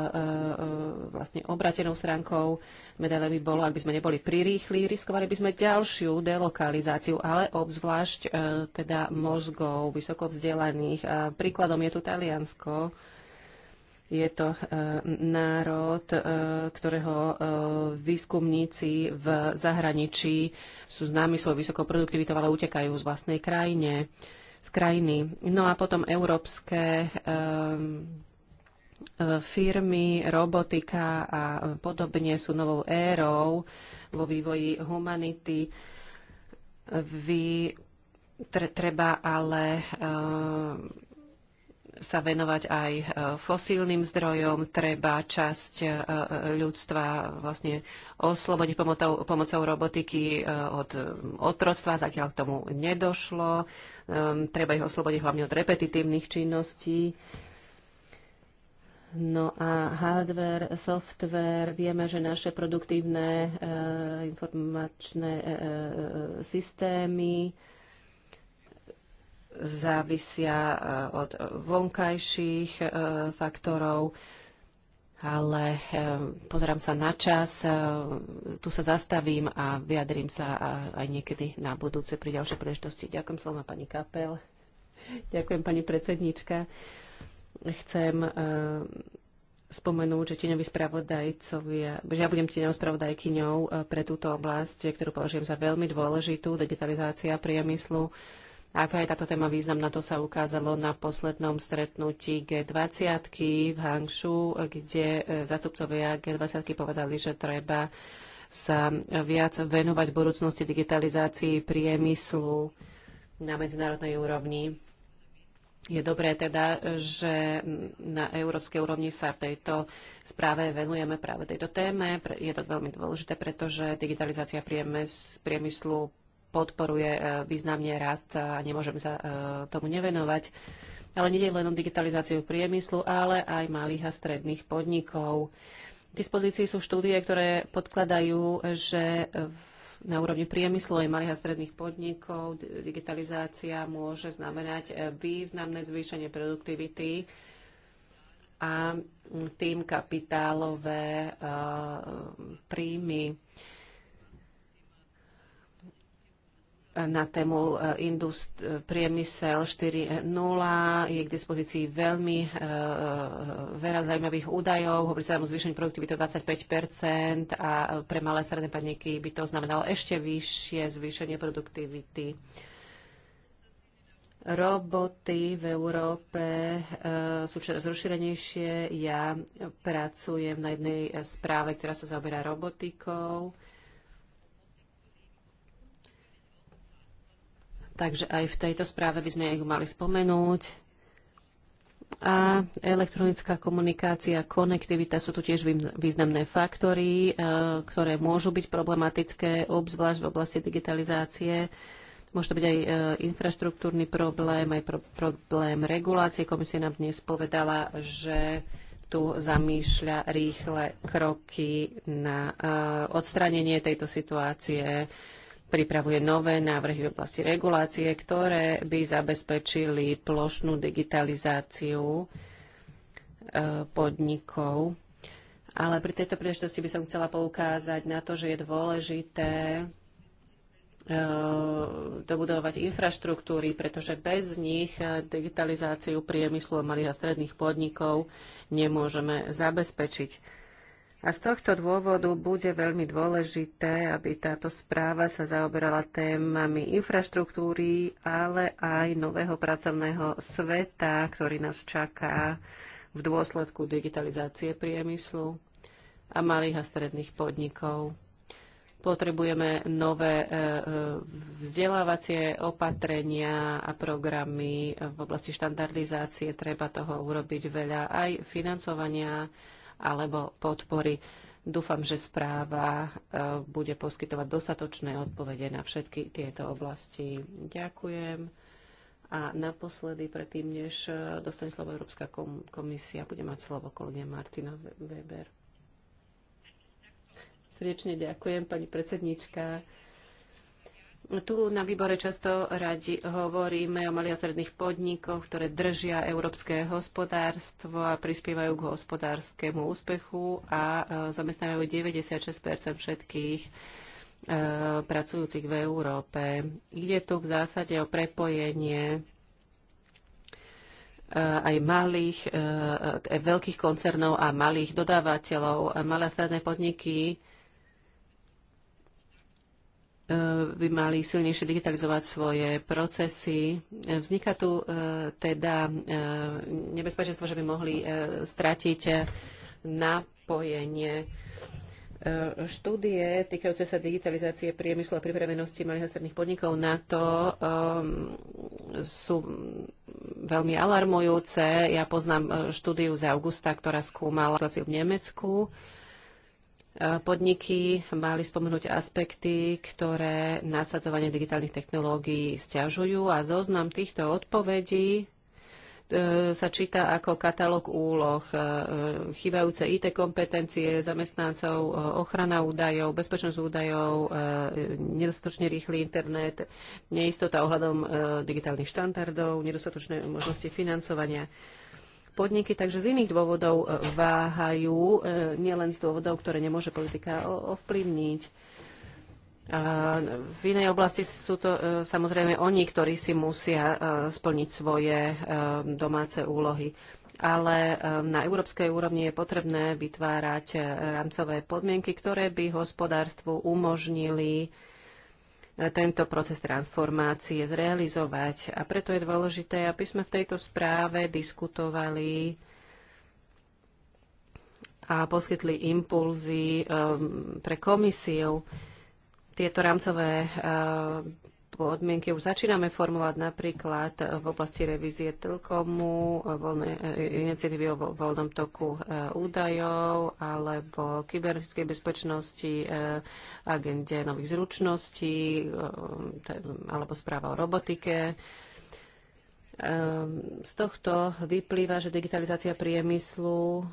vlastne obratenou stránkou medaile by bolo, ak by sme neboli prirýchli, riskovali by sme ďalšiu delokalizáciu, ale obzvlášť teda mozgov vysoko vzdelaných. Príkladom je tu Taliansko, je to národ, ktorého výskumníci v zahraničí sú známi svojou vysokou produktivitou, ale utekajú z vlastnej krajine, z krajiny. No a potom európske Firmy, robotika a podobne sú novou érou vo vývoji humanity. Vy treba ale eh, sa venovať aj eh, fosílnym zdrojom, treba časť eh, ľudstva vlastne oslobodiť pomocou, pomocou robotiky od otroctva, zatiaľ k tomu nedošlo. Ehm, treba ich oslobodiť hlavne od repetitívnych činností. No a hardware, software, vieme, že naše produktívne e, informačné e, systémy závisia od vonkajších e, faktorov, ale e, pozerám sa na čas, e, tu sa zastavím a vyjadrím sa aj niekedy na budúce pri ďalšej príležitosti. Ďakujem slova pani Kapel. Ďakujem pani predsednička chcem eh, spomenúť, že tieňoví spravodajcovia, že ja budem tieňovou spravodajkyňou eh, pre túto oblasť, ktorú považujem za veľmi dôležitú, digitalizácia priemyslu. Aká je táto téma významná, to sa ukázalo na poslednom stretnutí G20 v Hangšu, kde eh, zastupcovia G20 povedali, že treba sa viac venovať budúcnosti digitalizácii priemyslu na medzinárodnej úrovni. Je dobré teda, že na európskej úrovni sa v tejto správe venujeme práve tejto téme. Je to veľmi dôležité, pretože digitalizácia priemyslu podporuje e, významne rast a nemôžeme sa e, tomu nevenovať. Ale nie je len o digitalizáciu priemyslu, ale aj malých a stredných podnikov. V dispozícii sú štúdie, ktoré podkladajú, že v na úrovni priemyslu aj malých a stredných podnikov. Digitalizácia môže znamenať eh, významné zvýšenie produktivity a mm, tým kapitálové eh, príjmy. na tému eh, Indust, eh, priemysel 4.0. Je k dispozícii veľmi e, veľa zaujímavých údajov. Hovorí sa o zvýšení produktivity o 25 a pre malé stredné podniky by to znamenalo ešte vyššie zvýšenie produktivity. Roboty v Európe e, sú čoraz rozšírenejšie. Ja pracujem na jednej správe, ktorá sa zaoberá robotikou. Takže aj v tejto správe by sme ju mali spomenúť. A elektronická komunikácia, konektivita sú tu tiež významné faktory, e, ktoré môžu byť problematické, obzvlášť v oblasti digitalizácie. Môže to byť aj e, infraštruktúrny problém, aj pro, problém regulácie. Komisia nám dnes povedala, že tu zamýšľa rýchle kroky na e, odstránenie tejto situácie pripravuje nové návrhy v oblasti regulácie, ktoré by zabezpečili plošnú digitalizáciu e, podnikov. Ale pri tejto príležitosti by som chcela poukázať na to, že je dôležité e, dobudovať infraštruktúry, pretože bez nich e, digitalizáciu priemyslu malých a stredných podnikov nemôžeme zabezpečiť. A z tohto dôvodu bude veľmi dôležité, aby táto správa sa zaoberala témami infraštruktúry, ale aj nového pracovného sveta, ktorý nás čaká v dôsledku digitalizácie priemyslu a malých a stredných podnikov. Potrebujeme nové e, e, vzdelávacie opatrenia a programy v oblasti štandardizácie. Treba toho urobiť veľa aj financovania alebo podpory. Dúfam, že správa e, bude poskytovať dostatočné odpovede na všetky tieto oblasti. Ďakujem. A naposledy, predtým, než e, dostane slovo Európska komisia, bude mať slovo kolegyňa Martina Weber. Srdečne ďakujem, pani predsednička. Tu na výbore často radi hovoríme o malých a stredných podnikoch, ktoré držia európske hospodárstvo a prispievajú k hospodárskému úspechu a e, zamestnávajú 96 všetkých e, pracujúcich v Európe. Ide tu v zásade o prepojenie e, aj malých, veľkých koncernov a malých dodávateľov. Malé a stredné podniky E, by mali silnejšie digitalizovať svoje procesy. E, vzniká tu e, teda nebezpečenstvo, že by mohli stratiť napojenie štúdie týkajúce sa digitalizácie priemyslu a pripravenosti malých a stredných podnikov na to um, sú veľmi alarmujúce. Ja poznám štúdiu z augusta, ktorá skúmala situáciu v Nemecku. Uh, E, podniky mali spomenúť aspekty, ktoré nasadzovanie digitálnych technológií stiažujú a zoznam týchto odpovedí e, sa číta ako katalóg úloh, e, chýbajúce IT kompetencie zamestnancov, ochrana údajov, bezpečnosť údajov, nedostatočne rýchly internet, neistota ohľadom digitálnych štandardov, nedostatočné možnosti financovania podniky, takže z iných dôvodov e, váhajú, e, nielen z dôvodov, ktoré nemôže politika ovplyvniť. A v inej oblasti sú to e, samozrejme oni, ktorí si musia splniť svoje domáce úlohy. Ale na európskej úrovni je potrebné vytvárať rámcové podmienky, ktoré by hospodárstvu umožnili E, tento proces transformácie zrealizovať. A preto je dôležité, aby sme v tejto správe diskutovali a poskytli impulzy um, pre komisiu. Tieto rámcové uh, podmienky už začíname formovať napríklad v oblasti revízie telkomu, e, e, iniciatívy o voľnom toku e, údajov alebo kybernetickej bezpečnosti, agende nových zručností alebo správa o robotike. Ehm, z tohto vyplýva, že digitalizácia priemyslu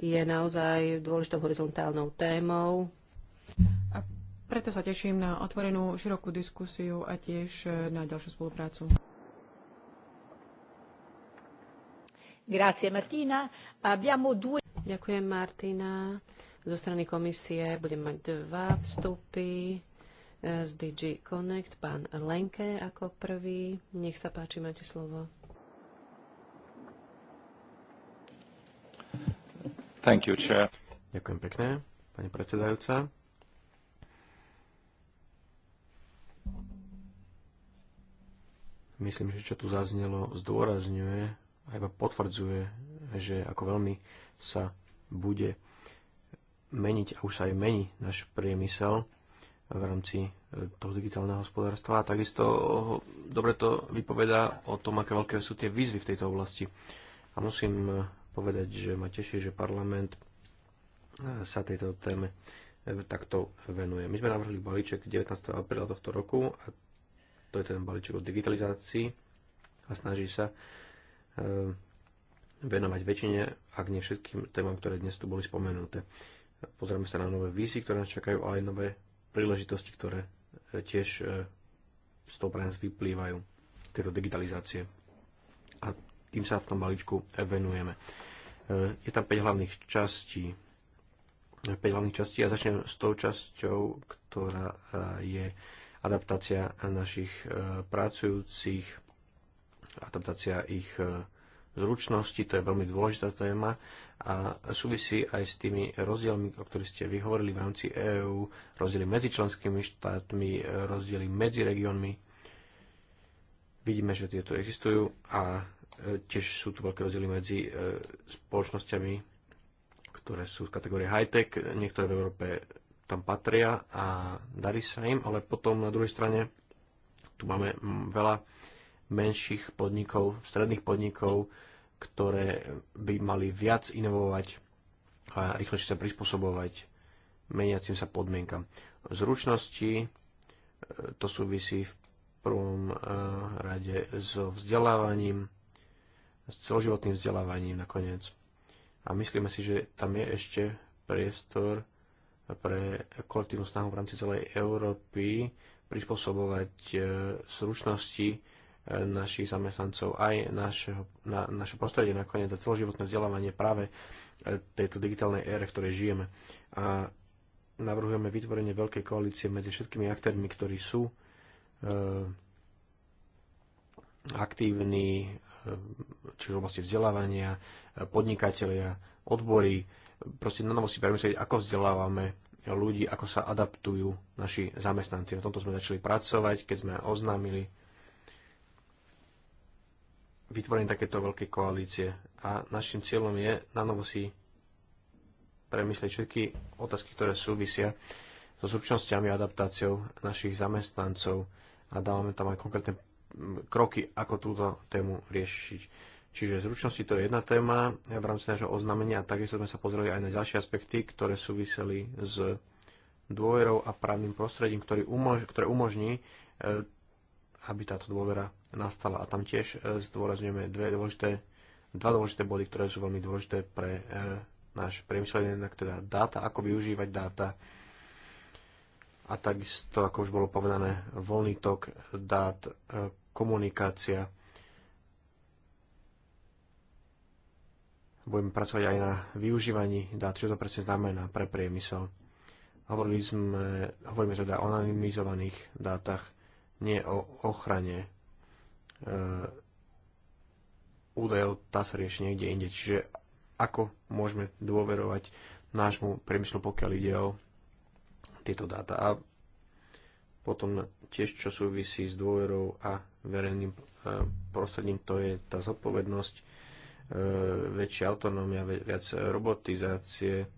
je naozaj dôležitou horizontálnou témou. A preto sa teším na otvorenú širokú diskusiu a tiež eh, na ďalšiu spoluprácu. Ďakujem Martina. Zo strany komisie budem mať dva vstupy eh, z DG Connect. Pán Lenke ako prvý. Nech sa páči, máte slovo. Ďakujem pekne, pani predsedajúca. Myslím, že čo tu zaznelo, zdôrazňuje a iba potvrdzuje, že ako veľmi sa bude meniť a už sa aj mení náš priemysel v rámci e, toho digitálneho hospodárstva a takisto dobre to vypovedá o tom, aké veľké sú tie výzvy v tejto oblasti. A musím e, povedať, že ma teší, že parlament e, sa tejto téme takto venuje. My sme navrhli balíček 19. apríla tohto roku a to je ten balíček o digitalizácii a snaží sa eh, venovať väčšine, ak nie všetkým témam, ktoré dnes tu boli spomenuté. Pozrieme sa na nové výzvy, ktoré nás čakajú, ale aj nové príležitosti, ktoré eh, tiež eh, z toho pre nás vyplývajú, tieto digitalizácie. A tým sa v tom balíčku venujeme. Je tam 5 hlavných častí. 5 hlavných častí a ja začnem s tou časťou, ktorá je adaptácia našich e, pracujúcich, adaptácia ich e, zručnosti, to je veľmi dôležitá téma a súvisí aj s tými rozdielmi, o ktorých ste vyhovorili v rámci EÚ, rozdiely medzi členskými štátmi, e, rozdiely medzi regiónmi. Vidíme, že tieto existujú a tiež sú tu veľké rozdiely medzi spoločnosťami, ktoré sú z kategórie high-tech, niektoré v Európe tam patria a darí sa im, ale potom na druhej strane tu máme veľa menších podnikov, stredných podnikov, ktoré by mali viac inovovať a rýchlejšie sa prispôsobovať meniacim sa podmienkam. Zručnosti, e, to súvisí v prvom e, rade so vzdelávaním, s celoživotným vzdelávaním nakoniec. A myslíme si, že tam je ešte priestor pre kolektívnu snahu v rámci celej Európy prispôsobovať zručnosti e, e, našich zamestnancov aj našeho, na, naše prostredie nakoniec za celoživotné vzdelávanie práve e, tejto digitálnej ére, v ktorej žijeme. A navrhujeme vytvorenie veľkej koalície medzi všetkými aktérmi, ktorí sú e, aktívni, e, či v oblasti vzdelávania, e, podnikatelia, odbory, proste na novo si premyslieť, ako vzdelávame ľudí, ako sa adaptujú naši zamestnanci. Na tomto sme začali pracovať, keď sme oznámili vytvorenie takéto veľkej koalície. A našim cieľom je na novo si premyslieť všetky otázky, ktoré súvisia so súčasťami a adaptáciou našich zamestnancov a dávame tam aj konkrétne kroky, ako túto tému riešiť. Čiže zručnosti to je jedna téma v rámci nášho oznámenia a takisto sme sa pozreli aj na ďalšie aspekty, ktoré súviseli s dôverou a právnym prostredím, ktorý umož- ktoré umožní, e, aby táto dôvera nastala. A tam tiež e, zdôrazňujeme dve dôležité, dva dôležité body, ktoré sú veľmi dôležité pre e, náš priemyslenie, jednak teda dáta, ako využívať dáta a takisto, ako už bolo povedané, voľný tok dát, komunikácia budeme pracovať aj na využívaní dát, čo to presne znamená pre priemysel. Hovorili sme, hovoríme teda o anonymizovaných dátach, nie o ochrane e, údajov, tá sa rieši niekde inde. Čiže ako môžeme dôverovať nášmu priemyslu, pokiaľ ide o tieto dáta. A potom tiež, čo súvisí s dôverou a verejným e, prostredím, to je tá zodpovednosť E, väčšia autonómia, viac robotizácie, e,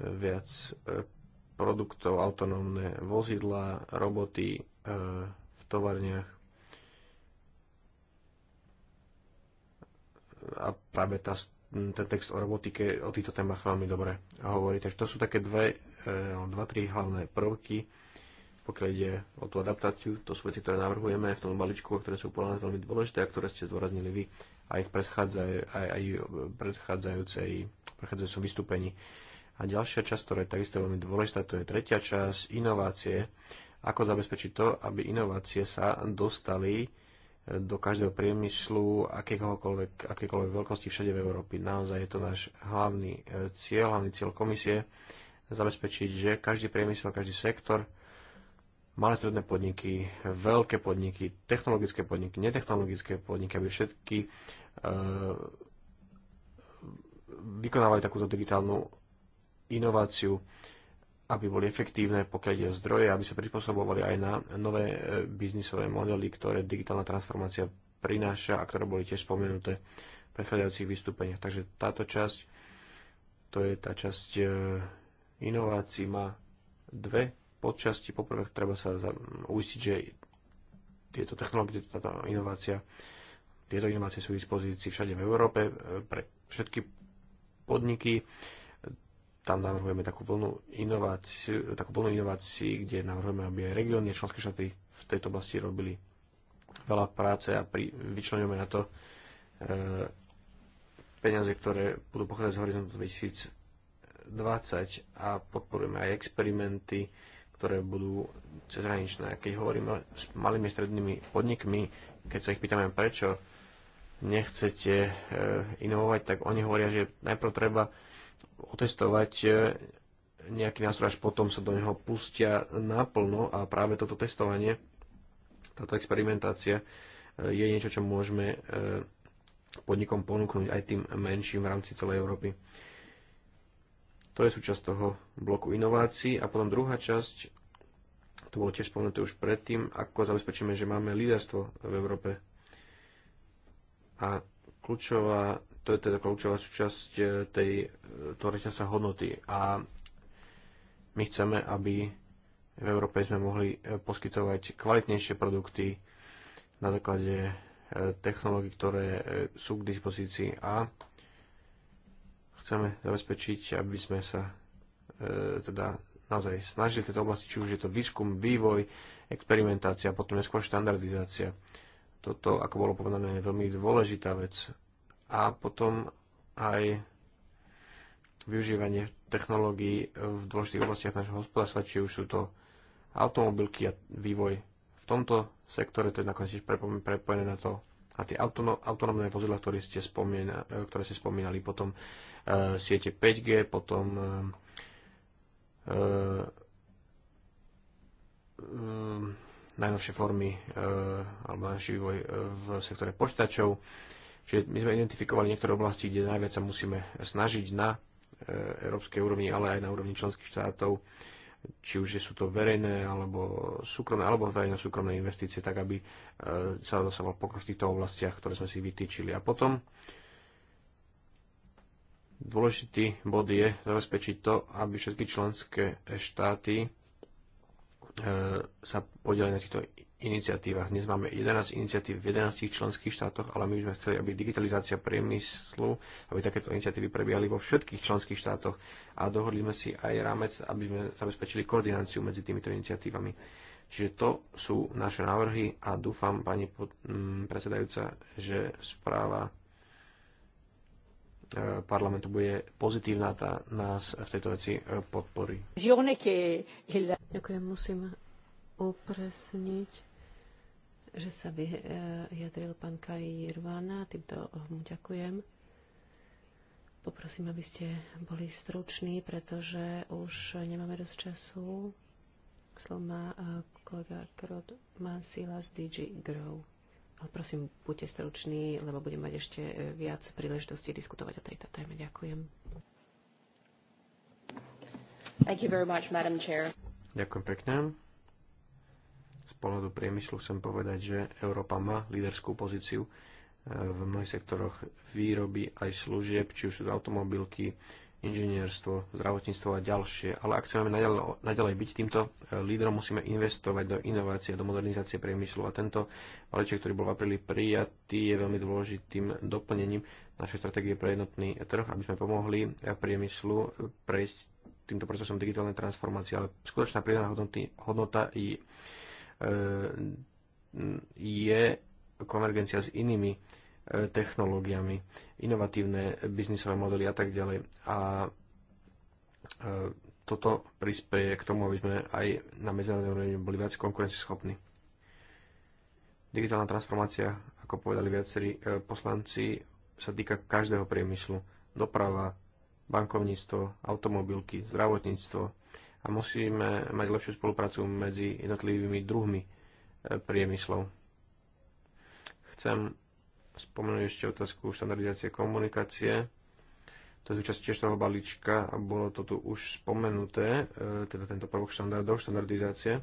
viac e, produktov, autonómne vozidla, roboty v tovarniach. A práve tá, ten text o robotike o týchto témach veľmi dobre hovorí. Takže to sú také dve, dva, tri hlavné prvky, pokiaľ ide o tú adaptáciu. To sú veci, ktoré navrhujeme v tom balíčku, ktoré sú podľa nás veľmi dôležité a ktoré ste zdôraznili vy aj v predchádzaj, aj, aj predchádzajúcej, predchádzajúcej vystúpení. A ďalšia časť, ktorá je takisto veľmi dôležitá, to je tretia časť, inovácie. Ako zabezpečiť to, aby inovácie sa dostali e, do každého priemyslu, akékoľvek, akékoľvek veľkosti všade v Európe. Naozaj je to náš hlavný e, cieľ, hlavný cieľ komisie, zabezpečiť, že každý priemysel, každý sektor, malé stredné podniky, veľké podniky, technologické podniky, netechnologické podniky, aby všetky E, vykonávali takúto digitálnu inováciu, aby boli efektívne, pokiaľ ide o zdroje, aby sa prispôsobovali aj na nové e, biznisové modely, ktoré digitálna transformácia prináša a ktoré boli tiež spomenuté v predchádzajúcich vystúpeniach. Takže táto časť, to je tá časť e, inovácií, má dve podčasti. Poprvé treba sa uistiť, že tieto technológie, táto inovácia tieto inovácie sú v dispozícii všade v Európe e, pre všetky podniky. Tam navrhujeme takú vlnu inovácií, takú vlnu inovácií kde navrhujeme, aby aj regióny a členské štáty v tejto oblasti robili veľa práce a pri, vyčlenujeme na to e, peniaze, ktoré budú pochádzať z horizontu 2020 a podporujeme aj experimenty, ktoré budú cezhraničné. Keď hovoríme s malými strednými podnikmi, keď sa ich pýtame prečo nechcete e, inovovať, tak oni hovoria, že najprv treba otestovať e, nejaký nástroj, až potom sa do neho pustia naplno a práve toto testovanie, táto experimentácia e, je niečo, čo môžeme podnikom ponúknuť aj tým menším v rámci celej Európy. To je súčasť toho bloku inovácií a potom druhá časť, to bolo tiež spomenuté už predtým, ako zabezpečíme, že máme líderstvo v Európe a kľúčová, to je teda kľúčová súčasť e, tej, e, tvoriteľa sa hodnoty. A my chceme, aby v Európe sme mohli e, poskytovať kvalitnejšie produkty na základe technológií, ktoré sú k dispozícii a chceme zabezpečiť, aby sme sa e, teda naozaj snažili v tejto oblasti, či už je to výskum, vývoj, experimentácia, potom neskôr štandardizácia. Toto, ako bolo povedané, je veľmi dôležitá vec. A potom aj využívanie technológií v dôležitých oblastiach našho hospodárstva, či už sú to automobilky a vývoj v tomto sektore, to je nakoniec tiež prepojené na to, a tie autonómne vozidla, ktoré ste, spomína, e, ktoré ste spomínali, potom e, siete 5G, potom e, e, najnovšie formy e, alebo najnovší vývoj e, v sektore počítačov. Čiže my sme identifikovali niektoré oblasti, kde najviac sa musíme snažiť na e, európskej úrovni, ale aj na úrovni členských štátov, či už sú to verejné alebo súkromné, alebo verejno-súkromné investície, tak aby sa dosahoval pokrok v týchto oblastiach, ktoré sme si vytýčili. A potom dôležitý bod je zabezpečiť to, aby všetky členské štáty E, sa podielali na týchto iniciatívach. Dnes máme 11 iniciatív v 11 členských štátoch, ale my by sme chceli, aby digitalizácia priemyslu, aby takéto iniciatívy prebiehali vo všetkých členských štátoch a dohodli sme si aj rámec, aby sme zabezpečili koordináciu medzi týmito iniciatívami. Čiže to sú naše návrhy a dúfam, pani predsedajúca, že správa E, parlamentu bude pozitívna, tá nás v tejto veci e, podporí. Ďakujem, musím upresniť, že sa e, vyjadril pán Kaj Jirvana, týmto mu ďakujem. Poprosím, aby ste boli struční, pretože už nemáme dosť času. Slovo má kolega Krod Mansila z DG Grow. Prosím, buďte stručný, lebo budem mať ešte e, viac príležitostí diskutovať o tejto téme. Ďakujem. Thank you very much, Madam Chair. Ďakujem pekne. Z pohľadu priemyslu chcem povedať, že Európa má líderskú pozíciu e, v mnohých sektoroch výroby aj služieb, či už sú to automobilky, inžinierstvo, zdravotníctvo a ďalšie. Ale ak chceme naďalej, byť týmto e, lídrom, musíme investovať do inovácie, do modernizácie priemyslu. A tento balíček, ktorý bol v apríli prijatý, je veľmi dôležitým doplnením našej stratégie pre jednotný trh, aby sme pomohli priemyslu prejsť týmto procesom digitálnej transformácie. Ale skutočná pridaná hodnota je, je konvergencia s inými E, technológiami, inovatívne biznisové modely a tak ďalej. A e, toto prispieje k tomu, aby sme aj na medzinárodnej úrovni boli viac konkurencieschopní. Digitálna transformácia, ako povedali viacerí e, poslanci, sa týka každého priemyslu. Doprava, bankovníctvo, automobilky, zdravotníctvo a musíme mať lepšiu spoluprácu medzi jednotlivými druhmi priemyslov. Chcem spomenúť ešte otázku štandardizácie komunikácie. To je súčasť tiež toho balíčka a bolo to tu už spomenuté, e, teda tento prvok štandardov, štandardizácie.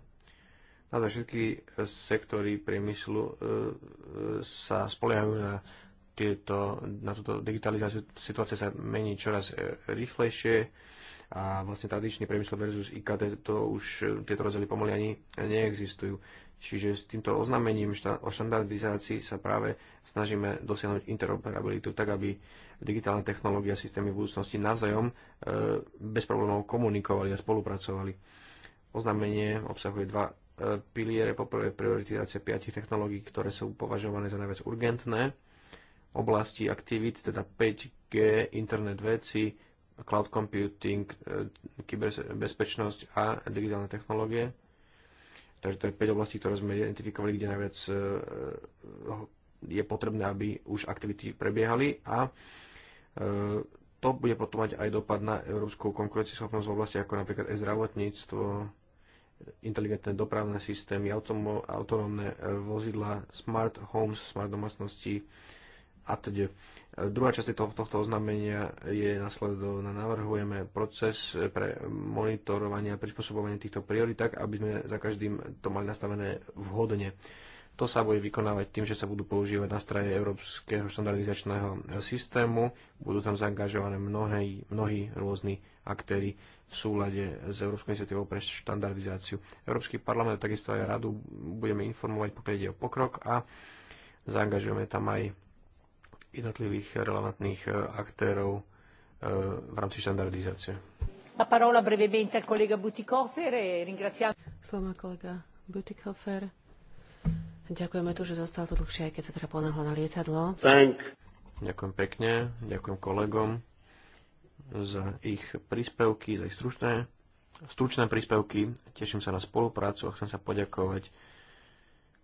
Na všetky sektory priemyslu e, e, sa spoliehajú na tieto, na túto digitalizáciu situácia sa mení čoraz rýchlejšie a vlastne tradičný priemysel versus IKT to už tieto rozdiely pomaly ani neexistujú. Čiže s týmto oznámením šta, o štandardizácii sa práve snažíme dosiahnuť interoperabilitu, tak aby digitálne technológie a systémy v budúcnosti navzájom e, bez problémov komunikovali a spolupracovali. Oznámenie obsahuje dva e, piliere. Poprvé prioritizácia piatich technológií, ktoré sú považované za najviac urgentné. Oblasti aktivít, teda 5G, internet veci, cloud computing, e, kyberbezpečnosť a digitálne technológie Takže to je 5 oblastí, ktoré sme identifikovali, kde najviac e, e, je potrebné, aby už aktivity prebiehali a e, to bude potom mať aj dopad na európsku konkurencieschopnosť v oblasti ako napríklad e-zdravotníctvo, inteligentné dopravné systémy, autonómne vozidla, smart homes, smart domácnosti, a teda. Druhá časť tohto, tohto oznámenia je nasledovná. Navrhujeme proces pre monitorovanie a prispôsobovanie týchto priorit tak, aby sme za každým to mali nastavené vhodne. To sa bude vykonávať tým, že sa budú používať nástroje Európskeho štandardizačného systému. Budú tam zaangažované mnohé, mnohí rôzni aktéry v súlade s Európskou iniciatívou pre štandardizáciu. Európsky parlament takisto aj radu budeme informovať, pokiaľ ide o pokrok a zaangažujeme tam aj jednotlivých relevantných e, aktérov e, v rámci štandardizácie. La parola brevemente al collega Butikofer e ringraziamo. Slovo kolega Butikofer. Ďakujeme tu, že zostal tu dlhšie, aj keď sa teda ponáhla na lietadlo. Thank. Ďakujem pekne, ďakujem kolegom za ich príspevky, za ich stručné, stručné príspevky. Teším sa na spoluprácu a chcem sa poďakovať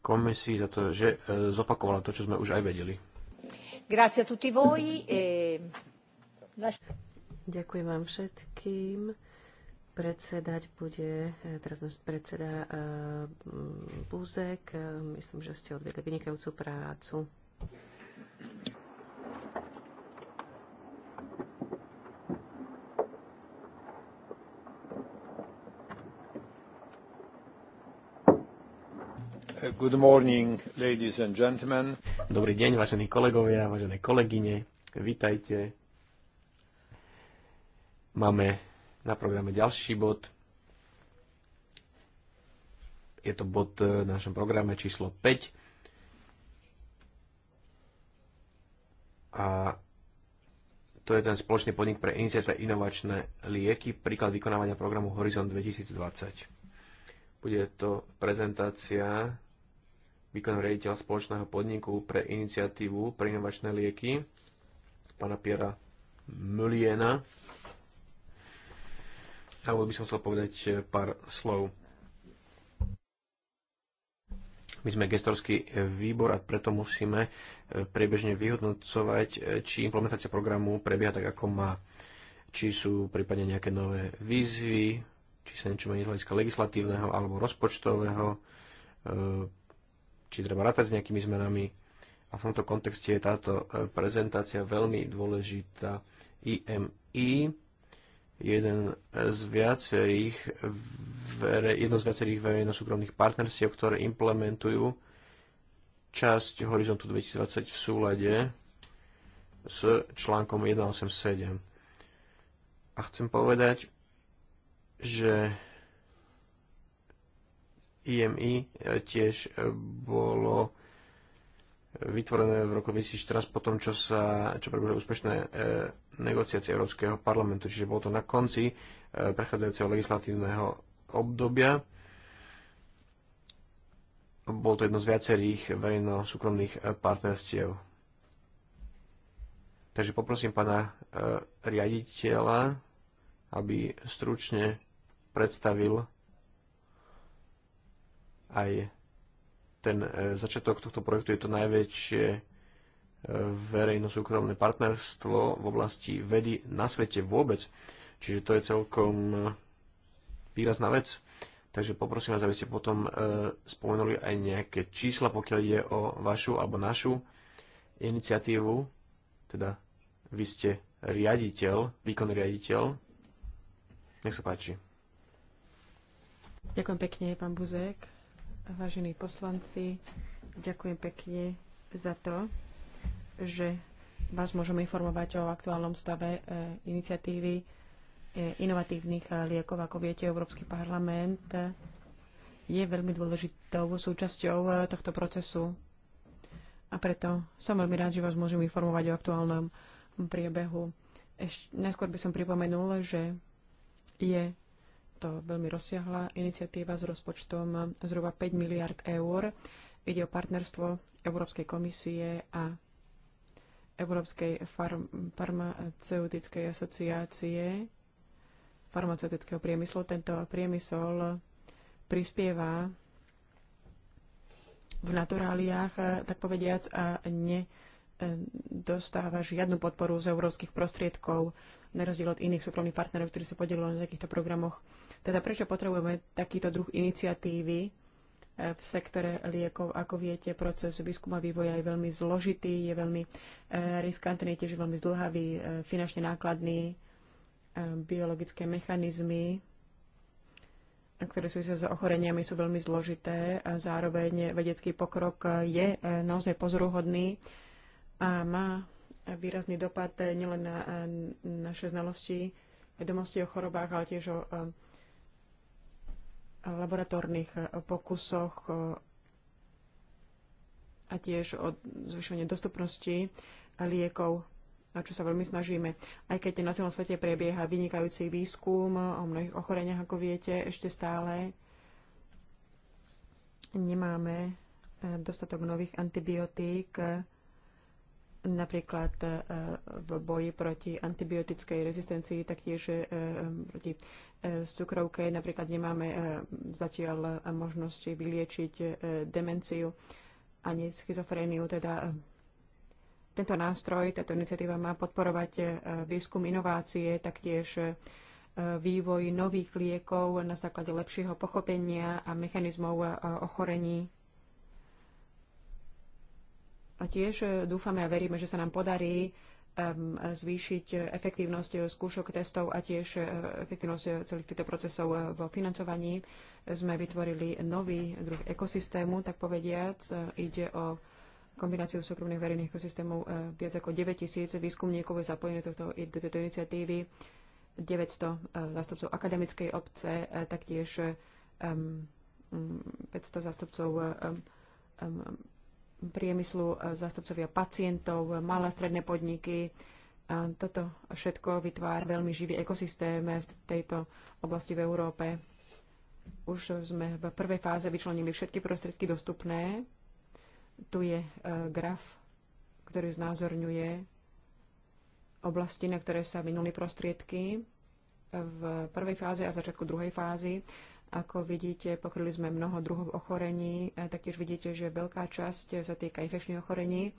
komisii za to, že e, zopakovala to, čo sme už aj vedeli. Grazie a tutti voi. E... Ďakujem vám všetkým. Predsedať bude, e, teraz nás predseda e, Buzek. E, myslím, že ste odvedli vynikajúcu prácu. Good morning, ladies and gentlemen. Dobrý deň, vážení kolegovia, vážené kolegyne. Vítajte. Máme na programe ďalší bod. Je to bod e, v našom programe číslo 5. A to je ten spoločný podnik pre iniciatíva inovačné lieky, príklad vykonávania programu Horizon 2020. Bude to prezentácia výkonný riaditeľ spoločného podniku pre iniciatívu pre inovačné lieky, pána Piera Muliena. A by som chcel povedať eh, pár slov. My sme gestorský výbor a preto musíme eh, priebežne vyhodnocovať, eh, či implementácia programu prebieha tak, ako má. Či sú prípadne nejaké nové výzvy, či sa niečo mení z hľadiska legislatívneho alebo rozpočtového, či treba rátať s nejakými zmenami. A v tomto kontexte je táto e, prezentácia veľmi dôležitá. IMI, jeden z viacerých, jedno z viacerých verejno-súkromných partnerstiev, ktoré implementujú časť Horizontu 2020 v súlade s článkom 187. A chcem povedať, že IMI e, tiež e, bolo e, vytvorené v roku 2014 po tom, čo, sa, čo prebudú úspešné e, negociácie Európskeho parlamentu. Čiže bolo to na konci e, prechádzajúceho legislatívneho obdobia. Bolo to jedno z viacerých verejno-súkromných partnerstiev. Takže poprosím pána e, riaditeľa, aby stručne predstavil aj ten e, začiatok tohto projektu je to najväčšie e, verejno-súkromné partnerstvo v oblasti vedy na svete vôbec. Čiže to je celkom e, výrazná vec. Takže poprosím vás, aby ste potom spomenuli aj nejaké čísla, pokiaľ ide o vašu alebo našu iniciatívu. Teda vy ste riaditeľ, výkonný riaditeľ. Nech sa páči. Ďakujem pekne, pán Buzek. Vážení poslanci, ďakujem pekne za to, že vás môžeme informovať o aktuálnom stave e, iniciatívy e, inovatívnych e, liekov. Ako viete, Európsky parlament je veľmi dôležitou súčasťou tohto procesu. A preto som veľmi rád, že vás môžem informovať o aktuálnom priebehu. Ešte, najskôr by som pripomenul, že je to veľmi rozsiahla iniciatíva s rozpočtom zhruba 5 miliard eur. Ide o partnerstvo Európskej komisie a Európskej farm- farmaceutickej asociácie farmaceutického priemyslu. Tento priemysel prispieva v naturáliách, tak povediac, a ne e, dostáva žiadnu podporu z európskych prostriedkov, na rozdiel od iných súkromných partnerov, ktorí sa podielili na takýchto programoch. Teda prečo potrebujeme takýto druh iniciatívy e, v sektore liekov? Ako viete, proces výskuma vývoja je veľmi zložitý, je veľmi e, riskantný, tiež veľmi zdlhavý, e, finančne nákladný, biologické mechanizmy, ktoré súvisia s ochoreniami, sú veľmi zložité. A zároveň vedecký pokrok je naozaj pozoruhodný a má výrazný dopad nielen na naše znalosti, vedomosti o chorobách, ale tiež o laboratórnych eh, pokusoch eh, a tiež o zvyšovanie dostupnosti liekov, na čo sa veľmi snažíme. Aj keď na celom svete prebieha vynikajúci výskum eh, o mnohých ochoreniach, ako viete, ešte stále nemáme dostatok nových antibiotík napríklad e, v boji proti antibiotickej rezistencii, taktiež e, e, proti cukrovke. Napríklad nemáme zatiaľ možnosti vyliečiť demenciu ani schizofréniu. Teda tento nástroj, táto iniciatíva má podporovať výskum inovácie, taktiež vývoj nových liekov na základe lepšieho pochopenia a mechanizmov ochorení a tiež e, dúfame a veríme, že sa nám podarí zvýšiť efektívnosť skúšok testov a tiež e, efektívnosť celých týchto procesov e, vo financovaní. Sme vytvorili nový druh ekosystému, tak povediac. Ide o kombináciu súkromných verejných ekosystémov. Viac ako 9 tisíc výskumníkov je zapojené do tejto iniciatívy. 900 zástupcov akademickej obce, taktiež 500 zástupcov priemyslu, e, zástupcovia pacientov, malé stredné podniky. A e, toto všetko vytvára veľmi živý ekosystém v tejto oblasti v Európe. Už sme v prvej fáze vyčlenili všetky prostriedky dostupné. Tu je e, graf, ktorý znázorňuje oblasti, na ktoré sa minuli prostriedky v prvej fáze a začiatku druhej fázy. Ako vidíte, pokryli sme mnoho druhov ochorení, taktiež vidíte, že veľká časť sa týka infekčných ochorení.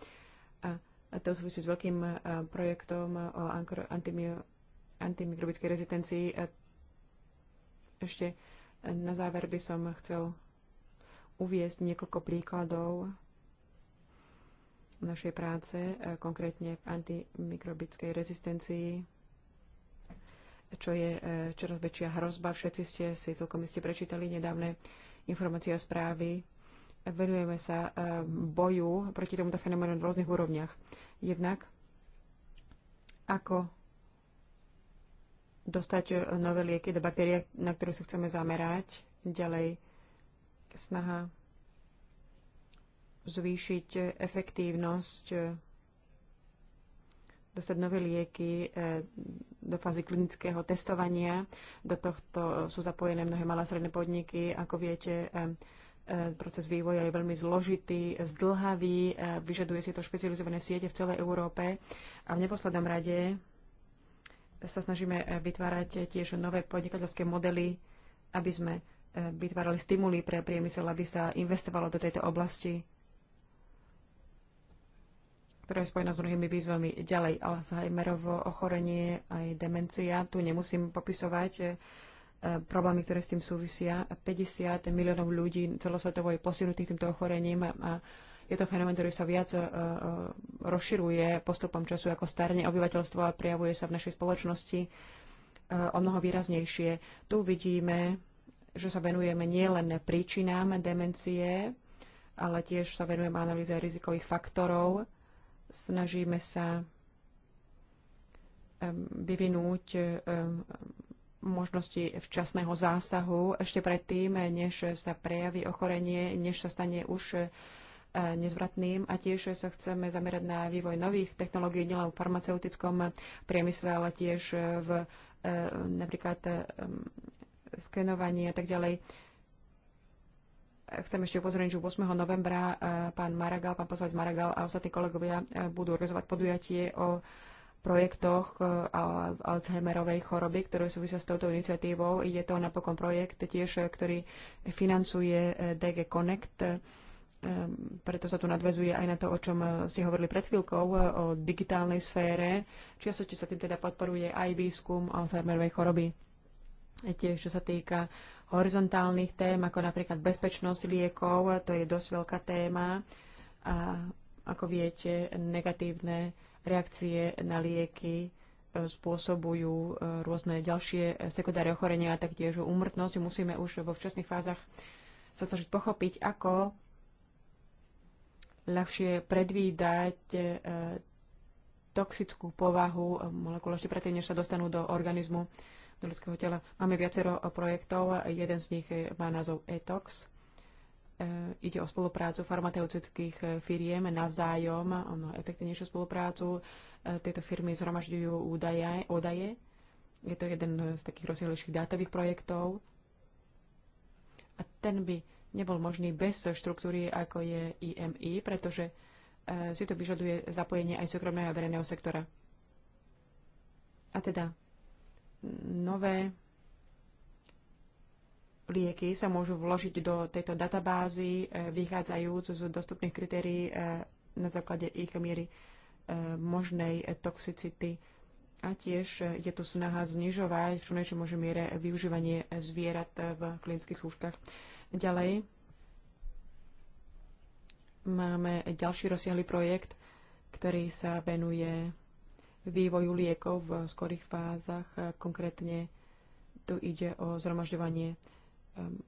A to súvisí s veľkým projektom o antimikrobickej rezistencii. Ešte na záver by som chcel uviesť niekoľko príkladov našej práce, konkrétne v antimikrobickej rezistencii čo je e, čoraz väčšia hrozba. Všetci ste si celkom ste prečítali nedávne informácie a správy. Venujeme sa e, boju proti tomuto fenoménu na rôznych úrovniach. Jednak ako dostať e, nové lieky do baktérie, na ktorú sa chceme zamerať. Ďalej snaha zvýšiť efektívnosť, dostať nové lieky do fázy klinického testovania. Do tohto sú zapojené mnohé malé stredné podniky. Ako viete, eh, eh, proces vývoja je veľmi zložitý, zdlhavý, eh, vyžaduje si to špecializované siete v celej Európe a v neposlednom rade sa snažíme vytvárať tiež nové podnikateľské modely, aby sme vytvárali stimuly pre priemysel, aby sa investovalo do tejto oblasti ktorá je spojená s mnohými výzvami. Ďalej, Alzheimerovo ochorenie, aj demencia. Tu nemusím popisovať e, problémy, ktoré s tým súvisia. 50 miliónov ľudí celosvetovo je posilnutých týmto ochorením a je to fenomén, ktorý sa viac e, e, rozširuje postupom času ako starne obyvateľstvo a prijavuje sa v našej spoločnosti o mnoho výraznejšie. Tu vidíme, že sa venujeme nielen príčinám demencie, ale tiež sa venujeme analýze rizikových faktorov Snažíme sa vyvinúť možnosti včasného zásahu ešte predtým, než sa prejaví ochorenie, než sa stane už e, nezvratným a tiež sa chceme zamerať na vývoj nových technológií nielen v farmaceutickom priemysle, ale tiež v e, napríklad skenovanie a tak ďalej chcem ešte upozorniť, že 8. novembra e, pán Maragal, pán poslanec Maragal a ostatní kolegovia e, budú organizovať podujatie o projektoch e, Alzheimerovej choroby, ktoré súvisia s touto iniciatívou. Je to napokon projekt tiež, ktorý financuje DG Connect, preto sa tu nadvezuje aj na to, o čom ste hovorili pred chvíľkou, o digitálnej sfére. Či sa tým teda podporuje aj výskum Alzheimerovej choroby. Tiež, čo sa týka horizontálnych tém, ako napríklad bezpečnosť liekov, to je dosť veľká téma. A ako viete, negatívne reakcie na lieky e, spôsobujú e, rôzne ďalšie sekundárne ochorenia a taktiež úmrtnosť. Musíme už vo včasných fázach sa snažiť pochopiť, ako ľahšie predvídať e, toxickú povahu molekul, ešte predtým, než sa dostanú do organizmu do ľudského tela. Máme viacero projektov, jeden z nich má názov ETOX. E, ide o spoluprácu farmaceutických firiem navzájom, ono efektívnejšiu spoluprácu. E, tieto firmy zhromažďujú údaje, údaje. Je to jeden z takých rozsiahlejších dátových projektov. A ten by nebol možný bez štruktúry, ako je IMI, pretože e, si to vyžaduje zapojenie aj súkromného a verejného sektora. A teda nové lieky sa môžu vložiť do tejto databázy, e, vychádzajúc z dostupných kritérií e, na základe ich miery e, možnej toxicity. A tiež je tu snaha znižovať v čo môže miere využívanie zvierat v klinických skúškach. Ďalej máme ďalší rozsiahly projekt, ktorý sa venuje vývoju liekov v skorých fázach. Konkrétne tu ide o zhromažďovanie ehm,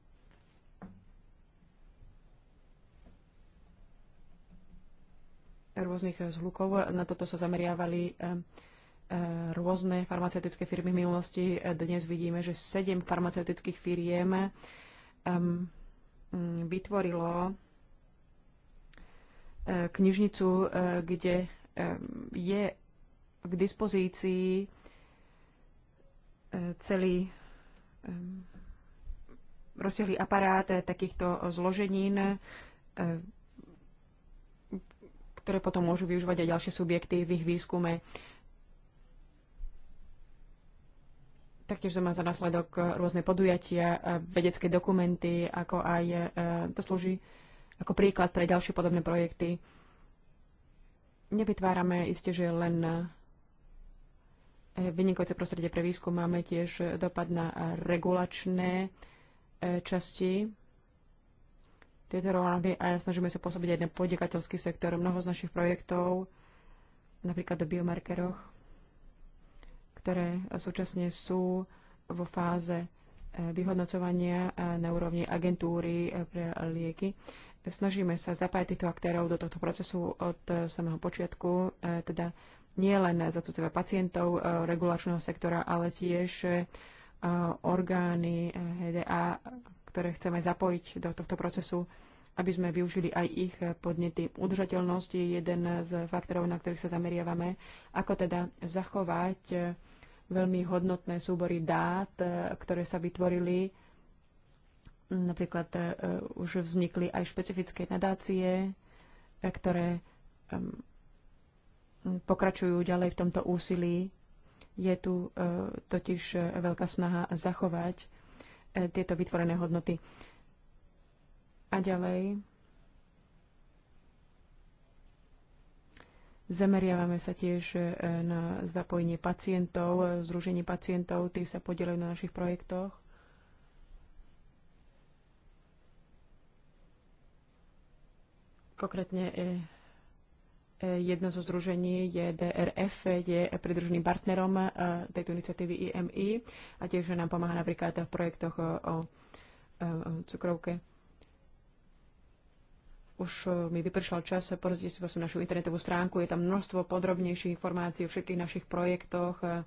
rôznych zhlukov. Na toto sa zameriavali ehm, ehm, rôzne farmaceutické firmy v minulosti. Dnes vidíme, že sedem farmaceutických firiem vytvorilo knižnicu, kde je k dispozícii e, celý e, rozsiahlý aparát e, takýchto zloženín, ktoré potom môžu využívať aj ďalšie subjekty v ich výskume. Taktiež to má za následok rôzne podujatia, vedecké dokumenty, ako aj to slúži ako príklad pre ďalšie podobné projekty. Nevytvárame isté, že len vynikajúce prostredie pre výskum. Máme tiež dopad na regulačné e, časti tejto rovnáby a snažíme sa pôsobiť aj na podnikateľský sektor. Mnoho z našich projektov, napríklad o biomarkeroch, ktoré súčasne sú vo fáze e, vyhodnocovania e, na úrovni agentúry pre lieky. Snažíme sa zapájať týchto aktérov do tohto procesu od samého počiatku, teda nielen zastupcovia pacientov e, regulačného sektora, ale tiež e, orgány e, HDA, ktoré chceme zapojiť do tohto procesu, aby sme využili aj ich podnety. Udržateľnosť je jeden z faktorov, na ktorých sa zameriavame. Ako teda zachovať veľmi hodnotné súbory dát, ktoré sa vytvorili. Napríklad už vznikli aj špecifické nadácie, ktoré pokračujú ďalej v tomto úsilí. Je tu e, totiž e, veľká snaha zachovať e, tieto vytvorené hodnoty. A ďalej zameriavame sa tiež na zapojenie pacientov, združenie pacientov, tí sa podielajú na našich projektoch. Konkrétne Jedno zo združení je DRF, je pridruženým partnerom e, tejto iniciatívy IMI a tiež nám pomáha napríklad v projektoch e, e, o, cukrovke. Už mi vypršal čas, porozdíte si vlastne našu internetovú stránku, je tam množstvo podrobnejších informácií o všetkých našich projektoch. A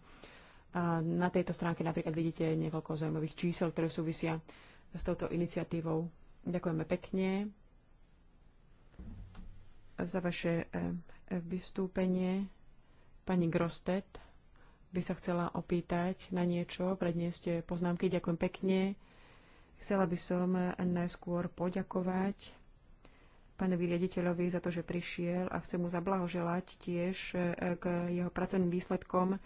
na tejto stránke napríklad vidíte niekoľko zaujímavých čísel, ktoré súvisia s touto iniciatívou. Ďakujeme pekne za vaše eh, eh, vystúpenie. Pani Grostet by sa chcela opýtať na niečo, predniesť poznámky. Ďakujem pekne. Chcela by som eh, najskôr poďakovať pánovi riaditeľovi za to, že prišiel a chcem mu zablahoželať tiež k jeho pracovným výsledkom,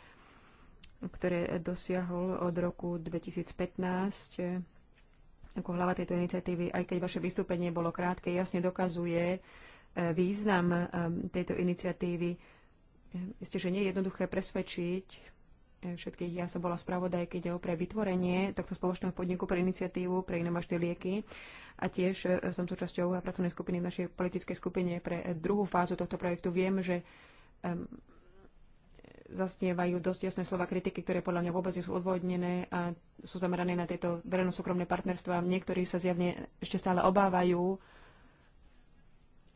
ktoré dosiahol od roku 2015 ako hlava tejto iniciatívy, aj keď vaše vystúpenie bolo krátke, jasne dokazuje, význam um, tejto iniciatívy. Isté, že nie je jednoduché presvedčiť eh, všetkých. Ja som bola spravodaj, keď spravodajkyňou pre vytvorenie tohto spoločného podniku pre iniciatívu pre inovačné lieky a tiež eh, som súčasťou pracovnej skupiny v našej politickej skupine pre eh, druhú fázu tohto projektu. Viem, že zasnievajú dosť jasné slova kritiky, ktoré podľa mňa vôbec nie sú odvodnené a sú zamerané na tieto verejno-súkromné partnerstvá. Niektorí sa zjavne ešte stále obávajú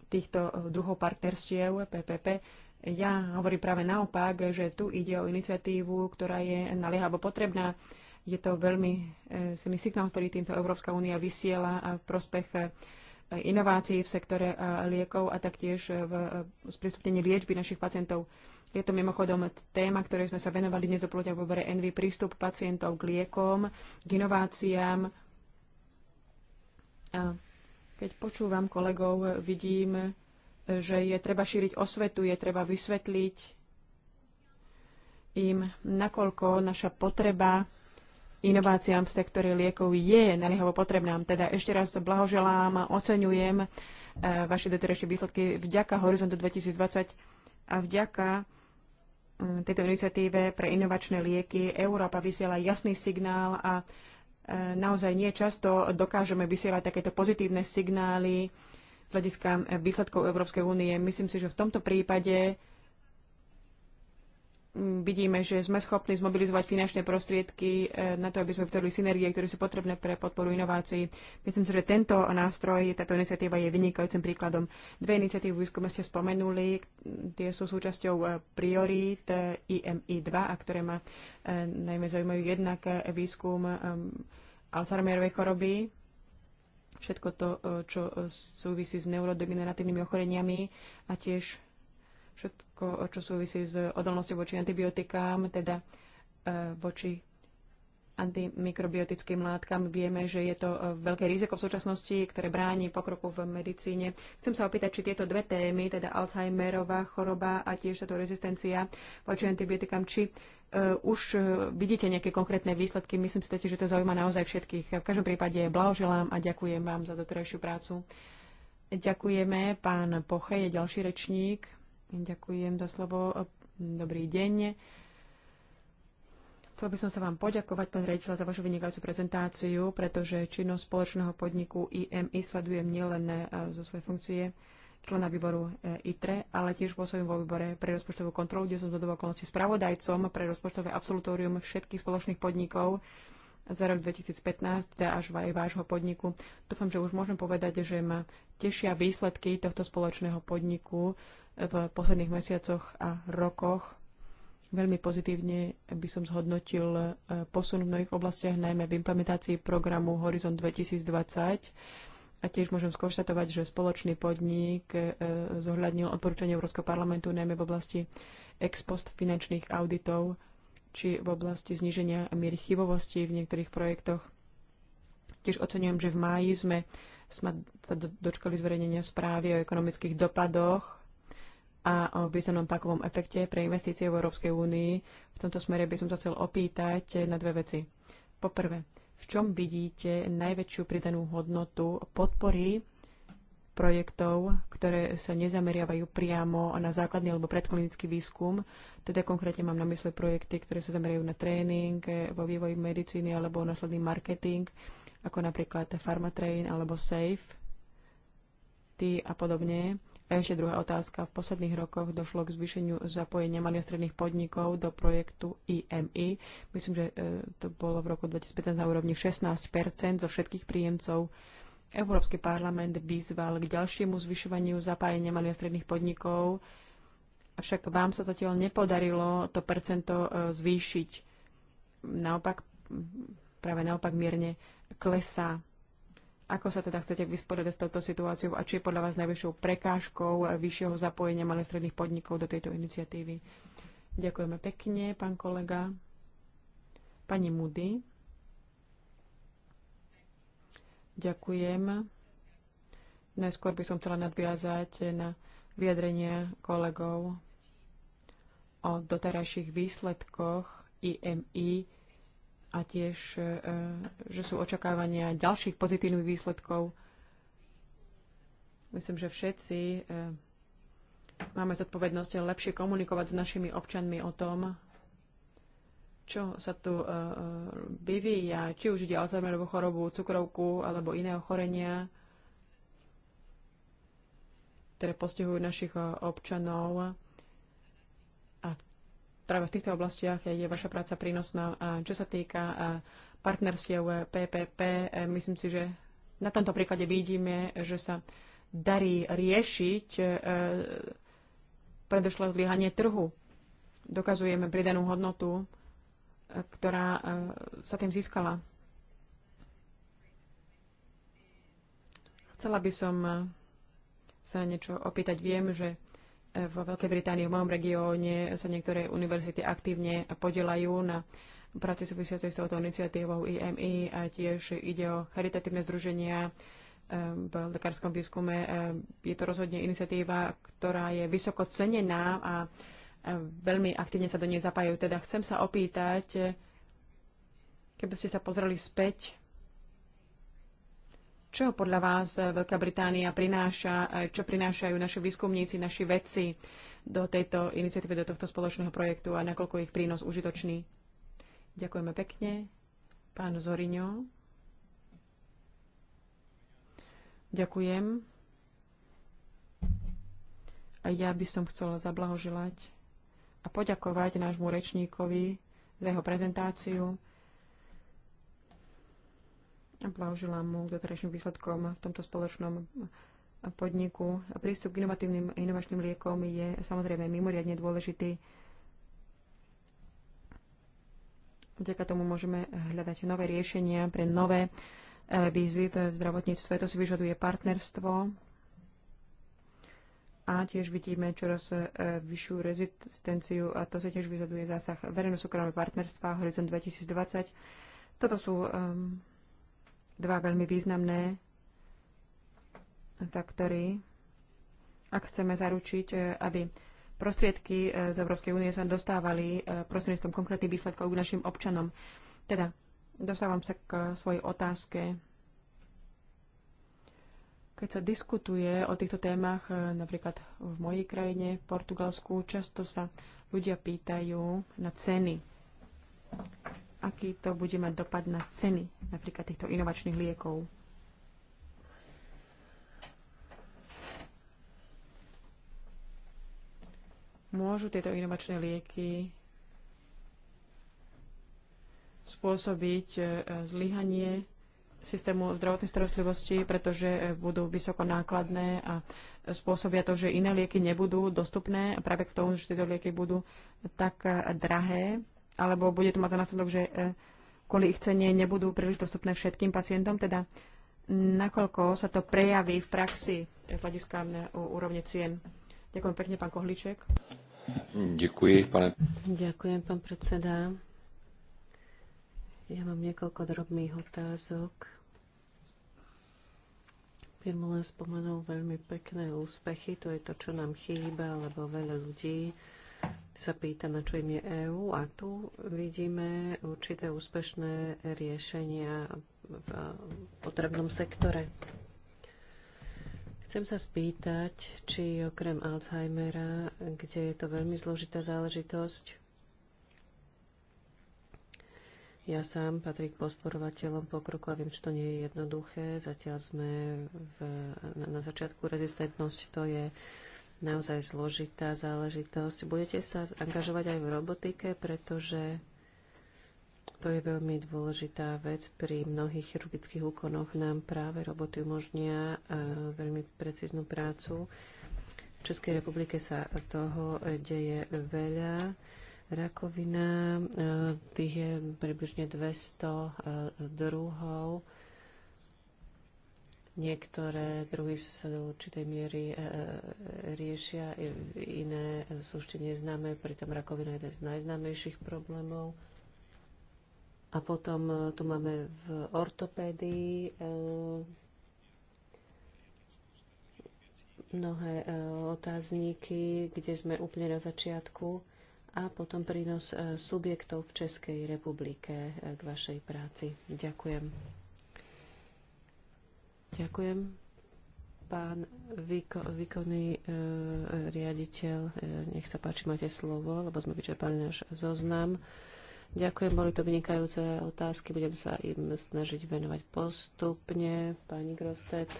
týchto eh, druhov partnerstiev PPP. Ja hovorím práve naopak, že tu ide o iniciatívu, ktorá je naliehavo potrebná. Je to veľmi eh, silný signál, ktorý týmto Európska únia vysiela v prospech eh, inovácií v sektore liekov a taktiež v sprístupnení liečby našich pacientov. Je to mimochodom téma, ktorej sme sa venovali dnes o v obere NV, prístup pacientov k liekom, k inováciám. A keď počúvam kolegov, vidím, že je treba šíriť osvetu, je treba vysvetliť im, nakoľko naša potreba inováciám v sektore liekov je naliehavo potrebná. Teda ešte raz blahoželám a oceňujem e, vaše doterajšie výsledky vďaka Horizontu 2020 a vďaka mm, tejto iniciatíve pre inovačné lieky Európa vysiela jasný signál a naozaj nie často dokážeme vysielať takéto pozitívne signály z hľadiska výsledkov Európskej únie. Myslím si, že v tomto prípade vidíme, že sme schopní zmobilizovať finančné prostriedky eh, na to, aby sme vytvorili synergie, ktoré sú potrebné pre podporu inovácií. Myslím si, že tento nástroj, táto iniciatíva je vynikajúcim príkladom. Dve iniciatívy v výskume ste spomenuli, tie sú súčasťou eh, priorít eh, IMI2, a ktoré ma najmä zaujímajú jednak výskum Alzheimerovej choroby, všetko to, e, čo e, súvisí s neurodegeneratívnymi ochoreniami a tiež všetko, čo súvisí s odolnosťou voči antibiotikám, teda e, voči antimikrobiotickým látkam. Vieme, že je to veľké riziko v súčasnosti, ktoré bráni pokroku v medicíne. Chcem sa opýtať, či tieto dve témy, teda Alzheimerová choroba a tiež táto rezistencia voči antibiotikám, či E, už e, vidíte nejaké konkrétne výsledky. Myslím si že to zaujíma naozaj všetkých. V každom prípade blahoželám a ďakujem vám za doterajšiu prácu. Ďakujeme. Pán Poche je ďalší rečník. Ďakujem za slovo. Dobrý deň. Chcel by som sa vám poďakovať, pán rejiteľ, za vašu vynikajúcu prezentáciu, pretože činnosť spoločného podniku IMI sledujem nielen e, zo svojej funkcie, člena výboru e, ITRE, ale tiež pôsobím vo výbore pre rozpočtovú kontrolu, kde som do okolnosti spravodajcom pre rozpočtové absolutórium všetkých spoločných podnikov za rok 2015, teda až aj vášho podniku. Dúfam, že už môžem povedať, že ma tešia výsledky tohto spoločného podniku v posledných mesiacoch a rokoch. Veľmi pozitívne by som zhodnotil e, posun v mnohých oblastiach, najmä v implementácii programu Horizon 2020 a tiež môžem skonštatovať, že spoločný podnik e, zohľadnil odporúčanie Európskeho parlamentu najmä v oblasti ex post finančných auditov či v oblasti zníženia miery chybovosti v niektorých projektoch. Tiež oceňujem, že v máji sme, sme sa dočkali zverejnenia správy o ekonomických dopadoch a o významnom pakovom efekte pre investície v Európskej únii. V tomto smere by som sa chcel opýtať na dve veci. Poprvé, v čom vidíte najväčšiu pridanú hodnotu podpory projektov, ktoré sa nezameriavajú priamo na základný alebo predklinický výskum. Teda konkrétne mám na mysle projekty, ktoré sa zamerajú na tréning, eh, vo vývoji medicíny alebo následný marketing, ako napríklad Pharmatrain alebo SAFE, ty a podobne. A ešte druhá otázka. V posledných rokoch došlo k zvýšeniu zapojenia malých stredných podnikov do projektu IMI. Myslím, že e, to bolo v roku 2015 na úrovni 16 zo všetkých príjemcov. Európsky parlament vyzval k ďalšiemu zvyšovaniu zapájenia malých stredných podnikov, avšak vám sa zatiaľ nepodarilo to percento e, zvýšiť. Naopak, práve naopak mierne klesá ako sa teda chcete vysporiadať s touto situáciou a či je podľa vás najvyššou prekážkou vyššieho zapojenia malých stredných podnikov do tejto iniciatívy? Ďakujeme pekne, pán kolega. Pani Mudy. Ďakujem. Najskôr by som chcela nadviazať na vyjadrenia kolegov o doterajších výsledkoch IMI a tiež, e, e, že sú očakávania ďalších pozitívnych výsledkov. Myslím, že všetci e, máme zodpovednosť lepšie komunikovať s našimi občanmi o tom, čo sa tu vyvíja, či už ide Alzheimerovú chorobu, cukrovku alebo iné ochorenia, ktoré postihujú našich občanov práve v týchto oblastiach je vaša práca prínosná. A čo sa týka partnerstiev PPP, e, e, myslím si, že na tomto príklade vidíme, že sa darí riešiť e, predošlé zlyhanie trhu. Dokazujeme pridanú hodnotu, ktorá sa tým získala. Chcela by som sa niečo opýtať. Viem, že vo Veľkej Británii, v mojom regióne, sa niektoré univerzity aktívne podielajú na práci súvisiacej s touto iniciatívou IMI a tiež ide o charitatívne združenia eh, v lekárskom výskume. Eh, je to rozhodne iniciatíva, ktorá je vysoko cenená a eh, veľmi aktívne sa do nej zapájajú. Teda chcem sa opýtať, keby ste sa pozreli späť čo podľa vás eh, Veľká Británia prináša, eh, čo prinášajú naši výskumníci, naši vedci do tejto iniciatívy, do tohto spoločného projektu a nakoľko ich prínos užitočný? Ďakujeme pekne. Pán Zoriňo. Ďakujem. A ja by som chcela zablahoželať a poďakovať nášmu rečníkovi za jeho prezentáciu Blahoželám mu k doterajším výsledkom v tomto spoločnom podniku. Prístup k inovatívnym inovačným liekom je samozrejme mimoriadne dôležitý. Vďaka tomu môžeme hľadať nové riešenia pre nové e, výzvy v zdravotníctve. To si vyžaduje partnerstvo a tiež vidíme čoraz e, vyššiu rezistenciu a to sa tiež vyžaduje zásah verejno-súkromné partnerstva Horizon 2020. Toto sú um, dva veľmi významné faktory, ak chceme zaručiť, e, aby prostriedky e, z Európskej únie sa dostávali e, prostredníctvom konkrétnych výsledkov k našim občanom. Teda, dostávam sa k svojej otázke. Keď sa diskutuje o týchto témach, napríklad v mojej krajine, v Portugalsku, často sa ľudia pýtajú na ceny aký to bude mať dopad na ceny napríklad týchto inovačných liekov. Môžu tieto inovačné lieky spôsobiť e, zlyhanie systému zdravotnej starostlivosti, pretože e, budú vysoko nákladné a spôsobia to, že iné lieky nebudú dostupné práve k tomu, že tieto lieky budú tak e, drahé, alebo bude to mať za následok, že e, kvôli ich cene nebudú príliš dostupné všetkým pacientom, teda nakoľko sa to prejaví v praxi z hľadiska úrovne cien. Ďakujem pekne, pán Kohliček. Ďakujem, pane. Ďakujem, pán predseda. Ja mám niekoľko drobných otázok. Pirmulen spomenul veľmi pekné úspechy, to je to, čo nám chýba, lebo veľa ľudí sa pýta, na čo im je EÚ a tu vidíme určité úspešné riešenia v potrebnom sektore. Chcem sa spýtať, či okrem Alzheimera, kde je to veľmi zložitá záležitosť, ja sám patrím k podporovateľom pokroku a viem, že to nie je jednoduché. Zatiaľ sme v, na, na začiatku rezistentnosť, to je uh, naozaj zložitá záležitosť. Budete sa angažovať aj v robotike, pretože to je veľmi dôležitá vec. Pri mnohých chirurgických úkonoch nám práve roboty umožnia e, veľmi precíznu prácu. V Českej republike sa toho deje veľa. Rakovina, e, tých je približne 200 e, druhov Niektoré druhy sa do určitej miery e, e riešia, e, iné sú ešte neznáme, pritom rakovina je jeden z najznámejších problémov. A potom e, tu máme v ortopédii e, mnohé e, otázníky, kde sme úplne na začiatku a potom prínos subjektov v Českej republike k vašej práci. Ďakujem. Ďakujem. Pán výko, výkonný e, riaditeľ, e, nech sa páči, máte slovo, lebo sme vyčerpali náš zoznam. Ďakujem, boli to vynikajúce otázky, budem sa im snažiť venovať postupne. Pani Grostet,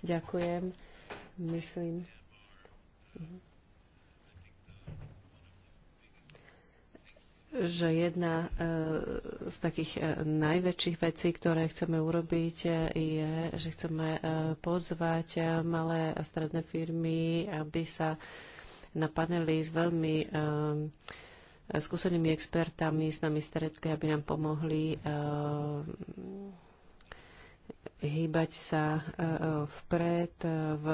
ďakujem. Myslím. Mhm. že jedna eh, z takých eh, najväčších vecí, ktoré chceme urobiť, eh, je, že chceme pozvať malé a stredné firmy, aby sa na paneli s veľmi skúsenými expertami s nami stretli, aby nám pomohli hýbať sa e, e, vpred e, v,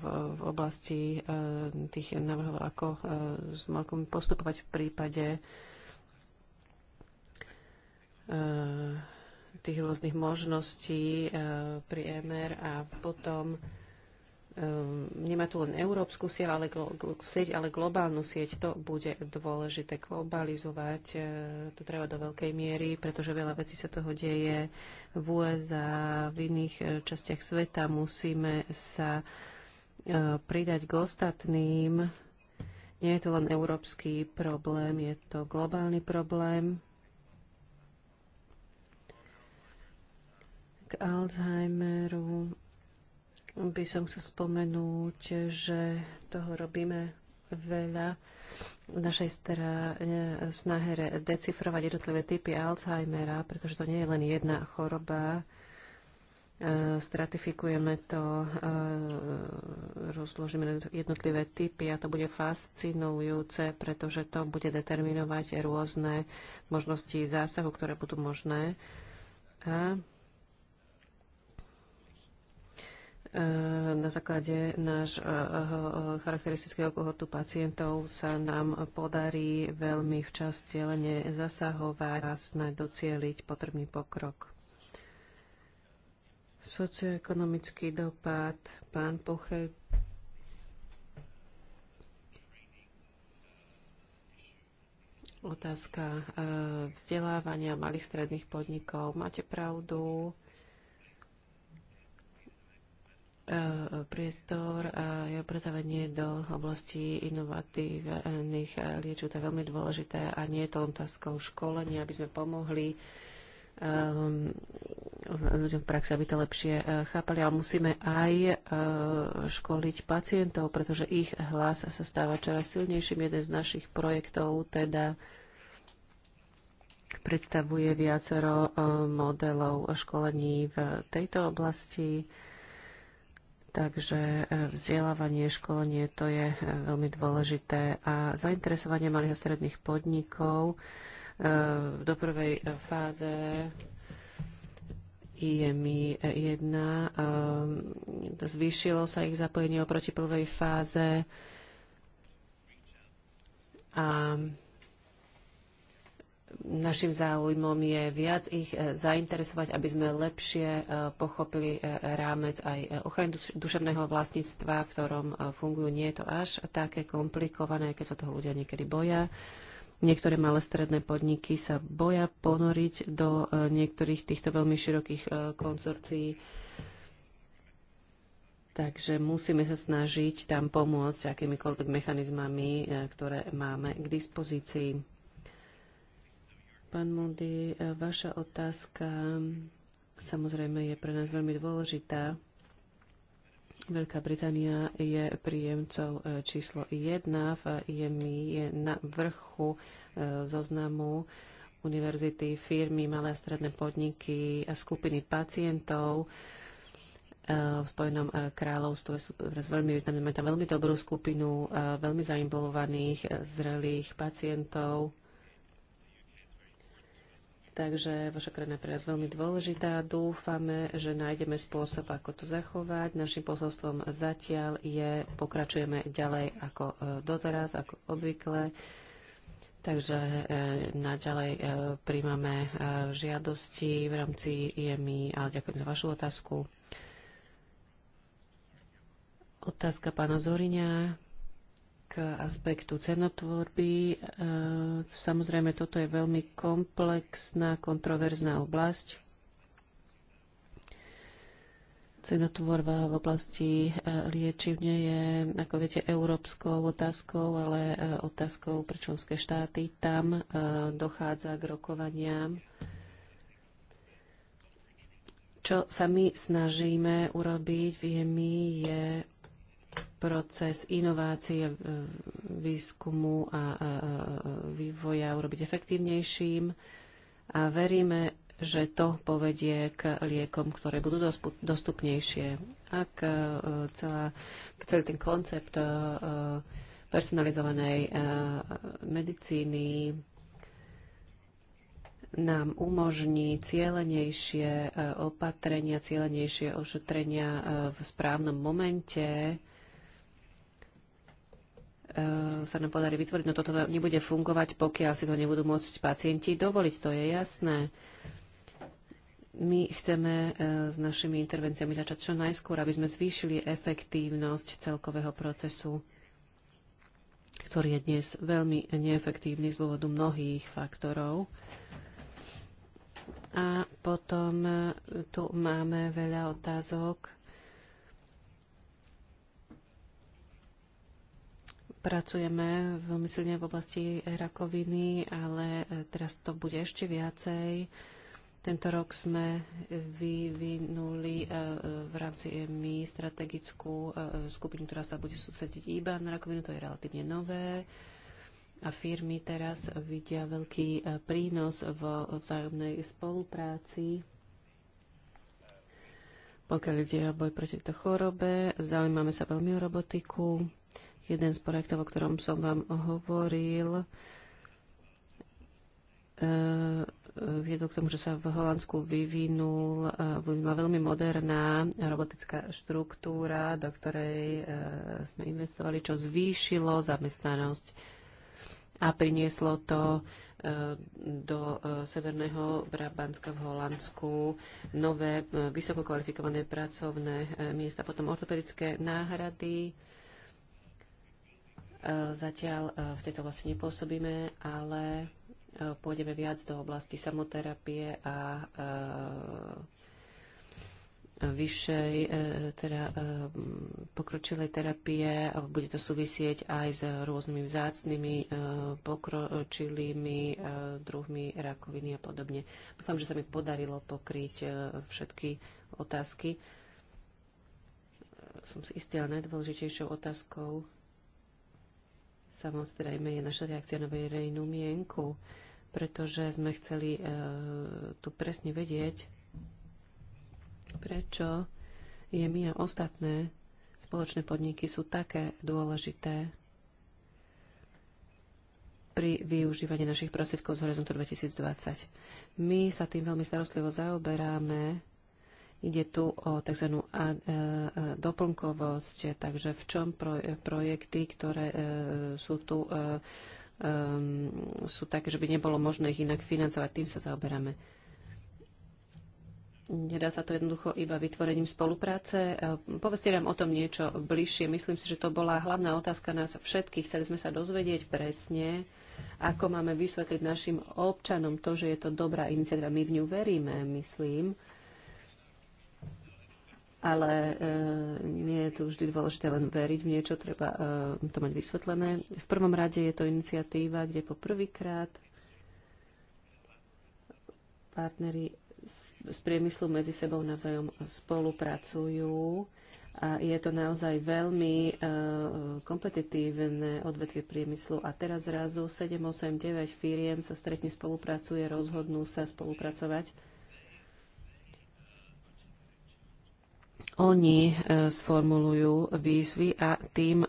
v, v oblasti tých návrhov, ako s Malkom postupovať v prípade tých rôznych možností pri MR a potom Ehm, nemá tu len európsku sieť ale, sieť, ale globálnu sieť. To bude dôležité globalizovať. Ehm, to treba do veľkej miery, pretože veľa vecí sa toho deje v USA, v iných e, častiach sveta. Musíme sa e, pridať k ostatným. Nie je to len európsky problém, je to globálny problém. K Alzheimeru by som chcel spomenúť, že toho robíme veľa v našej strane eh, snahe decifrovať jednotlivé typy Alzheimera, pretože to nie je len jedna choroba. Eh, stratifikujeme to, eh, rozložíme jednotlivé typy a to bude fascinujúce, pretože to bude determinovať rôzne možnosti zásahu, ktoré budú možné. A Eh, na základe nášho eh, eh, charakteristického kohortu pacientov sa nám podarí veľmi včas cieľene zasahovať a snáď docieliť potrebný pokrok. Socioekonomický dopad, pán Pochel. Otázka vzdelávania malých stredných podnikov. Máte pravdu, Eh, priestor a jeho pretavenie do oblasti inovatívnych liečiv. To je veľmi dôležité a nie je to otázkou školenia, aby sme pomohli um, ľuďom v praxi, aby to lepšie eh, chápali, ale musíme aj školiť pacientov, pretože ich hlas sa stáva čoraz silnejším. Jeden z našich projektov teda predstavuje viacero modelov školení v tejto oblasti Takže e, vzdelávanie, školenie, to je e, veľmi dôležité. A zainteresovanie malých a stredných podnikov e, do prvej fáze IMI 1 zvýšilo sa ich zapojenie oproti prvej fáze a Našim záujmom je viac ich e, zainteresovať, aby sme lepšie e, pochopili e, rámec aj ochrany duševného vlastníctva, v ktorom fungujú. Nie je to až také komplikované, keď sa toho ľudia niekedy boja. Niektoré malé stredné podniky sa boja ponoriť do niektorých týchto veľmi širokých konzorcií. Takže musíme sa snažiť tam pomôcť akýmikoľvek mechanizmami, ktoré máme k dispozícii. Pán Mundy, e, vaša otázka samozrejme je pre nás veľmi dôležitá. Veľká Británia je príjemcov e, číslo 1 v IMI, e je na vrchu zoznamu univerzity, firmy, malé a stredné podniky a skupiny pacientov v Spojenom kráľovstve sú veľmi významné. Máme tam veľmi dobrú skupinu veľmi zainvolovaných, zrelých pacientov, Takže vaša krajina pre nás veľmi dôležitá. Dúfame, že nájdeme spôsob, ako to zachovať. Našim posolstvom zatiaľ je, pokračujeme ďalej ako e, doteraz, ako obvykle. Takže e, naďalej e, príjmame žiadosti v rámci IMI, ale ďakujem za vašu otázku. Otázka pána Zorinia k aspektu cenotvorby. E, samozrejme, toto je veľmi komplexná, kontroverzná oblasť. Cenotvorba v oblasti e, liečivne je, ako viete, európskou otázkou, ale e, otázkou pre členské štáty. Tam dochádza k rokovaniam čo sa my snažíme urobiť v IMI je proces inovácie, výskumu a vývoja urobiť efektívnejším a veríme, že to povedie k liekom, ktoré budú dostupnejšie. Ak e, celá, celý ten koncept e, personalizovanej e, medicíny nám umožní cielenejšie opatrenia, cielenejšie ošetrenia v správnom momente, E, sa nám podarí vytvoriť. No toto nebude fungovať, pokiaľ si to nebudú môcť pacienti dovoliť, to je jasné. My chceme e, s našimi intervenciami začať čo najskôr, aby sme zvýšili efektívnosť celkového procesu, ktorý je dnes veľmi neefektívny z dôvodu mnohých faktorov. A potom e, tu máme veľa otázok Pracujeme veľmi silne v oblasti rakoviny, ale e, teraz to bude ešte viacej. Tento rok sme vyvinuli e, e, v rámci EMI strategickú skupinu, ktorá sa bude sústrediť iba na rakovinu, to je relatívne nové. A firmy teraz vidia veľký prínos v vzájomnej spolupráci pokiaľ ide o boj proti tejto chorobe. Zaujímame sa veľmi o robotiku. Jeden z projektov, o ktorom som vám hovoril, e, viedol k tomu, že sa v Holandsku vyvinul, e, vyvinula veľmi moderná robotická štruktúra, do ktorej e, sme investovali, čo zvýšilo zamestnanosť a prinieslo to do Severného Brabantska v Holandsku nové vysoko kvalifikované pracovné miesta, potom ortopedické náhrady, E, zatiaľ e, v tejto oblasti nepôsobíme, ale e, pôjdeme viac do oblasti samoterapie a vyššej teda, pokročilej terapie. Bude to súvisieť aj s rôznymi vzácnymi pokročilými druhmi rakoviny a podobne. Dúfam, že sa mi podarilo pokryť všetky otázky. Som si istý, ale najdôležitejšou otázkou samozrejme je naša reakcia na verejnú mienku, pretože sme chceli e, tu presne vedieť, prečo my a ostatné spoločné podniky sú také dôležité pri využívaní našich prostriedkov z Horizontu 2020. My sa tým veľmi starostlivo zaoberáme Ide tu o tzv. E, e, doplnkovosť, takže v čom e, projekty, ktoré sú tu, sú také, že by nebolo možné ich inak financovať, tým sa zaoberáme. Nedá sa to jednoducho iba vytvorením spolupráce. Povedzte nám o tom niečo bližšie. Myslím si, že to bola hlavná otázka nás všetkých. Chceli sme sa dozvedieť presne, ako máme vysvetliť našim občanom to, že je to dobrá iniciatíva. My v ňu veríme, myslím ale eh, nie je to vždy dôležité len veriť v niečo, treba eh, to mať vysvetlené. V prvom rade je to iniciatíva, kde poprvýkrát partneri z priemyslu medzi sebou navzájom spolupracujú a je to naozaj veľmi eh, kompetitívne odvetvie priemyslu a teraz zrazu 7, 8, 9 firiem sa stretne, spolupracuje, rozhodnú sa spolupracovať Oni e, sformulujú výzvy a tým e,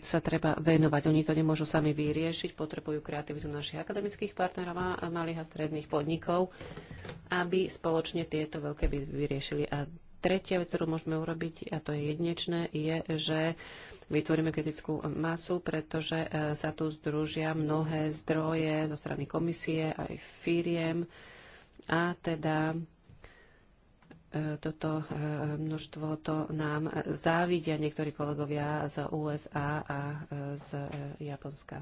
sa treba venovať. Oni to nemôžu sami vyriešiť, potrebujú kreativitu našich akademických partnerov a malých a stredných podnikov, aby spoločne tieto veľké výzvy vyriešili. A tretia vec, ktorú môžeme urobiť, a to je jedinečné, je, že vytvoríme kritickú masu, pretože e, sa tu združia mnohé zdroje zo strany komisie aj firiem a teda E, toto e, množstvo to nám závidia niektorí kolegovia z USA a e, z Japonska.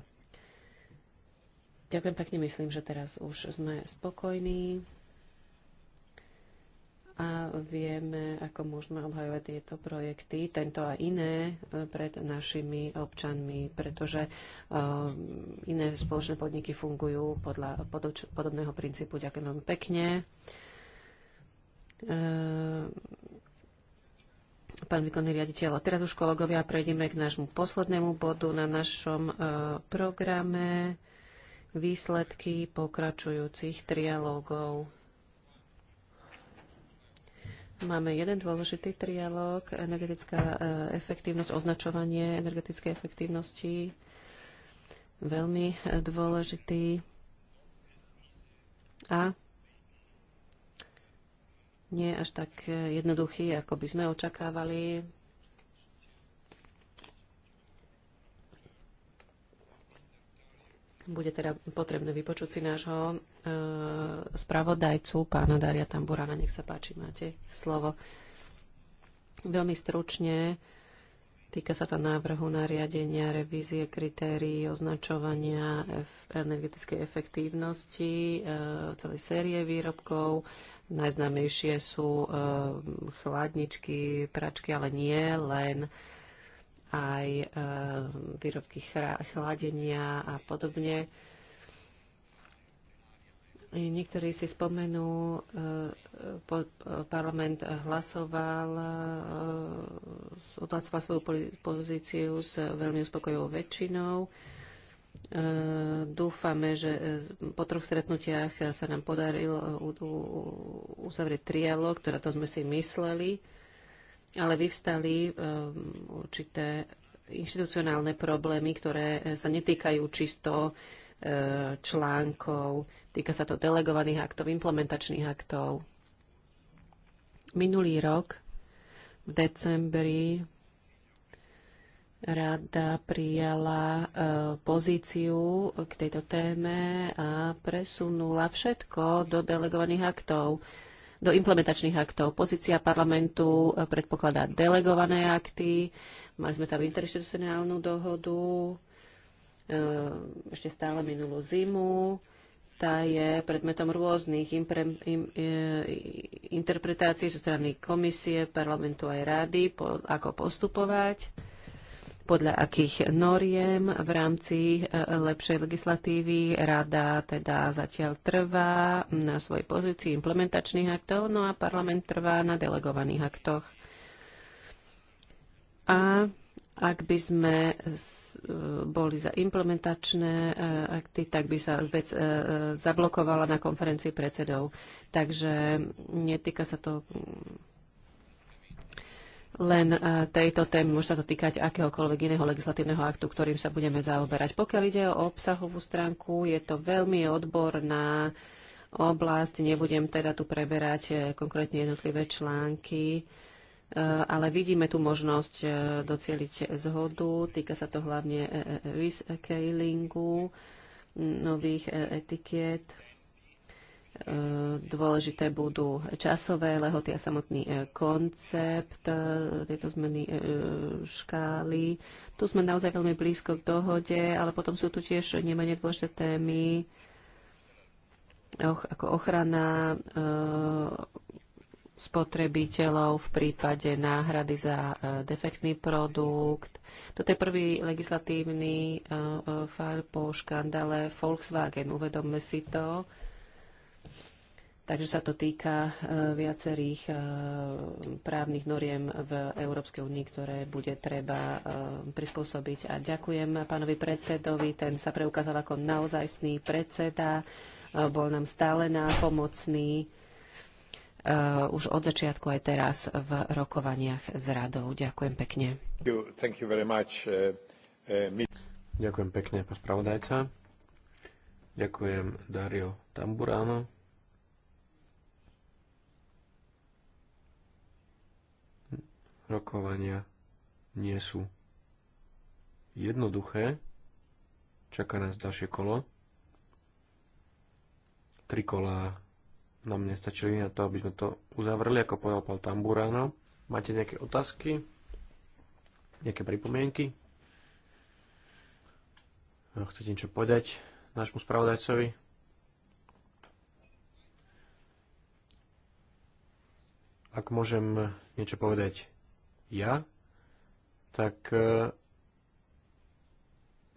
Ďakujem pekne, myslím, že teraz už sme spokojní a vieme, ako môžeme obhajovať tieto projekty, tento a iné, pred našimi občanmi, pretože iné spoločné podniky fungujú podľa podobného princípu. Ďakujem veľmi pekne. Ehm, pán výkonný riaditeľ. A teraz už, kolegovia, prejdeme k nášmu poslednému bodu na našom e, programe výsledky pokračujúcich trialógov. Máme jeden dôležitý trialóg, energetická e, efektívnosť, označovanie energetickej efektívnosti, veľmi e, dôležitý. A nie až tak e, jednoduchý, ako by sme očakávali. Bude teda potrebné vypočuť si nášho e, spravodajcu, pána Daria Tamburana. Nech sa páči, máte slovo. Veľmi stručne, týka sa to návrhu nariadenia, revízie kritérií označovania energetickej efektívnosti e, celej série výrobkov, Najznámejšie sú e, chladničky, pračky, ale nie len aj e, výrobky chladenia a podobne. Niektorí si spomenú, eh, parlament hlasoval, odhlasoval svoju pozíciu s veľmi uspokojivou väčšinou. E, dúfame, že e, po troch stretnutiach sa nám podarilo e, uzavrieť trialog, ktorá teda to sme si mysleli, ale vyvstali určité inštitucionálne problémy, ktoré sa netýkajú čisto článkov, týka sa to delegovaných aktov, implementačných aktov. Minulý rok v decembri Rada prijala e, pozíciu k tejto téme a presunula všetko do delegovaných aktov do implementačných aktov. Pozícia parlamentu e, predpokladá delegované akty, mali sme tam interinstitucionálnu dohodu, e, ešte stále minulú zimu. Tá je predmetom rôznych impre, im, im, interpretácií zo strany komisie, parlamentu aj rady, po, ako postupovať podľa akých noriem v rámci e, lepšej legislatívy rada teda zatiaľ trvá na svojej pozícii implementačných aktov, no a parlament trvá na delegovaných aktoch. A ak by sme e, boli za implementačné e, akty, tak by sa vec zablokovala na konferencii predsedov. Takže netýka sa to len e, tejto témy, môže sa to týkať akéhokoľvek iného legislatívneho aktu, ktorým sa budeme zaoberať. Pokiaľ ide o obsahovú stránku, je to veľmi odborná oblasť, nebudem teda tu preberať e, konkrétne jednotlivé články, e, ale vidíme tu možnosť docieliť zhodu. Týka sa to hlavne rescalingu, nových etikiet E, dôležité budú časové lehoty a samotný e, koncept e, tejto zmeny škály. Tu sme naozaj veľmi blízko k dohode, ale potom sú tu tiež nemene dôležité témy ako ochrana spotrebiteľov v prípade náhrady za defektný produkt. Toto je prvý legislatívny fajl po škandále Volkswagen. Uvedomme si to Takže sa to týka e, viacerých e, právnych noriem v Európskej únii, ktoré bude treba e, prispôsobiť. A ďakujem pánovi predsedovi, ten sa preukázal ako naozajstný predseda, bol nám stále nápomocný už od začiatku aj teraz v rokovaniach s radou. Ďakujem pekne. Thank you very much. Ďakujem pekne, pán spravodajca. Ďakujem Dario Tamburano. rokovania nie sú jednoduché. Čaká nás ďalšie kolo. Tri kolá nám nestačili na to, aby sme to uzavreli, ako povedal pán Tamburáno. Máte nejaké otázky? Nejaké pripomienky? No, chcete niečo povedať nášmu spravodajcovi? Ak môžem niečo povedať ja, tak e,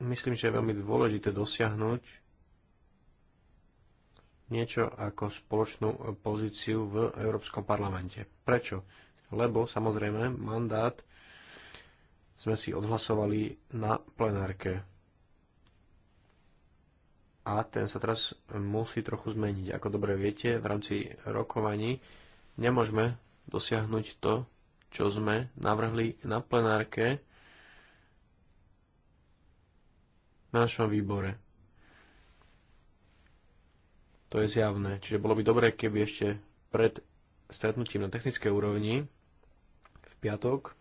myslím, že je veľmi dôležité dosiahnuť niečo ako spoločnú pozíciu v Európskom parlamente. Prečo? Lebo samozrejme mandát sme si odhlasovali na plenárke. A ten sa teraz musí trochu zmeniť. Ako dobre viete, v rámci rokovaní nemôžeme dosiahnuť to, čo sme navrhli na plenárke v našom výbore. To je zjavné. Čiže bolo by dobré, keby ešte pred stretnutím na technickej úrovni v piatok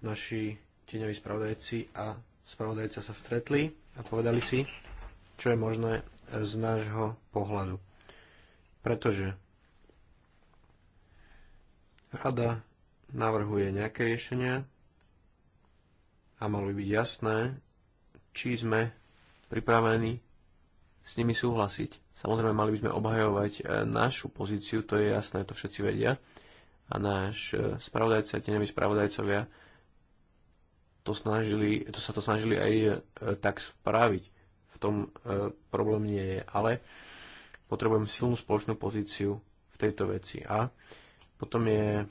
naši tieňoví spravodajci a spravodajca sa stretli a povedali si, čo je možné z nášho pohľadu. Pretože Rada navrhuje nejaké riešenia a malo by byť jasné, či sme pripravení s nimi súhlasiť. Samozrejme, mali by sme obhajovať e, našu pozíciu, to je jasné, to všetci vedia. A náš e, spravodajca, tie spravodajcovia, to, snažili, to sa to snažili aj e, tak spraviť. V tom problém nie je, ale potrebujem silnú spoločnú pozíciu v tejto veci. A potom je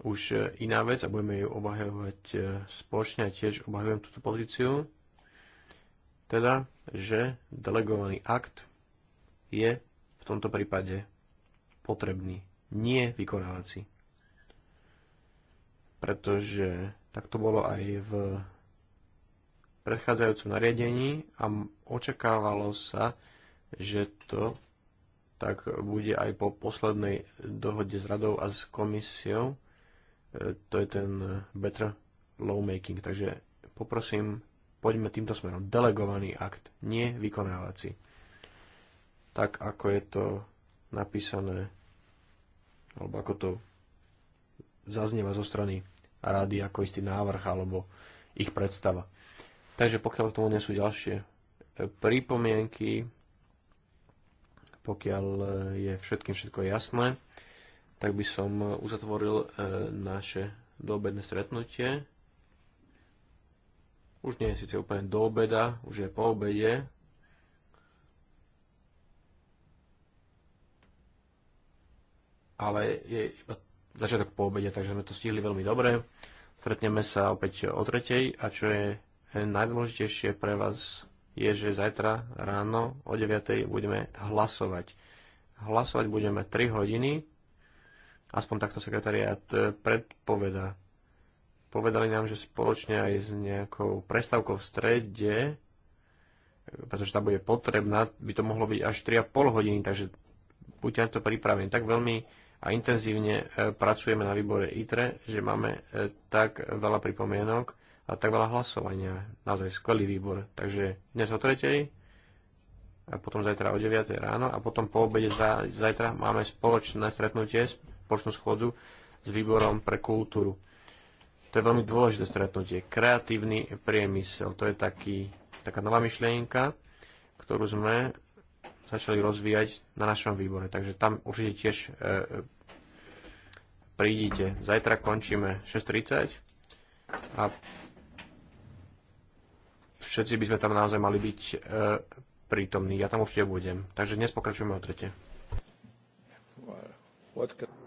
už iná vec a budeme ju obhajovať e, spoločne a tiež obhajujem túto pozíciu, teda, že delegovaný akt je v tomto prípade potrebný, nie vykonávací. Pretože tak to bolo aj v predchádzajúcom nariadení a očakávalo sa, že to tak bude aj po poslednej dohode s radou a s komisiou. E, to je ten better lawmaking. Takže poprosím, poďme týmto smerom. Delegovaný akt, nie vykonávací. Tak ako je to napísané, alebo ako to zaznieva zo strany rady ako istý návrh alebo ich predstava. Takže pokiaľ k tomu nie sú ďalšie pripomienky, pokiaľ e, je všetkým všetko jasné, tak by som e, uzatvoril e, naše doobedné stretnutie. Už nie je síce úplne do obeda, už je po obede, ale je iba začiatok po obede, takže sme to stihli veľmi dobre. Stretneme sa opäť o tretej a čo je najdôležitejšie pre vás je, že zajtra ráno o 9.00 budeme hlasovať. Hlasovať budeme 3 hodiny, aspoň takto sekretariat predpoveda. Povedali nám, že spoločne aj s nejakou prestavkou v strede, pretože tá bude potrebná, by to mohlo byť až 3,5 hodiny, takže buďte na to pripravení. Tak veľmi a intenzívne e, pracujeme na výbore ITRE, že máme e, tak veľa pripomienok, a tak veľa hlasovania. Naozaj skvelý výbor. Takže dnes o tretej, a potom zajtra o 9 ráno a potom po obede za, zajtra máme spoločné stretnutie, spoločnú schodzu s výborom pre kultúru. To je veľmi dôležité stretnutie. Kreatívny priemysel, to je taký, taká nová myšlienka, ktorú sme začali rozvíjať na našom výbore. Takže tam určite tiež e, prídite. Zajtra končíme 6.30 a všetci by sme tam naozaj mali byť e, prítomní. Ja tam určite budem. Takže dnes pokračujeme o tretie. What